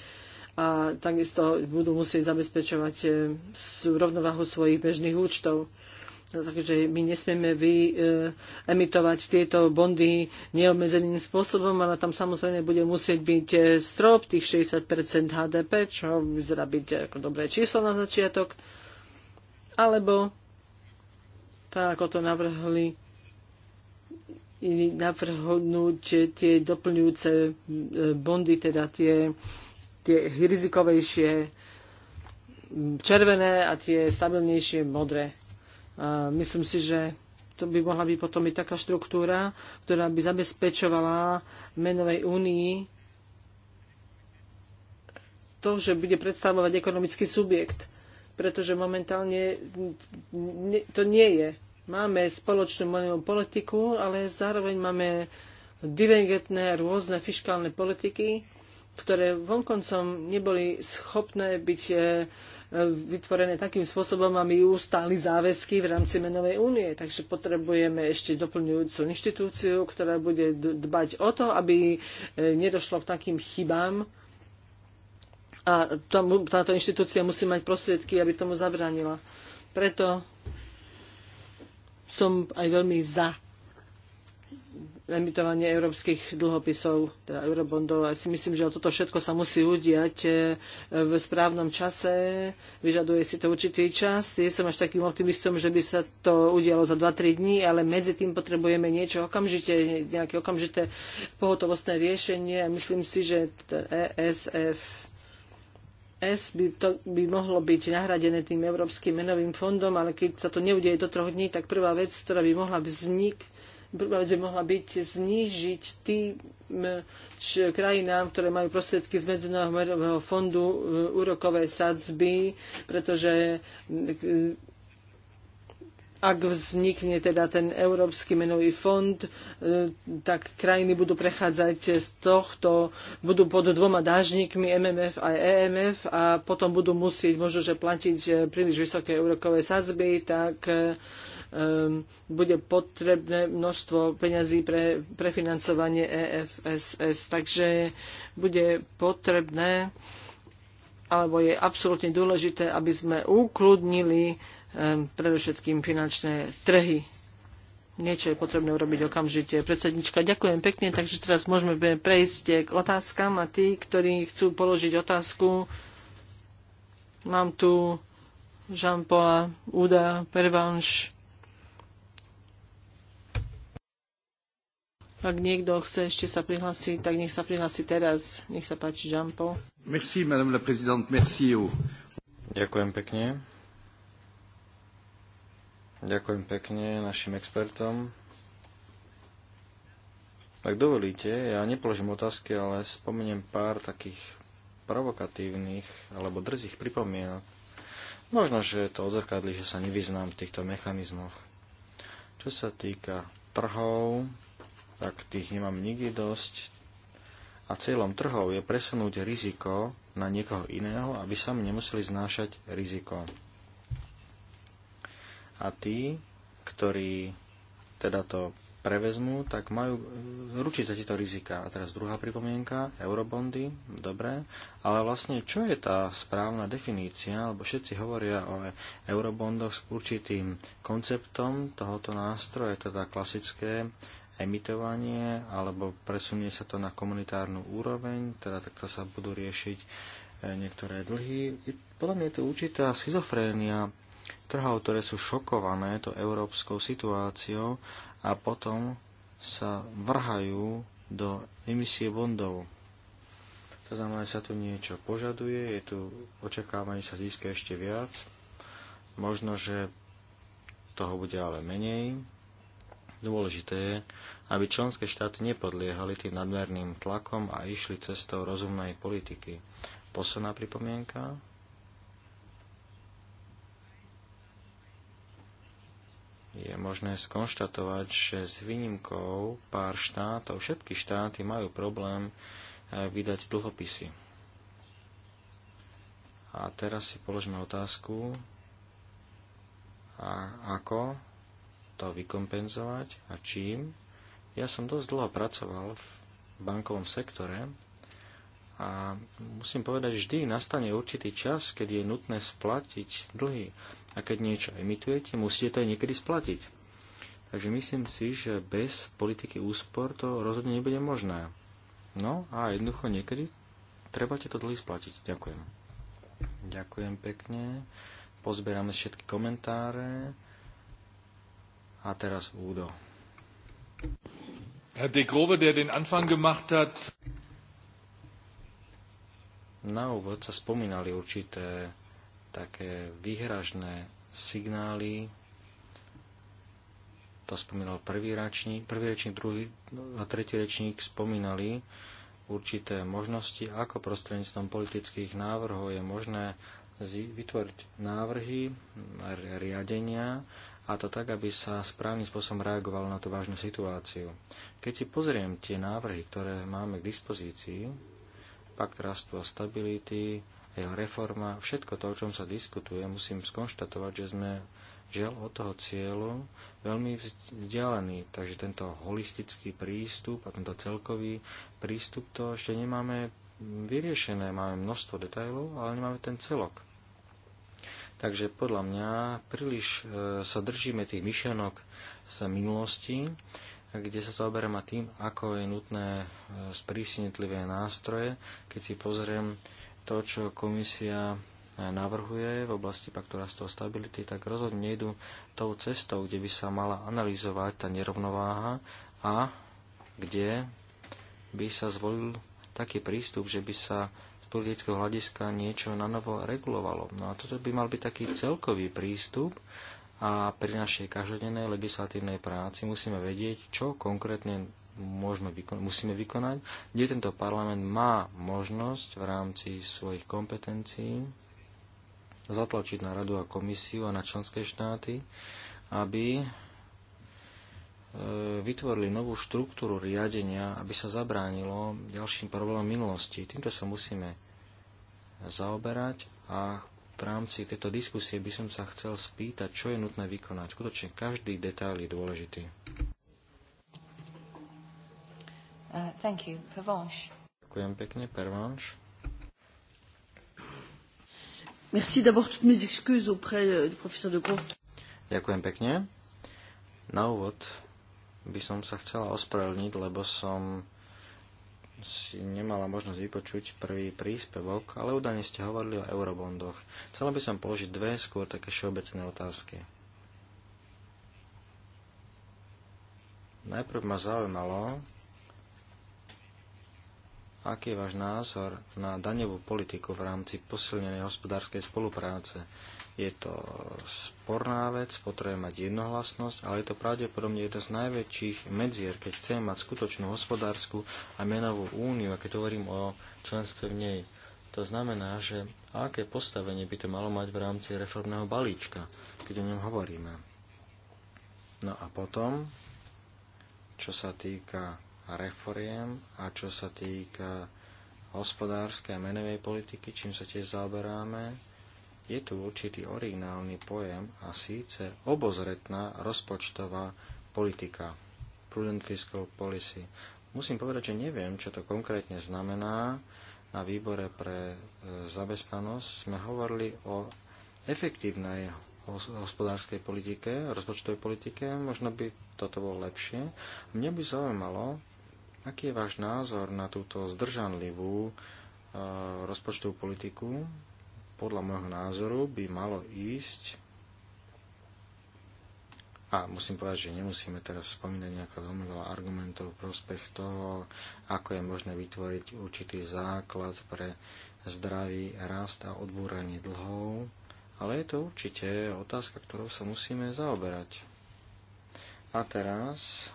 a takisto budú musieť zabezpečovať e, rovnováhu svojich bežných účtov. Takže my nesmieme vyemitovať eh, tieto bondy neobmedzeným spôsobom, ale tam samozrejme bude musieť byť eh, strop tých 60 HDP, čo vyzerá byť ako dobré číslo na začiatok. Alebo tak, ako to navrhli navrhnúť tie doplňujúce eh, bondy, teda tie, tie rizikovejšie mm, červené a tie stabilnejšie modré myslím si, že to by mohla byť potom i taká štruktúra, ktorá by zabezpečovala menovej únii to, že bude predstavovať ekonomický subjekt. Pretože momentálne to nie je. Máme spoločnú menovú politiku, ale zároveň máme divergentné rôzne fiskálne politiky, ktoré vonkoncom neboli schopné byť eh, vytvorené takým spôsobom, aby ustáli záväzky v rámci menovej únie. Takže potrebujeme ešte doplňujúcu inštitúciu, ktorá bude dbať o to, aby e, nedošlo k takým chybám, a tomu, táto inštitúcia musí mať prostriedky, aby tomu zabránila. Preto som aj veľmi za emitovanie európskych dlhopisov, teda eurobondov. A si myslím, že toto všetko sa musí udiať e, v správnom čase. Vyžaduje si to určitý čas. Ja som až takým optimistom, že by sa to udialo za 2-3 dní, ale medzi tým potrebujeme niečo okamžite, nejaké okamžité pohotovostné riešenie. A myslím si, že ESF S by, to, by mohlo byť nahradené tým Európskym menovým fondom, ale keď sa to neudeje do troch dní, tak prvá vec, ktorá by mohla vzniknúť, že mohla byť znížiť tým krajinám, ktoré majú prostriedky z Medzinárodného fondu e, úrokové sadzby, pretože e, ak vznikne teda ten Európsky menový fond, e, tak krajiny budú prechádzať z tohto, budú pod dvoma dážnikmi MMF a EMF a potom budú musieť možno, že platiť príliš vysoké úrokové sadzby, tak um, bude potrebné množstvo peňazí pre prefinancovanie EFSS. Takže bude potrebné, alebo je absolútne dôležité, aby sme ukludnili um, predovšetkým finančné trhy niečo je potrebné urobiť okamžite. Predsednička, ďakujem pekne, takže teraz môžeme prejsť k otázkam a tí, ktorí chcú položiť otázku, mám tu jean paul Uda, Pervanš, Ak niekto chce ešte sa prihlásiť, tak nech sa prihlási teraz. Nech sa páči, Žampo. Merci, madame la présidente, merci. Ďakujem pekne. Ďakujem pekne našim expertom. Ak dovolíte, ja nepoložím otázky, ale spomeniem pár takých provokatívnych alebo drzých pripomienok. Možno, že to odzrkadli, že sa nevyznám v týchto mechanizmoch. Čo sa týka trhov, tak tých nemám nikdy dosť. A cieľom trhov je presunúť riziko na niekoho iného, aby sami nemuseli znášať riziko. A tí, ktorí teda to prevezmú, tak majú ručiť za tieto rizika. A teraz druhá pripomienka, eurobondy, dobre, ale vlastne čo je tá správna definícia, lebo všetci hovoria o eurobondoch s určitým konceptom tohoto nástroja, teda klasické emitovanie, alebo presunie sa to na komunitárnu úroveň, teda takto sa budú riešiť e, niektoré dlhy. Podľa mňa je to určitá schizofrénia trhov, ktoré sú šokované to európskou situáciou a potom sa vrhajú do emisie bondov. To znamená, že sa tu niečo požaduje, je tu očakávanie sa získa ešte viac, možno, že toho bude ale menej, Dôležité je, aby členské štáty nepodliehali tým nadmerným tlakom a išli cestou rozumnej politiky. Posledná pripomienka. Je možné skonštatovať, že s výnimkou pár štátov, všetky štáty majú problém eh, vydať dlhopisy. A teraz si položme otázku, a ako to vykompenzovať a čím. Ja som dosť dlho pracoval v bankovom sektore a musím povedať, že vždy nastane určitý čas, keď je nutné splatiť dlhy. A keď niečo emitujete, musíte to aj niekedy splatiť. Takže myslím si, že bez politiky úspor to rozhodne nebude možné. No a jednoducho niekedy treba tieto dlhy splatiť. Ďakujem. Ďakujem pekne. Pozberáme všetky komentáre. A teraz Udo. Herr de Grove, der den Anfang gemacht hat. Na úvod sa spomínali určité také vyhražné signály. To spomínal prvý rečník, prvý rečník, druhý a tretí rečník spomínali určité možnosti, ako prostredníctvom politických návrhov je možné vytvoriť návrhy riadenia, a to tak, aby sa správnym spôsobom reagovalo na tú vážnu situáciu. Keď si pozriem tie návrhy, ktoré máme k dispozícii, pakt rastu a stability, jeho reforma, všetko to, o čom sa diskutuje, musím skonštatovať, že sme žiaľ od toho cieľu veľmi vzdialení. Takže tento holistický prístup a tento celkový prístup to ešte nemáme vyriešené. Máme množstvo detajlov, ale nemáme ten celok. Takže podľa mňa príliš e, sa držíme tých myšlienok z minulosti, kde sa zaoberám tým, ako je nutné e, sprísnitlivé nástroje. Keď si pozriem to, čo komisia e, navrhuje v oblasti paktu rastu stability, tak rozhodne nejdu tou cestou, kde by sa mala analyzovať tá nerovnováha a kde by sa zvolil taký prístup, že by sa politického hľadiska niečo na novo regulovalo. No a toto by mal byť taký celkový prístup a pri našej každodennej legislatívnej práci musíme vedieť, čo konkrétne môžeme musíme vykonať, kde tento parlament má možnosť v rámci svojich kompetencií zatlačiť na radu a komisiu a na členské štáty, aby E, vytvorili novú štruktúru riadenia, aby sa zabránilo ďalším problémom minulosti. Týmto sa musíme zaoberať a v rámci tejto diskusie by som sa chcel spýtať, čo je nutné vykonať. Skutočne každý detail je dôležitý. Uh, thank you. Pervanche. Ďakujem pekne. Pervanche. Merci d'abord toutes mes excuses auprès euh, du professeur de Gros. Ďakujem pekne. Na úvod by som sa chcela ospravedlniť, lebo som si nemala možnosť vypočuť prvý príspevok, ale údajne ste hovorili o eurobondoch. Chcela by som položiť dve skôr také všeobecné otázky. Najprv ma zaujímalo, aký je váš názor na daňovú politiku v rámci posilnenej hospodárskej spolupráce je to sporná vec, potrebuje mať jednohlasnosť, ale je to pravdepodobne jedna z najväčších medzier, keď chcem mať skutočnú hospodárskú a menovú úniu, a keď hovorím o členstve v nej. To znamená, že aké postavenie by to malo mať v rámci reformného balíčka, keď o ňom hovoríme. No a potom, čo sa týka reforiem a čo sa týka hospodárskej a menovej politiky, čím sa tiež zaoberáme, je tu určitý originálny pojem a síce obozretná rozpočtová politika, prudent fiscal policy. Musím povedať, že neviem, čo to konkrétne znamená. Na výbore pre e, zamestnanosť sme hovorili o efektívnej hospodárskej politike, rozpočtovej politike, možno by toto bolo lepšie. Mňa by zaujímalo, aký je váš názor na túto zdržanlivú e, rozpočtovú politiku podľa môjho názoru by malo ísť a musím povedať, že nemusíme teraz spomínať nejaké veľmi veľa argumentov v prospech toho, ako je možné vytvoriť určitý základ pre zdravý rast a odbúranie dlhov, ale je to určite otázka, ktorou sa musíme zaoberať. A teraz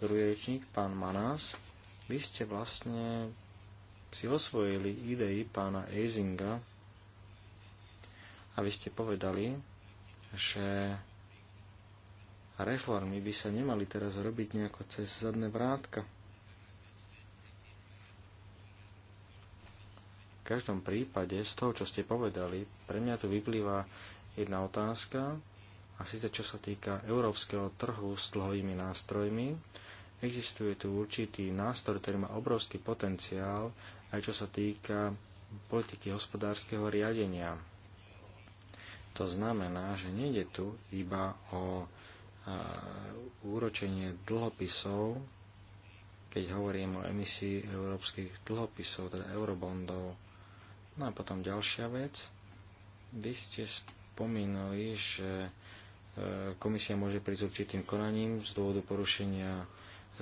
druhý rečník, pán Manas, vy ste vlastne si osvojili idei pána Eisinga a vy ste povedali, že reformy by sa nemali teraz robiť nejako cez zadné vrátka. V každom prípade z toho, čo ste povedali, pre mňa tu vyplýva jedna otázka, a síce čo sa týka európskeho trhu s dlhovými nástrojmi, existuje tu určitý nástroj, ktorý má obrovský potenciál, aj čo sa týka politiky hospodárskeho riadenia. To znamená, že nejde tu iba o úročenie dlhopisov, keď hovorím o emisii európskych dlhopisov, teda eurobondov. No a potom ďalšia vec. Vy ste spomínali, že e, komisia môže prísť určitým konaním z dôvodu porušenia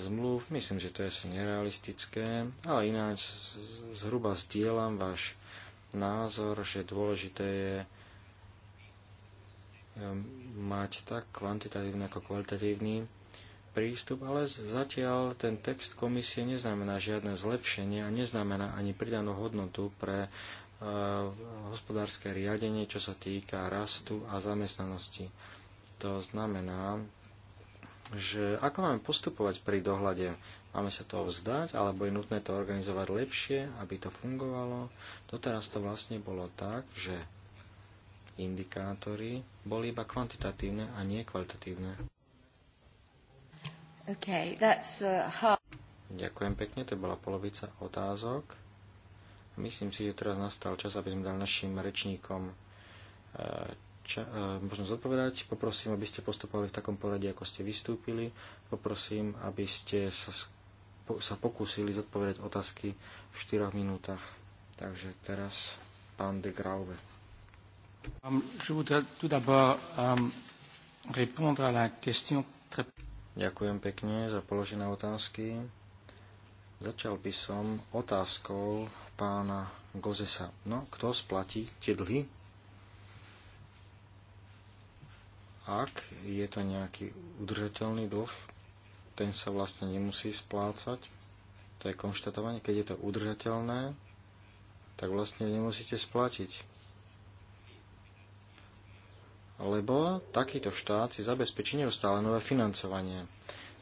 zmluv. Myslím, že to je asi nerealistické, ale ináč zhruba sdielam váš názor, že dôležité je Ehm, mať tak kvantitatívny ako kvalitatívny prístup, ale zatiaľ ten text komisie neznamená žiadne zlepšenie a neznamená ani pridanú hodnotu pre eh, hospodárske riadenie, čo sa týka rastu a zamestnanosti. To znamená, že ako máme postupovať pri dohľade? Máme sa toho vzdať, alebo je nutné to organizovať lepšie, aby to fungovalo? Doteraz to vlastne bolo tak, že indikátory boli iba kvantitatívne a nie kvalitatívne. Okay, that's, uh, hard. Ďakujem pekne, to bola polovica otázok. Myslím si, že teraz nastal čas, aby sme dali našim rečníkom uh, ča- uh, možnosť odpovedať. Poprosím, aby ste postupovali v takom poradí, ako ste vystúpili. Poprosím, aby ste sa, sa pokúsili zodpovedať otázky v 4 minútach. Takže teraz pán de Graube. Um, um, Ďakujem pekne za položené otázky. Začal by som otázkou pána Gozesa. No, kto splatí tie dlhy? Ak je to nejaký udržateľný dlh, ten sa vlastne nemusí splácať. To je konštatovanie. Keď je to udržateľné, tak vlastne nemusíte splatiť lebo takýto štát si zabezpečí neustále nové financovanie.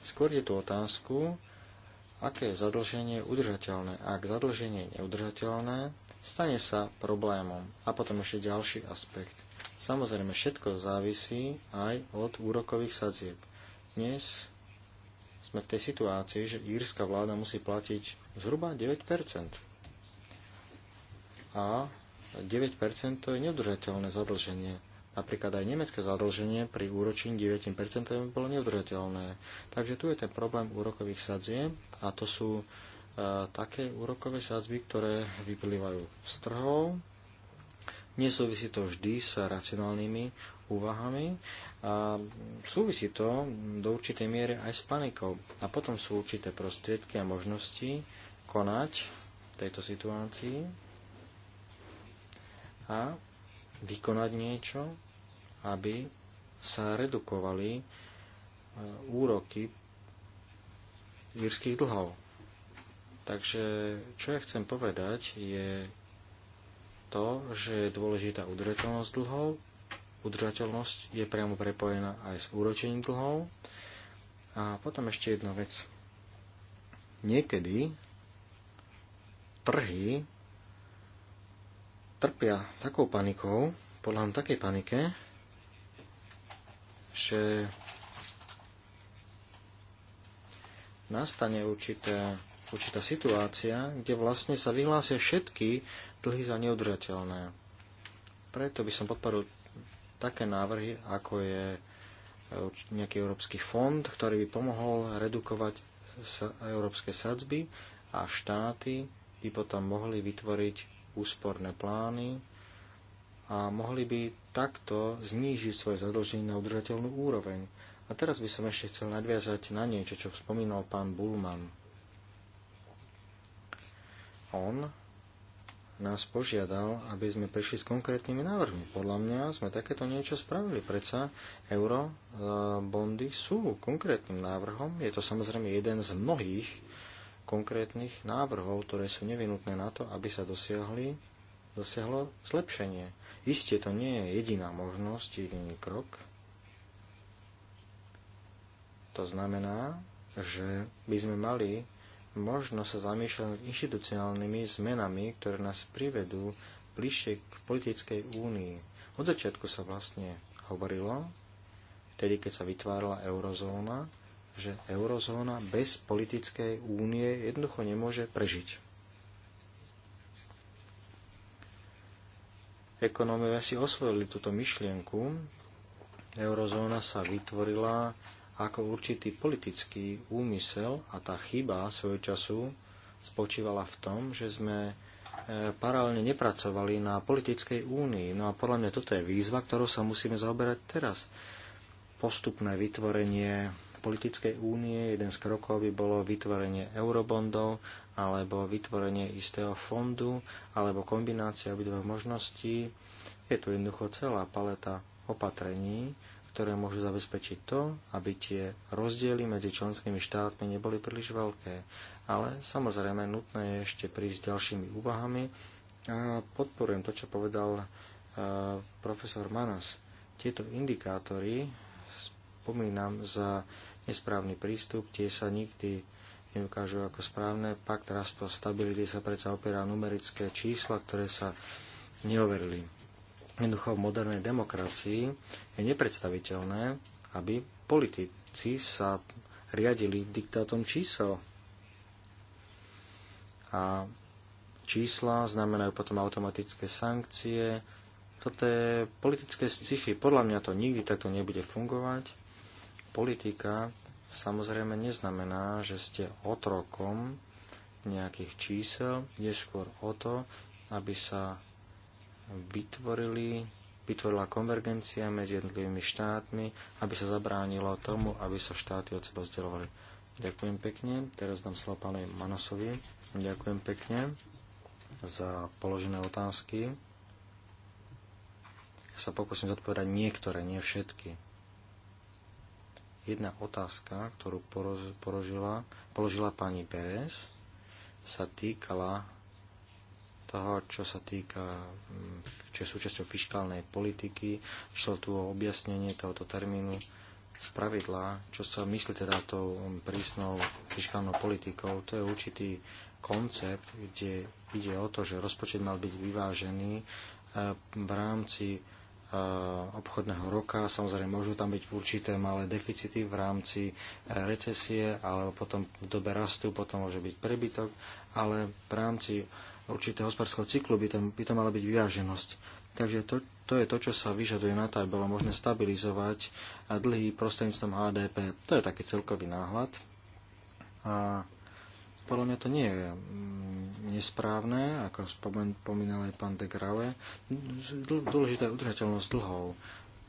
Skôr je tu otázku, aké je zadlženie udržateľné. Ak zadlženie je neudržateľné, stane sa problémom. A potom ešte ďalší aspekt. Samozrejme, všetko závisí aj od úrokových sadzieb. Dnes sme v tej situácii, že írska vláda musí platiť zhruba 9 A 9 to je neudržateľné zadlženie. Napríklad aj nemecké zadlženie pri úročení 9% bolo neudržateľné. Takže tu je ten problém úrokových sadzie a to sú e, také úrokové sadzby, ktoré vyplývajú z trhov. Nesúvisí to vždy s racionálnymi úvahami a súvisí to do určitej miery aj s panikou. A potom sú určité prostriedky a možnosti konať v tejto situácii a vykonať niečo aby sa redukovali e, úroky írskych dlhov. Takže čo ja chcem povedať je to, že je dôležitá udržateľnosť dlhov. Udržateľnosť je priamo prepojená aj s úročením dlhov. A potom ešte jedna vec. Niekedy trhy trpia takou panikou, podľa takej panike, že nastane určitá, určitá situácia, kde vlastne sa vyhlásia všetky dlhy za neudržateľné. Preto by som podporil také návrhy, ako je e, nejaký európsky fond, ktorý by pomohol redukovať európske sadzby a štáty by potom mohli vytvoriť úsporné plány, a mohli by takto znížiť svoje zadlženie na udržateľnú úroveň. A teraz by som ešte chcel nadviazať na niečo, čo spomínal pán Bulman. On nás požiadal, aby sme prišli s konkrétnymi návrhmi. Podľa mňa sme takéto niečo spravili. Preca eurobondy sú konkrétnym návrhom. Je to samozrejme jeden z mnohých konkrétnych návrhov, ktoré sú nevinutné na to, aby sa dosiahli, dosiahlo zlepšenie. Isté to nie je jediná možnosť, jediný krok. To znamená, že by sme mali možno sa zamýšľať nad inštitucionálnymi zmenami, ktoré nás privedú bližšie k politickej únii. Od začiatku sa vlastne hovorilo, tedy keď sa vytvárala eurozóna, že eurozóna bez politickej únie jednoducho nemôže prežiť. ekonómovia si osvojili túto myšlienku. Eurozóna sa vytvorila ako určitý politický úmysel a tá chyba svojho času spočívala v tom, že sme e, paralelne nepracovali na politickej únii. No a podľa mňa toto je výzva, ktorou sa musíme zaoberať teraz. Postupné vytvorenie politickej únie, jeden z krokov by bolo vytvorenie eurobondov alebo vytvorenie istého fondu, alebo kombinácia obidvoch možností. Je tu jednoducho celá paleta opatrení, ktoré môžu zabezpečiť to, aby tie rozdiely medzi členskými štátmi neboli príliš veľké. Ale samozrejme nutné je ešte prísť s ďalšími úvahami a podporujem to, čo povedal e, profesor Manas. Tieto indikátory spomínam za nesprávny prístup, tie sa nikdy neukážu ako správne. Pakt rastu a stability sa predsa opiera numerické čísla, ktoré sa neoverili. Jednoducho v modernej demokracii je nepredstaviteľné, aby politici sa riadili diktátom čísel. A čísla znamenajú potom automatické sankcie. Toto je politické sci-fi. Podľa mňa to nikdy takto nebude fungovať. Politika samozrejme neznamená, že ste otrokom nejakých čísel, je skôr o to, aby sa vytvorili, vytvorila konvergencia medzi jednotlivými štátmi, aby sa zabránilo tomu, aby sa štáty od seba vzdelovali. Ďakujem pekne. Teraz dám slovo pánovi Manasovi. Ďakujem pekne za položené otázky. Ja sa pokúsim zodpovedať niektoré, nie všetky. Jedna otázka, ktorú položila, položila pani Pérez, sa týkala toho, čo sa týka, mm, čo je súčasťou fiskálnej politiky. Šlo tu o objasnenie tohoto termínu spravidla, čo sa myslí teda tou mm, prísnou fiskálnou politikou. To je určitý koncept, kde ide o to, že rozpočet mal byť vyvážený eh, v rámci Eh, obchodného roka. Samozrejme, môžu tam byť určité malé deficity v rámci eh, recesie, alebo potom v dobe rastu, potom môže byť prebytok, ale v rámci určitého hospodárskeho cyklu by, to, by to mala byť vyváženosť. Takže to, to je to, čo sa vyžaduje na to, aby bolo možné stabilizovať eh, dlhý prostredníctvom HDP. To je taký celkový náhľad. A podľa mňa to nie je mm, nesprávne, ako spomínal aj pán de Grave. Dôležitá je udržateľnosť dlhov.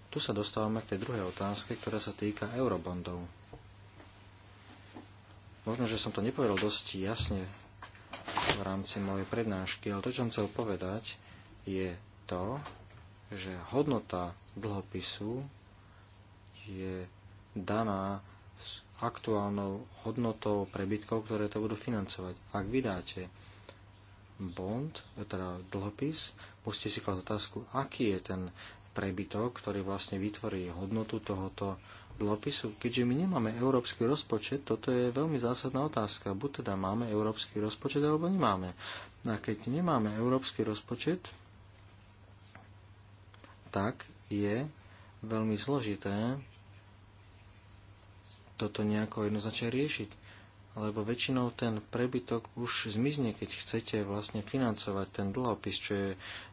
Tu sa dostávame k tej druhej otázke, ktorá sa týka eurobondov. Možno, že som to nepovedal dosť jasne v rámci mojej prednášky, ale to, čo som chcel povedať, je to, že hodnota dlhopisu je daná z aktuálnou hodnotou prebytkov, ktoré to budú financovať. Ak vydáte bond, teda dlhopis, musíte si klásť otázku, aký je ten prebytok, ktorý vlastne vytvorí hodnotu tohoto dlhopisu. Keďže my nemáme európsky rozpočet, toto je veľmi zásadná otázka. Buď teda máme európsky rozpočet, alebo nemáme. A keď nemáme európsky rozpočet, tak je veľmi zložité toto nejako jednoznačne riešiť. Lebo väčšinou ten prebytok už zmizne, keď chcete vlastne financovať ten dlhopis, čo je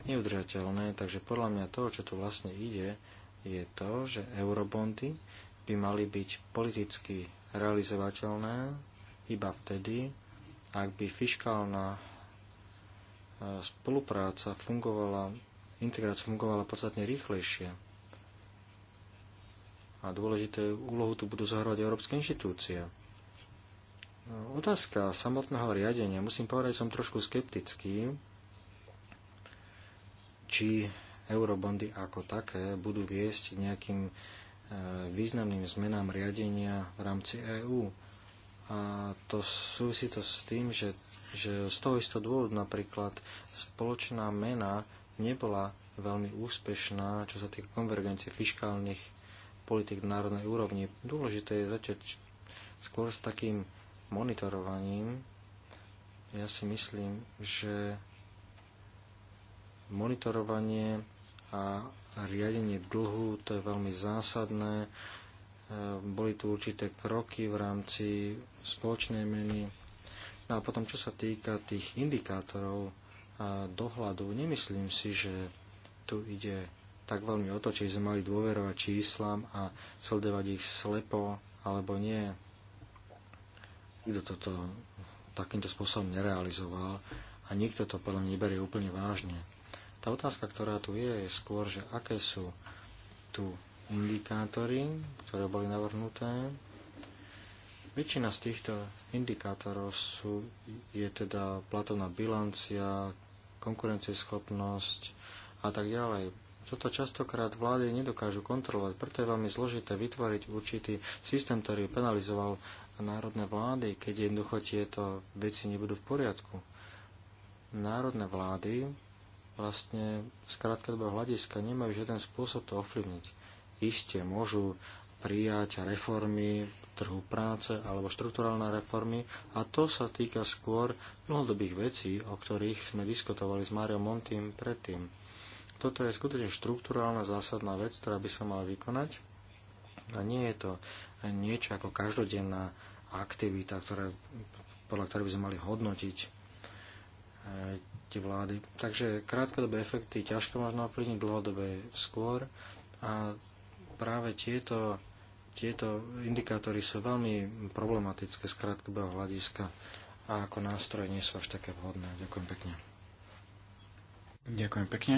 neudržateľné. Takže podľa mňa to, čo tu vlastne ide, je to, že eurobondy by mali byť politicky realizovateľné iba vtedy, ak by fiskálna e, spolupráca fungovala, integrácia fungovala podstatne rýchlejšie a dôležité úlohu tu budú zohrávať európske inštitúcie. Otázka samotného riadenia. Musím povedať, som trošku skeptický, či eurobondy ako také budú viesť nejakým e, významným zmenám riadenia v rámci EÚ. A to súvisí to s tým, že, že z toho istého dôvodu napríklad spoločná mena nebola veľmi úspešná, čo sa týka konvergencie fiskálnych politik na národnej úrovni. Dôležité je začať skôr s takým monitorovaním. Ja si myslím, že monitorovanie a riadenie dlhu, to je veľmi zásadné. E, boli tu určité kroky v rámci spoločnej meny. No a potom, čo sa týka tých indikátorov a dohľadu, nemyslím si, že tu ide tak veľmi o to, či sme mali dôverovať číslam a sledovať ich slepo alebo nie. Nikto toto takýmto spôsobom nerealizoval a nikto to podľa mňa neberie úplne vážne. Tá otázka, ktorá tu je, je skôr, že aké sú tu indikátory, ktoré boli navrhnuté. Väčšina z týchto indikátorov sú, je teda platovná bilancia, konkurencieschopnosť a tak ďalej. Toto častokrát vlády nedokážu kontrolovať, preto je veľmi zložité vytvoriť určitý systém, ktorý penalizoval národné vlády, keď jednoducho tieto veci nebudú v poriadku. Národné vlády vlastne z krátkodobého hľadiska nemajú žiaden spôsob to ovplyvniť. Isté môžu prijať reformy trhu práce alebo štruktúralné reformy a to sa týka skôr dlhodobých vecí, o ktorých sme diskutovali s Máriom Montým predtým toto je skutočne štruktúrálna zásadná vec, ktorá by sa mala vykonať. A nie je to niečo ako každodenná aktivita, ktoré, podľa ktorej by sme mali hodnotiť e, tie vlády. Takže krátkodobé efekty ťažko možno ovplyvniť, dlhodobé skôr. A práve tieto, tieto indikátory sú veľmi problematické z krátkodobého hľadiska a ako nástroje nie sú až také vhodné. Ďakujem pekne. Ďakujem pekne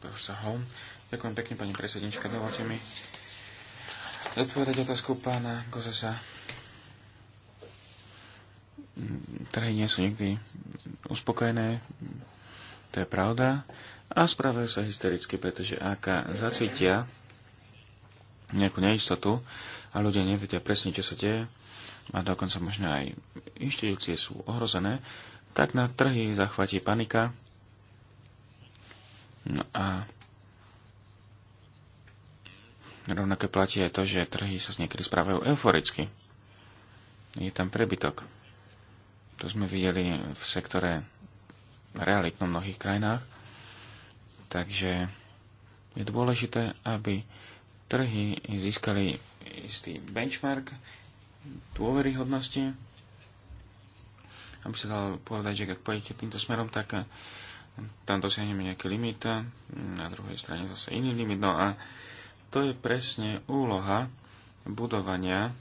profesor Holm. Ďakujem pekne, pani predsednička. Dovolte mi odpovedať otázku pána Gozesa. Trhy nie sú nikdy uspokojené, to je pravda. A spravujú sa hystericky, pretože ak zacítia nejakú neistotu a ľudia nevedia presne, čo sa deje, a dokonca možno aj inštitúcie sú ohrozené, tak na trhy zachvatí panika No a rovnaké platí aj to, že trhy sa niekedy správajú euforicky. Je tam prebytok. To sme videli v sektore realitnom v mnohých krajinách. Takže je dôležité, aby trhy získali istý benchmark dôveryhodnosti, aby sa dalo povedať, že ak pôjdete týmto smerom, tak tam dosiahneme nejaký limit, na druhej strane zase iný limit. No a to je presne úloha budovania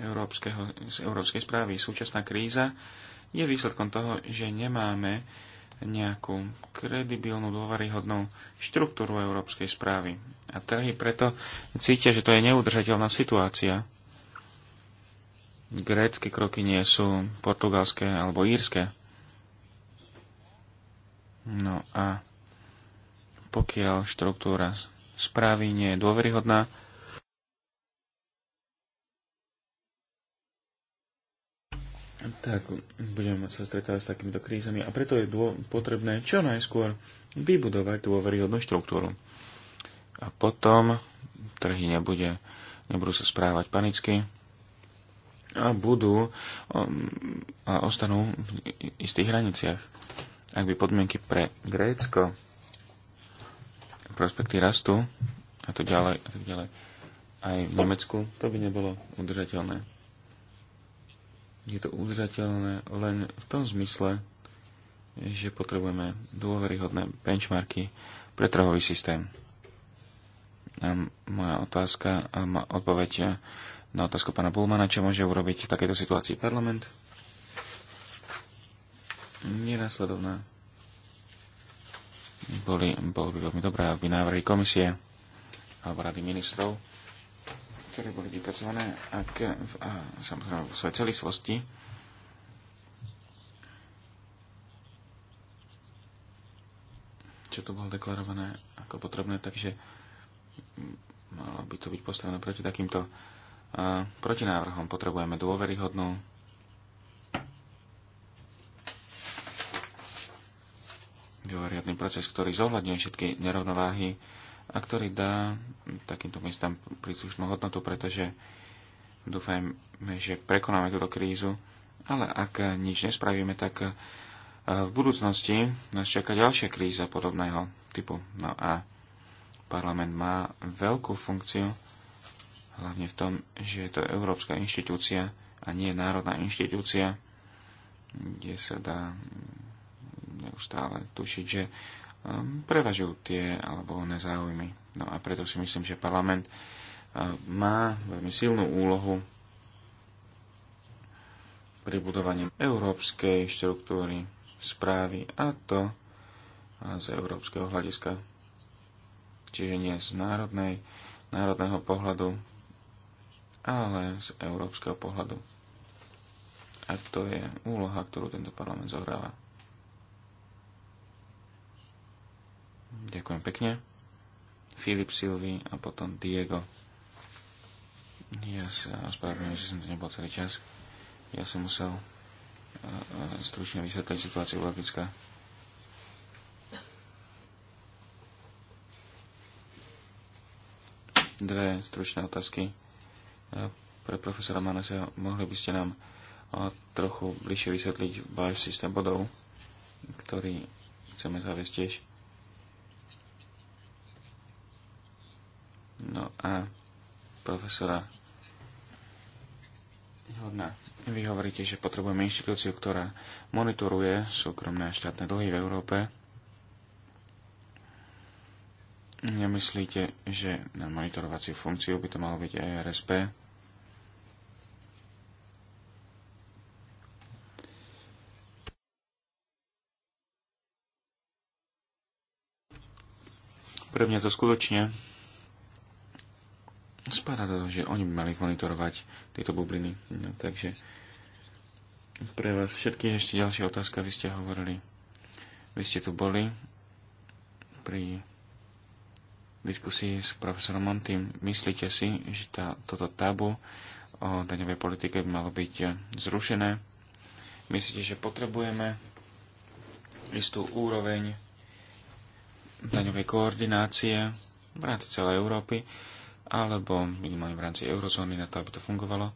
európskeho, z európskej správy. Súčasná kríza je výsledkom toho, že nemáme nejakú kredibilnú, dôveryhodnú štruktúru európskej správy. A trhy preto cítia, že to je neudržateľná situácia. Grécké kroky nie sú portugalské alebo írske. No a pokiaľ štruktúra správy nie je dôveryhodná, tak budeme sa stretávať s takýmito krízami a preto je potrebné čo najskôr vybudovať dôveryhodnú štruktúru. A potom trhy nebude, nebudú sa správať panicky a budú um, a ostanú v istých hraniciach ak by podmienky pre Grécko, prospekty rastu a to ďalej, a tak ďalej, aj v Nemecku, to by nebolo udržateľné. Je to udržateľné len v tom zmysle, že potrebujeme dôveryhodné benchmarky pre trhový systém. A moja otázka a má odpoveď na otázku pána Bulmana, čo môže urobiť v takejto situácii parlament? Nenasledovná boli, bolo by veľmi dobré, aby návrhy komisie alebo rady ministrov, ktoré boli vypracované, ak v, a, samozrejme v svojej celistvosti, čo tu bolo deklarované ako potrebné, takže malo by to byť postavené proti takýmto protinávrhom. Potrebujeme dôveryhodnú mimoriadný proces, ktorý zohľadňuje všetky nerovnováhy a ktorý dá takýmto miestam príslušnú hodnotu, pretože dúfajme, že prekonáme túto krízu, ale ak nič nespravíme, tak eh, v budúcnosti nás čaká ďalšia kríza podobného typu. No a parlament má veľkú funkciu, hlavne v tom, že je to európska inštitúcia a nie národná inštitúcia, kde sa dá neustále tušiť, že um, prevažujú tie alebo nezáujmy. No a preto si myslím, že parlament uh, má veľmi silnú úlohu pri budovaní európskej štruktúry správy a to z európskeho hľadiska. Čiže nie z národnej, národného pohľadu, ale z európskeho pohľadu. A to je úloha, ktorú tento parlament zohráva. Ďakujem pekne. Filip, Silvi a potom Diego. Ja sa ospravedlňujem, že som tu nebol celý čas. Ja som musel e, e, stručne vysvetliť situáciu logická. Dve stručné otázky e, pre profesora Manaseho. Mohli by ste nám trochu bližšie vysvetliť váš systém bodov, ktorý chceme zaviesť tiež? No a profesora Hodná. Vy hovoríte, že potrebujeme inštitúciu, ktorá monitoruje súkromné a štátne dlhy v Európe. Nemyslíte, že na monitorovaciu funkciu by to malo byť ERSP? Pre mňa to skutočne spadá to, že oni by mali monitorovať tieto bubliny. No, takže pre vás všetkých ešte ďalšia otázka. Vy ste hovorili, vy ste tu boli pri diskusii s profesorom Montym. Myslíte si, že tá, toto tabu o daňovej politike by malo byť zrušené? Myslíte, že potrebujeme istú úroveň daňovej koordinácie v rámci celej Európy? alebo minimálne v rámci eurozóny na to, aby to fungovalo,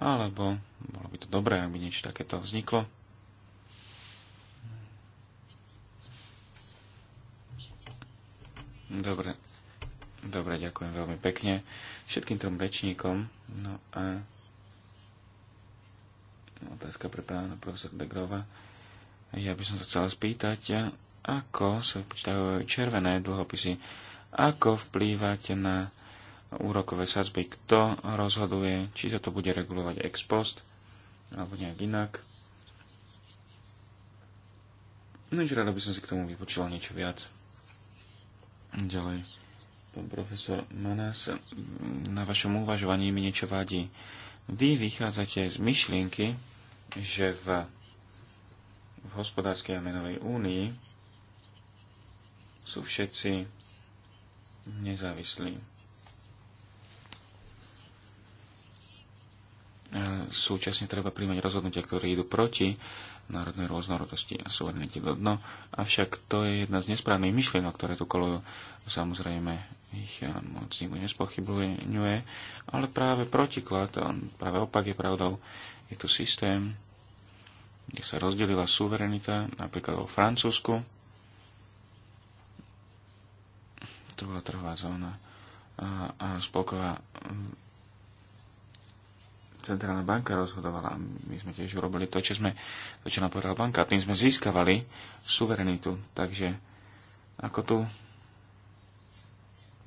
alebo bolo by to dobré, aby niečo takéto vzniklo. Dobre, dobre, ďakujem veľmi pekne všetkým trom rečníkom. No a otázka pre pána profesor Begrova. Ja by som sa chcela spýtať, ako sa počítajú červené dlhopisy, ako vplývate na úrokové sazby, kto rozhoduje, či sa to bude regulovať ex post alebo nejak inak. No rada by som si k tomu vypočul niečo viac. Ďalej. Pán profesor Manas, na vašom uvažovaní mi niečo vadí. Vy vychádzate z myšlienky, že v, v hospodárskej a menovej únii sú všetci nezávislí E, súčasne treba príjmať rozhodnutia, ktoré idú proti národnej rôznorodosti a suverenite do dno. Avšak to je jedna z nesprávnych myšlienok, ktoré tu kolujú. Samozrejme, ich e, moc nikto nespochybuje, ale práve protiklad, práve opak je pravdou. Je tu systém, kde sa rozdelila suverenita, napríklad vo Francúzsku. To bola trhová zóna a, a spolková centrálna banka rozhodovala. My sme tiež urobili to, čo, sme, to, čo nám povedala banka. Tým sme získavali suverenitu. Takže ako tu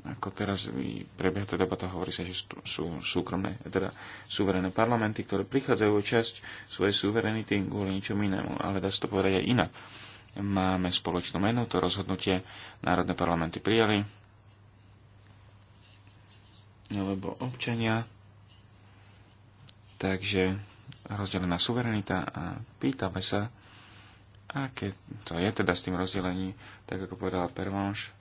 ako teraz prebieha tá debata, hovorí sa, že sú súkromné, teda suverené parlamenty, ktoré prichádzajú o časť svojej suverenity kvôli ničomu inému. Ale dá sa to povedať aj inak. Máme spoločnú menu, to rozhodnutie národné parlamenty prijali, lebo občania Takže rozdelená suverenita a pýtame sa, aké to je teda s tým rozdelením, tak ako povedala Pervanš,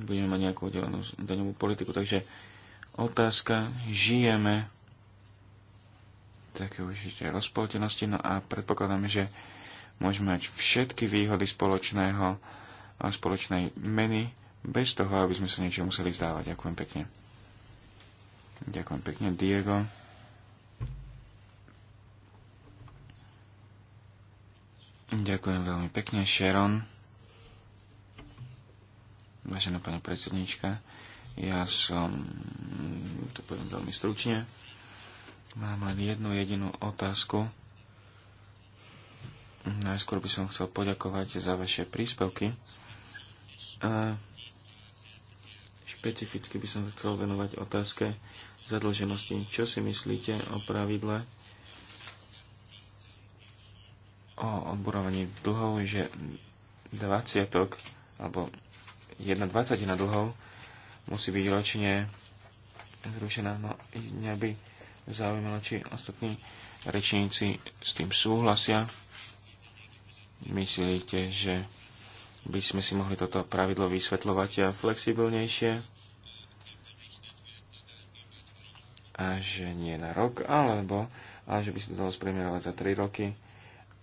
budeme mať nejakú oddelenú daňovú politiku. Takže otázka, žijeme také určite rozpoltenosti, no a predpokladáme, že môžeme mať všetky výhody spoločného a spoločnej meny bez toho, aby sme sa niečo museli vzdávať. Ďakujem pekne. Ďakujem pekne, Diego. Ďakujem veľmi pekne, Sharon. Vážená pani predsednička, ja som, to poviem veľmi stručne, mám len jednu jedinú otázku. Najskôr by som chcel poďakovať za vaše príspevky. A špecificky by som chcel venovať otázke zadlženosti. Čo si myslíte o pravidle o odburovaní dlhov, že 20 alebo 1 dvacatina dlhov musí byť ročne zrušená. No, mňa by zaujímalo, či ostatní rečníci s tým súhlasia. Myslíte, že by sme si mohli toto pravidlo vysvetľovať flexibilnejšie? že nie na rok, alebo ale že by sa to dalo spremierovať za 3 roky,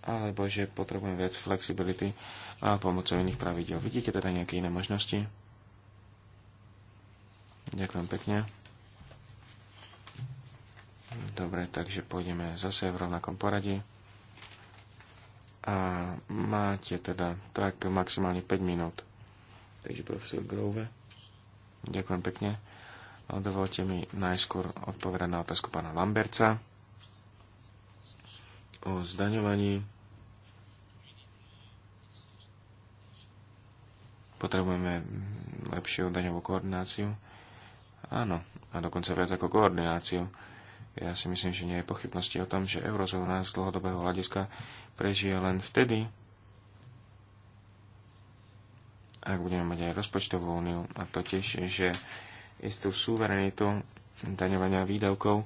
alebo že potrebujem viac flexibility a pomocou iných pravidel. Vidíte teda nejaké iné možnosti? Ďakujem pekne. Dobre, takže pôjdeme zase v rovnakom poradí. A máte teda tak maximálne 5 minút. Takže profesor Grove. Ďakujem pekne. Dovolte mi najskôr odpovedať na otázku pána Lamberca o zdaňovaní. Potrebujeme lepšiu daňovú koordináciu. Áno, a dokonca viac ako koordináciu. Ja si myslím, že nie je pochybnosti o tom, že eurozóna z dlhodobého hľadiska prežije len vtedy, ak budeme mať aj rozpočtovú úniu, a to tiež, že istú suverenitu daňovania výdavkov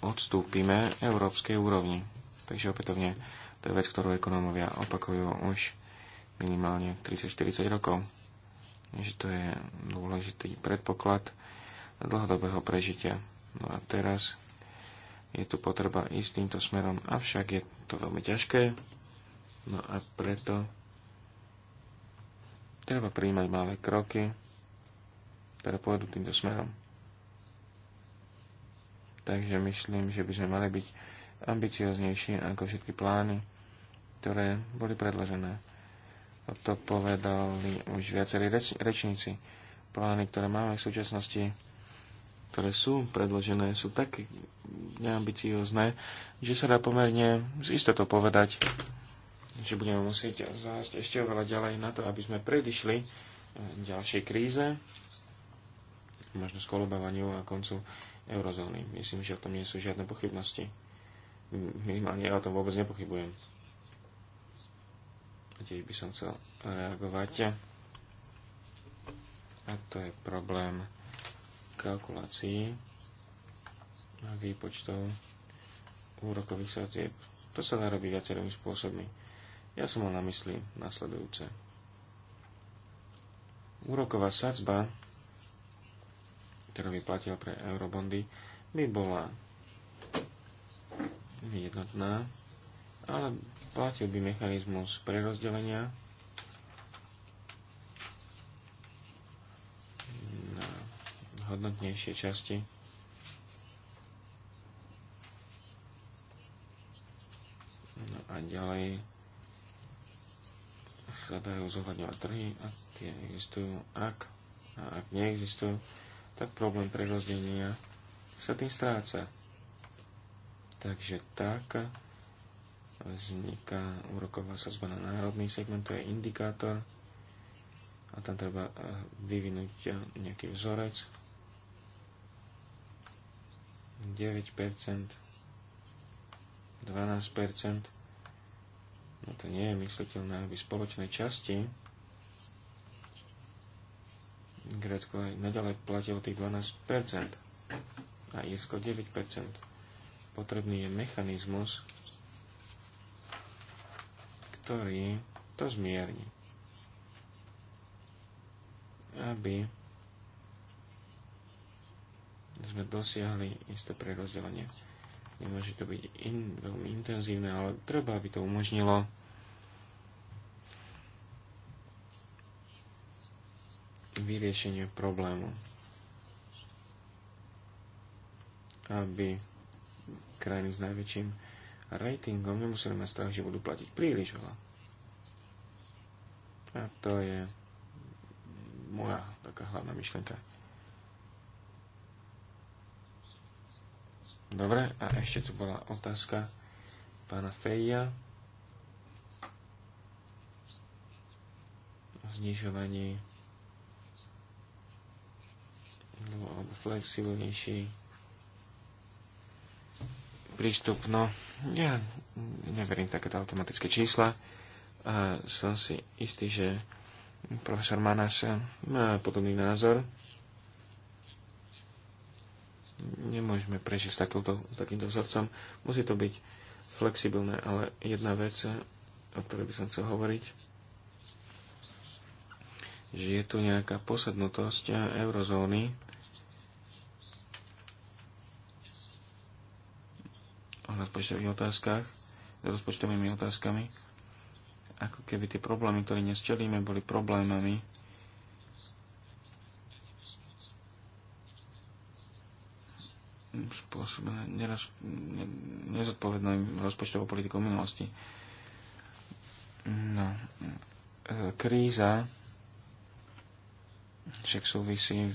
odstúpime európskej úrovni. Takže opätovne to je vec, ktorú ekonómovia opakujú už minimálne 30-40 rokov. Že to je dôležitý predpoklad dlhodobého prežitia. No a teraz je tu potreba ísť týmto smerom, avšak je to veľmi ťažké. No a preto treba príjmať malé kroky, ktoré teda pôjdu týmto smerom. Takže myslím, že by sme mali byť ambicioznejší ako všetky plány, ktoré boli predložené. To povedali už viacerí reč- rečníci. Plány, ktoré máme v súčasnosti, ktoré sú predložené, sú tak neambiciozne, že sa dá pomerne z istotou povedať, že budeme musieť zájsť ešte oveľa ďalej na to, aby sme predišli eh, ďalšej kríze, možno skolobávaniu a koncu eurozóny. Myslím, že o tom nie sú žiadne pochybnosti. Minimálne ja o tom vôbec nepochybujem. A tiež by som chcel reagovať. A to je problém kalkulácií a výpočtov úrokových sadzieb. To sa dá robiť viacerými spôsobmi. Ja som mal na mysli nasledujúce. Úroková sadzba ktorú by platil pre eurobondy, by bola jednotná, ale platil by mechanizmus prerozdelenia na hodnotnejšie časti No a ďalej sa dajú zohľadňovať trhy, ak tie existujú, ak a ak neexistujú, tak problém prerozdenia sa tým stráca. Takže tak vzniká úroková sazba na národný segment, to je indikátor a tam treba eh, vyvinúť eh, nejaký vzorec. 9%, 12%, no to nie je mysliteľné, aby spoločné časti Grécko aj naďalej platilo tých 12% a Irsko 9%. Potrebný je mechanizmus, ktorý to zmierni. Aby sme dosiahli isté prerozdelenie. Nemôže to byť in, veľmi intenzívne, ale treba, aby to umožnilo vyriešenie problému. Aby krajiny s najväčším ratingom nemuseli mať strach, že budú platiť príliš veľa. A to je moja taká hlavná myšlenka. Dobre, a ešte tu bola otázka pána Feja o znižovaní no, alebo flexibilnejší prístup. No, ja neverím takéto automatické čísla a som si istý, že profesor Manas e, má podobný názor. Nemôžeme prežiť s, takouto, s takýmto vzorcom. Musí to byť flexibilné, ale jedna vec, o ktorej by som chcel hovoriť, že je tu nejaká posadnutosť e, eurozóny o rozpočtových otázkach, s rozpočtovými otázkami, ako keby tie problémy, ktoré dnes čelíme, boli problémami, spôsobené neraz, ne, nezodpovednou rozpočtovou politikou minulosti. No, kríza však súvisí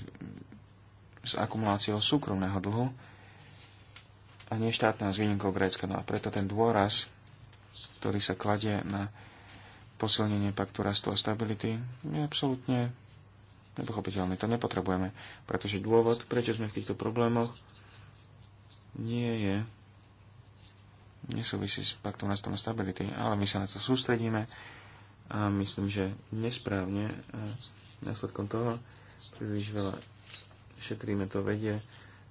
s akumuláciou súkromného dlhu, a štátna s výnimkou Grécka. No a preto ten dôraz, ktorý sa kladie na posilnenie paktu rastu a stability, je absolútne nepochopiteľný. To nepotrebujeme, pretože dôvod, prečo sme v týchto problémoch, nie je nesúvisí s paktom rastu a stability, ale my sa na to sústredíme a myslím, že nesprávne a následkom toho príliš veľa šetríme to vedie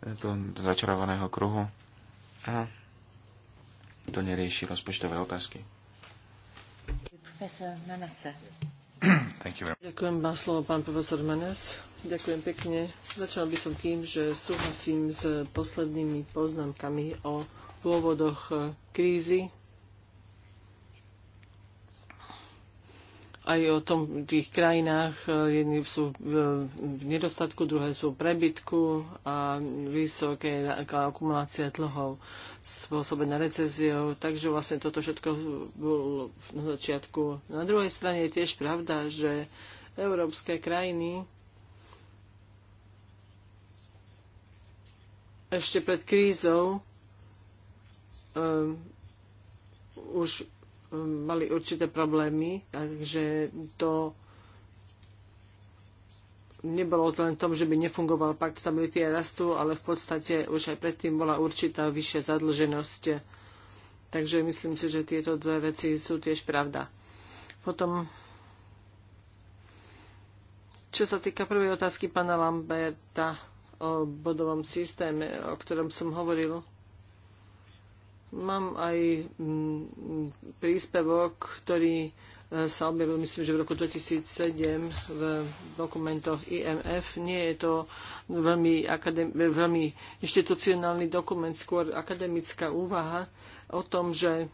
e, toho začarovaného kruhu. A to nerieši rozpočtové otázky. Profesor Ďakujem vám slovo, pán profesor Manes. Ďakujem pekne. Začal by som tým, že súhlasím s poslednými poznámkami o dôvodoch eh, krízy aj o tom, v tých krajinách e, jedni sú e, v nedostatku, druhé sú v prebytku a vysoké akumulácia dlhov spôsobená recesiou. Takže vlastne toto všetko bolo na začiatku. Na druhej strane je tiež pravda, že európske krajiny ešte pred krízou um, už mali určité problémy, takže to nebolo to len tom, že by nefungoval pakt stability a rastu, ale v podstate už aj predtým bola určitá vyššia zadlženosť. Takže myslím si, že tieto dve veci sú tiež pravda. Potom, čo sa týka prvej otázky pána Lamberta o bodovom systéme, o ktorom som hovoril, Mám aj mm, príspevok, ktorý e, sa objavil, myslím, že v roku 2007 v dokumentoch IMF. Nie je to veľmi, veľmi inštitucionálny dokument, skôr akademická úvaha o tom, že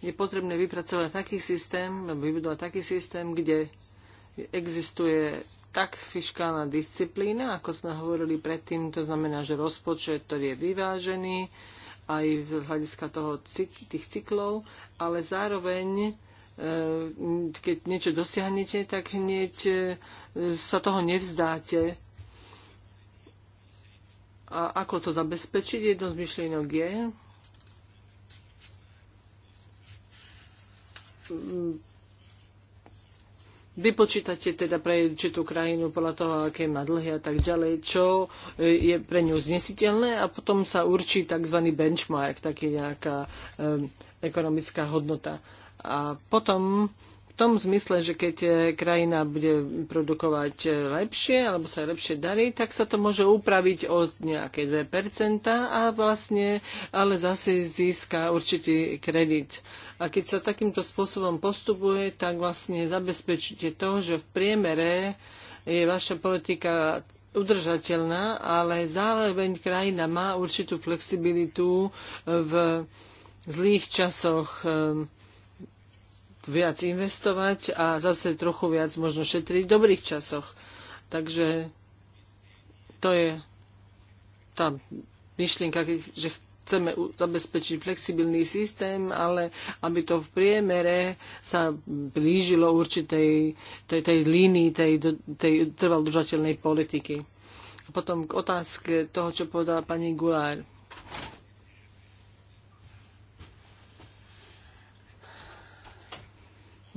je potrebné vypracovať taký systém, vybudovať taký systém, kde existuje tak fiskálna disciplína, ako sme hovorili predtým, to znamená, že rozpočet, ktorý je vyvážený aj z hľadiska toho, tých cyklov, ale zároveň e, keď niečo dosiahnete, tak hneď e, sa toho nevzdáte. A ako to zabezpečiť? Jedno z myšlienok je vypočítate teda pre určitú krajinu podľa toho, aké má dlhy a tak ďalej, čo e, je pre ňu znesiteľné a potom sa určí tzv. benchmark, taký nejaká um, ekonomická hodnota. A potom v tom zmysle, že keď e, krajina bude produkovať lepšie alebo sa lepšie darí, tak sa to môže upraviť o nejaké 2% a vlastne ale zase získa určitý kredit. A keď sa takýmto spôsobom postupuje, tak vlastne zabezpečíte to, že v priemere je vaša politika udržateľná, ale zároveň krajina má určitú flexibilitu v zlých časoch ehm, viac investovať a zase trochu viac možno šetriť v dobrých časoch. Takže to je tá myšlienka, že chceme zabezpečiť flexibilný systém, ale aby to v priemere sa blížilo určitej tej, tej línii tej, tej trvalodržateľnej politiky. A potom k otázke toho, čo povedala pani Gulár.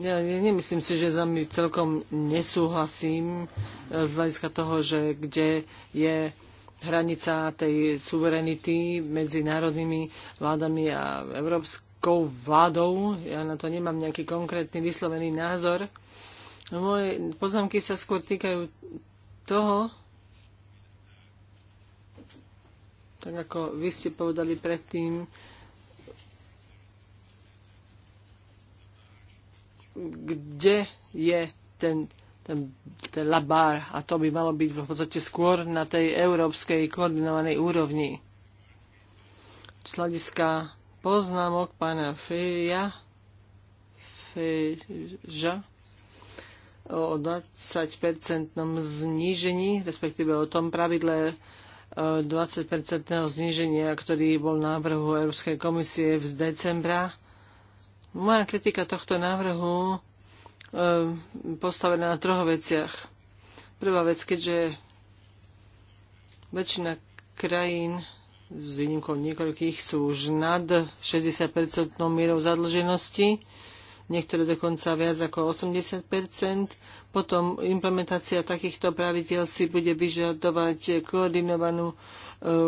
Ja nemyslím si, že za my celkom nesúhlasím e, z hľadiska toho, že kde je hranica tej suverenity medzi národnými vládami a európskou vládou. Ja na to nemám nejaký konkrétny vyslovený názor. No, moje poznámky sa skôr týkajú toho, tak ako vy ste povedali predtým, kde je ten ten, ten labár a to by malo byť v podstate skôr na tej európskej koordinovanej úrovni. Z hľadiska poznámok pána Feja, Feja o 20-percentnom znížení, respektíve o tom pravidle 20-percentného e, zníženia, ktorý bol návrhu Európskej komisie z decembra. Moja kritika tohto návrhu E, postavené na troch veciach. Prvá vec, keďže väčšina krajín s výnimkou niekoľkých sú už nad 60% mierou zadlženosti, niektoré dokonca viac ako 80 Potom implementácia takýchto pravidel si bude vyžadovať koordinovanú e,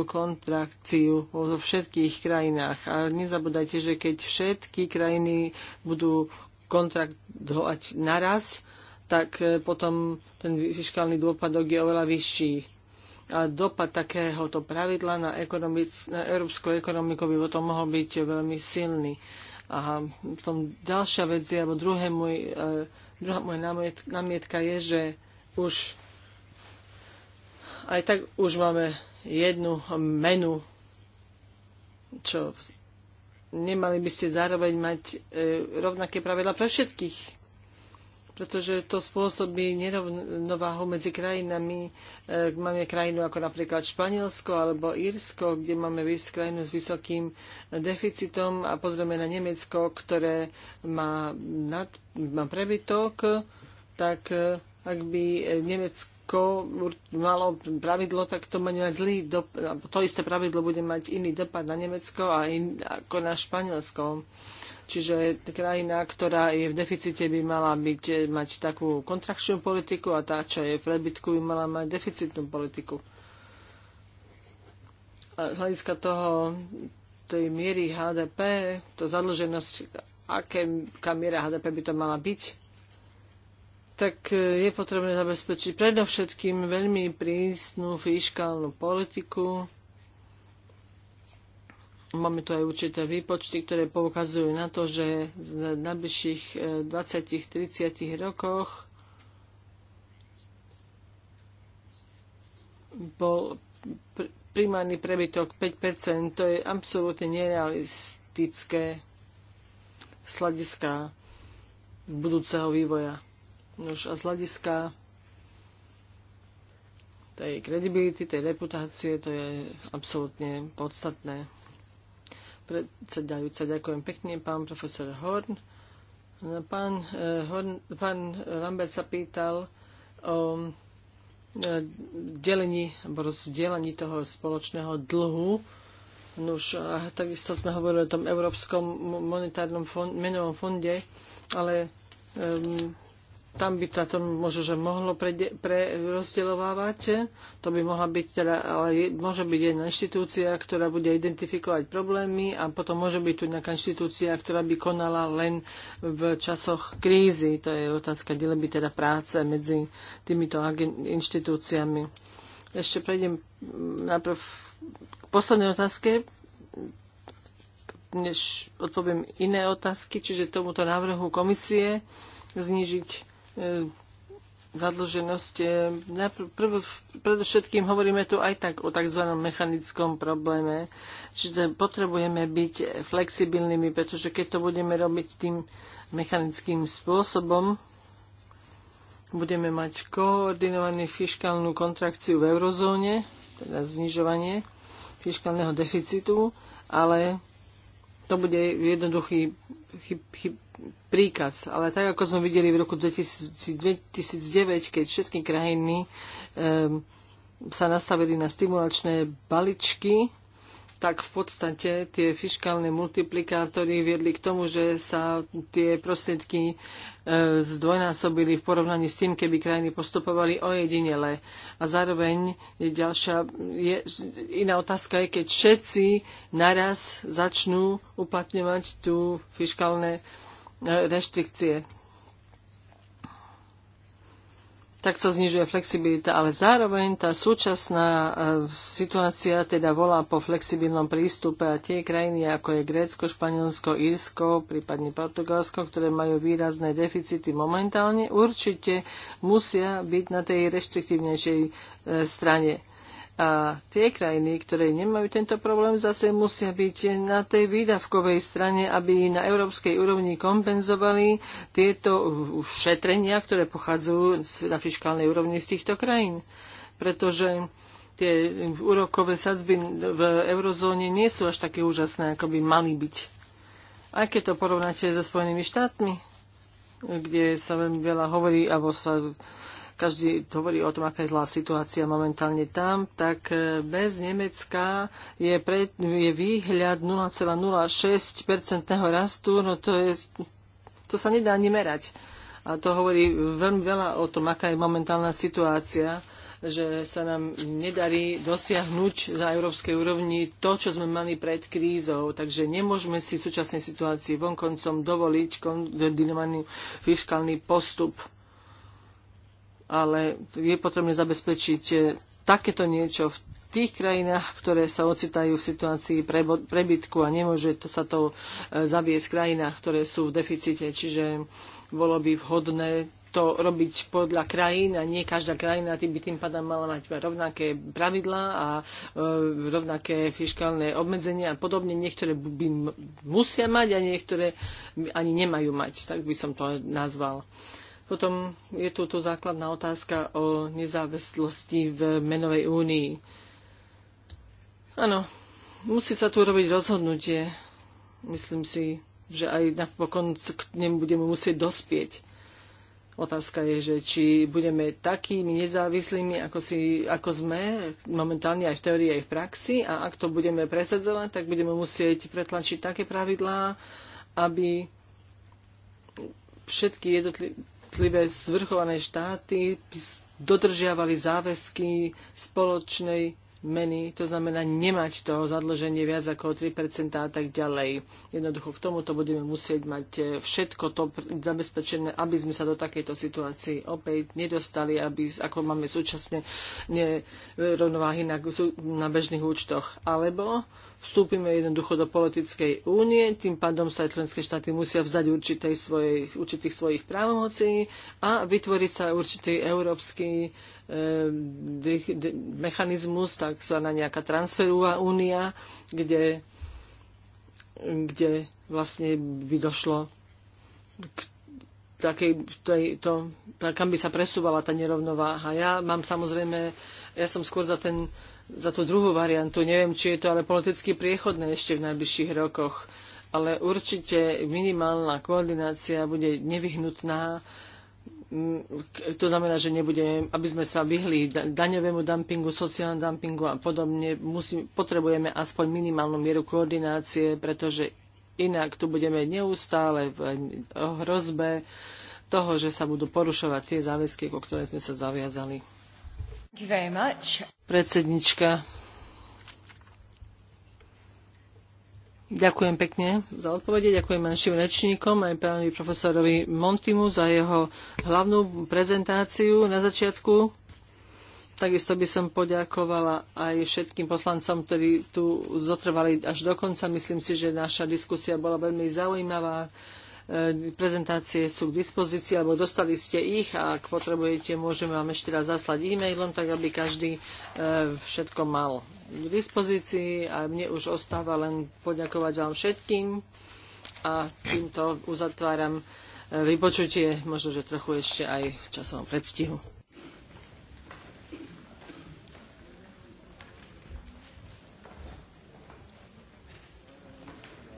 kontrakciu vo všetkých krajinách. A nezabudajte, že keď všetky krajiny budú kontrakt naraz, tak e, potom ten fiskálny dôpadok je oveľa vyšší. A dopad takéhoto pravidla na, ekonomic, na európsku ekonomiku by potom mohol byť veľmi silný. A potom ďalšia vec je, alebo druhé môj, e, druhá moja namietka je, že už aj tak už máme jednu menu, čo nemali by ste zároveň mať e, rovnaké pravidla pre všetkých pretože to spôsobí nerovnováhu medzi krajinami. E, máme krajinu ako napríklad Španielsko alebo Írsko, kde máme krajinu s vysokým deficitom a pozrieme na Nemecko, ktoré má, nad, má prebytok, tak e, ak by Nemecko Rusko malo pravidlo, tak to bude mať zlý dopad, to isté pravidlo bude mať iný dopad na Nemecko a in, ako na Španielsko. Čiže krajina, ktorá je v deficite, by mala byť, mať takú kontrakčnú politiku a tá, čo je v prebytku, by mala mať deficitnú politiku. A z hľadiska toho, tej miery HDP, to zadlženosť, aké, aká miera HDP by to mala byť, tak e, je potrebné zabezpečiť predovšetkým veľmi prísnu fiskálnu politiku. Máme tu aj určité výpočty, ktoré poukazujú na to, že v najbližších 20-30 e, rokoch bol primárny prebytok 5 to je absolútne nerealistické z hľadiska budúceho vývoja. Nož a z hľadiska tej kredibility, tej reputácie, to je absolútne podstatné. Predsedajúca, ďakujem pekne, pán profesor Horn. No, pán, eh, Horn, pán Lambert sa pýtal o eh, delení alebo rozdielaní toho spoločného dlhu. Nuž, a takisto sme hovorili o tom Európskom monetárnom fond, menovom fonde, ale um, tam by to možno, že mohlo prerozdeľovávať. pre To by mohla byť teda, ale môže byť jedna inštitúcia, ktorá bude identifikovať problémy a potom môže byť tu nejaká inštitúcia, ktorá by konala len v časoch krízy. To je otázka by teda práce medzi týmito inštitúciami. Ešte prejdem najprv k poslednej otázke než odpoviem iné otázky, čiže tomuto návrhu komisie znižiť E, zadlženosť. predovšetkým hovoríme tu aj tak o tzv. mechanickom probléme. Čiže potrebujeme byť flexibilnými, pretože keď to budeme robiť tým mechanickým spôsobom, budeme mať koordinovanú fiskálnu kontrakciu v eurozóne, teda znižovanie fiskálneho deficitu, ale to bude jednoduchý chyb, chyb, príkaz. Ale tak, ako sme videli v roku 2000, 2009, keď všetky krajiny um, sa nastavili na stimulačné baličky, tak v podstate tie fiskálne multiplikátory viedli k tomu, že sa tie prostriedky eh, zdvojnásobili v porovnaní s tým, keby krajiny postupovali ojedinele. A zároveň je ďalšia je, iná otázka je, keď všetci naraz začnú uplatňovať tú fiskálne E, reštrikcie. Tak sa znižuje flexibilita, ale zároveň tá súčasná e, situácia teda volá po flexibilnom prístupe a tie krajiny, ako je Grécko, Španielsko, Írsko, prípadne Portugalsko, ktoré majú výrazné deficity momentálne, určite musia byť na tej reštriktívnejšej e, strane a tie krajiny, ktoré nemajú tento problém, zase musia byť na tej výdavkovej strane, aby na európskej úrovni kompenzovali tieto šetrenia, ktoré pochádzajú na fiskálnej úrovni z týchto krajín. Pretože tie úrokové sadzby v eurozóne nie sú až také úžasné, ako by mali byť. Aj keď to porovnáte so Spojenými štátmi, kde sa veľmi veľa hovorí, alebo sa každý hovorí o tom, aká je zlá situácia momentálne tam, tak e, bez Nemecka je, pre, je výhľad 0,06% rastu, no to, je, to sa nedá ani merať. A to hovorí veľmi veľa o tom, aká je momentálna situácia že sa nám nedarí dosiahnuť na európskej úrovni to, čo sme mali pred krízou. Takže nemôžeme si v súčasnej situácii vonkoncom dovoliť kondinovaný fiskálny postup ale je potrebné zabezpečiť eh, takéto niečo v tých krajinách, ktoré sa ocitajú v situácii prebytku a nemôže to sa to eh, zaviesť v krajinách, ktoré sú v deficite. Čiže bolo by vhodné to robiť podľa krajín a nie každá krajina tým by tým pádom mala mať rovnaké pravidlá a e, rovnaké fiskálne obmedzenia a podobne. Niektoré by musia mať a niektoré ani nemajú mať. Tak by som to nazval. E, potom je tu tu základná otázka o nezávislosti v menovej únii. Áno, musí sa tu robiť rozhodnutie. Myslím si, že aj napokon k nemu budeme musieť dospieť. Otázka je, že či budeme takými nezávislými, ako, si, ako sme momentálne aj v teórii, aj v praxi a ak to budeme presadzovať, tak budeme musieť pretlačiť také pravidlá, aby všetky jednotlivé jednotlivé zvrchované štáty dodržiavali záväzky spoločnej meny, to znamená nemať toho zadlženie viac ako 3% a tak ďalej. Jednoducho k tomuto budeme musieť mať e, všetko to zabezpečené, aby sme sa do takejto situácii opäť nedostali, aby, ako máme súčasne rovnováhy na, na bežných účtoch. Alebo vstúpime jednoducho do politickej únie, tým pádom sa aj členské štáty musia vzdať určitej svojej, určitých svojich právomocí a vytvorí sa určitý európsky e, eh, de, de, mechanizmus, takzvaná nejaká transferová únia, kde, kde vlastne by došlo k takej, tej, to, kam by sa presúvala tá nerovnováha. Ja mám samozrejme, ja som skôr za ten za tú druhú variantu. Neviem, či je to ale politicky priechodné ešte v najbližších rokoch, ale určite minimálna koordinácia bude nevyhnutná. To znamená, že nebude, aby sme sa vyhli daňovému dumpingu, sociálnemu dumpingu a podobne, musí, potrebujeme aspoň minimálnu mieru koordinácie, pretože inak tu budeme neustále v hrozbe toho, že sa budú porušovať tie záväzky, o ktoré sme sa zaviazali. Thank you very much predsednička. Ďakujem pekne za odpovede, ďakujem našim rečníkom, aj pánovi profesorovi Montimu za jeho hlavnú prezentáciu na začiatku. Takisto by som poďakovala aj všetkým poslancom, ktorí tu zotrvali až do konca. Myslím si, že naša diskusia bola veľmi zaujímavá E, prezentácie sú k dispozícii, alebo dostali ste ich a ak potrebujete, môžeme vám ešte raz zaslať e-mailom, tak aby každý e, všetko mal k dispozícii a mne už ostáva len poďakovať vám všetkým a týmto uzatváram e, vypočutie, možno, že trochu ešte aj v časovom predstihu.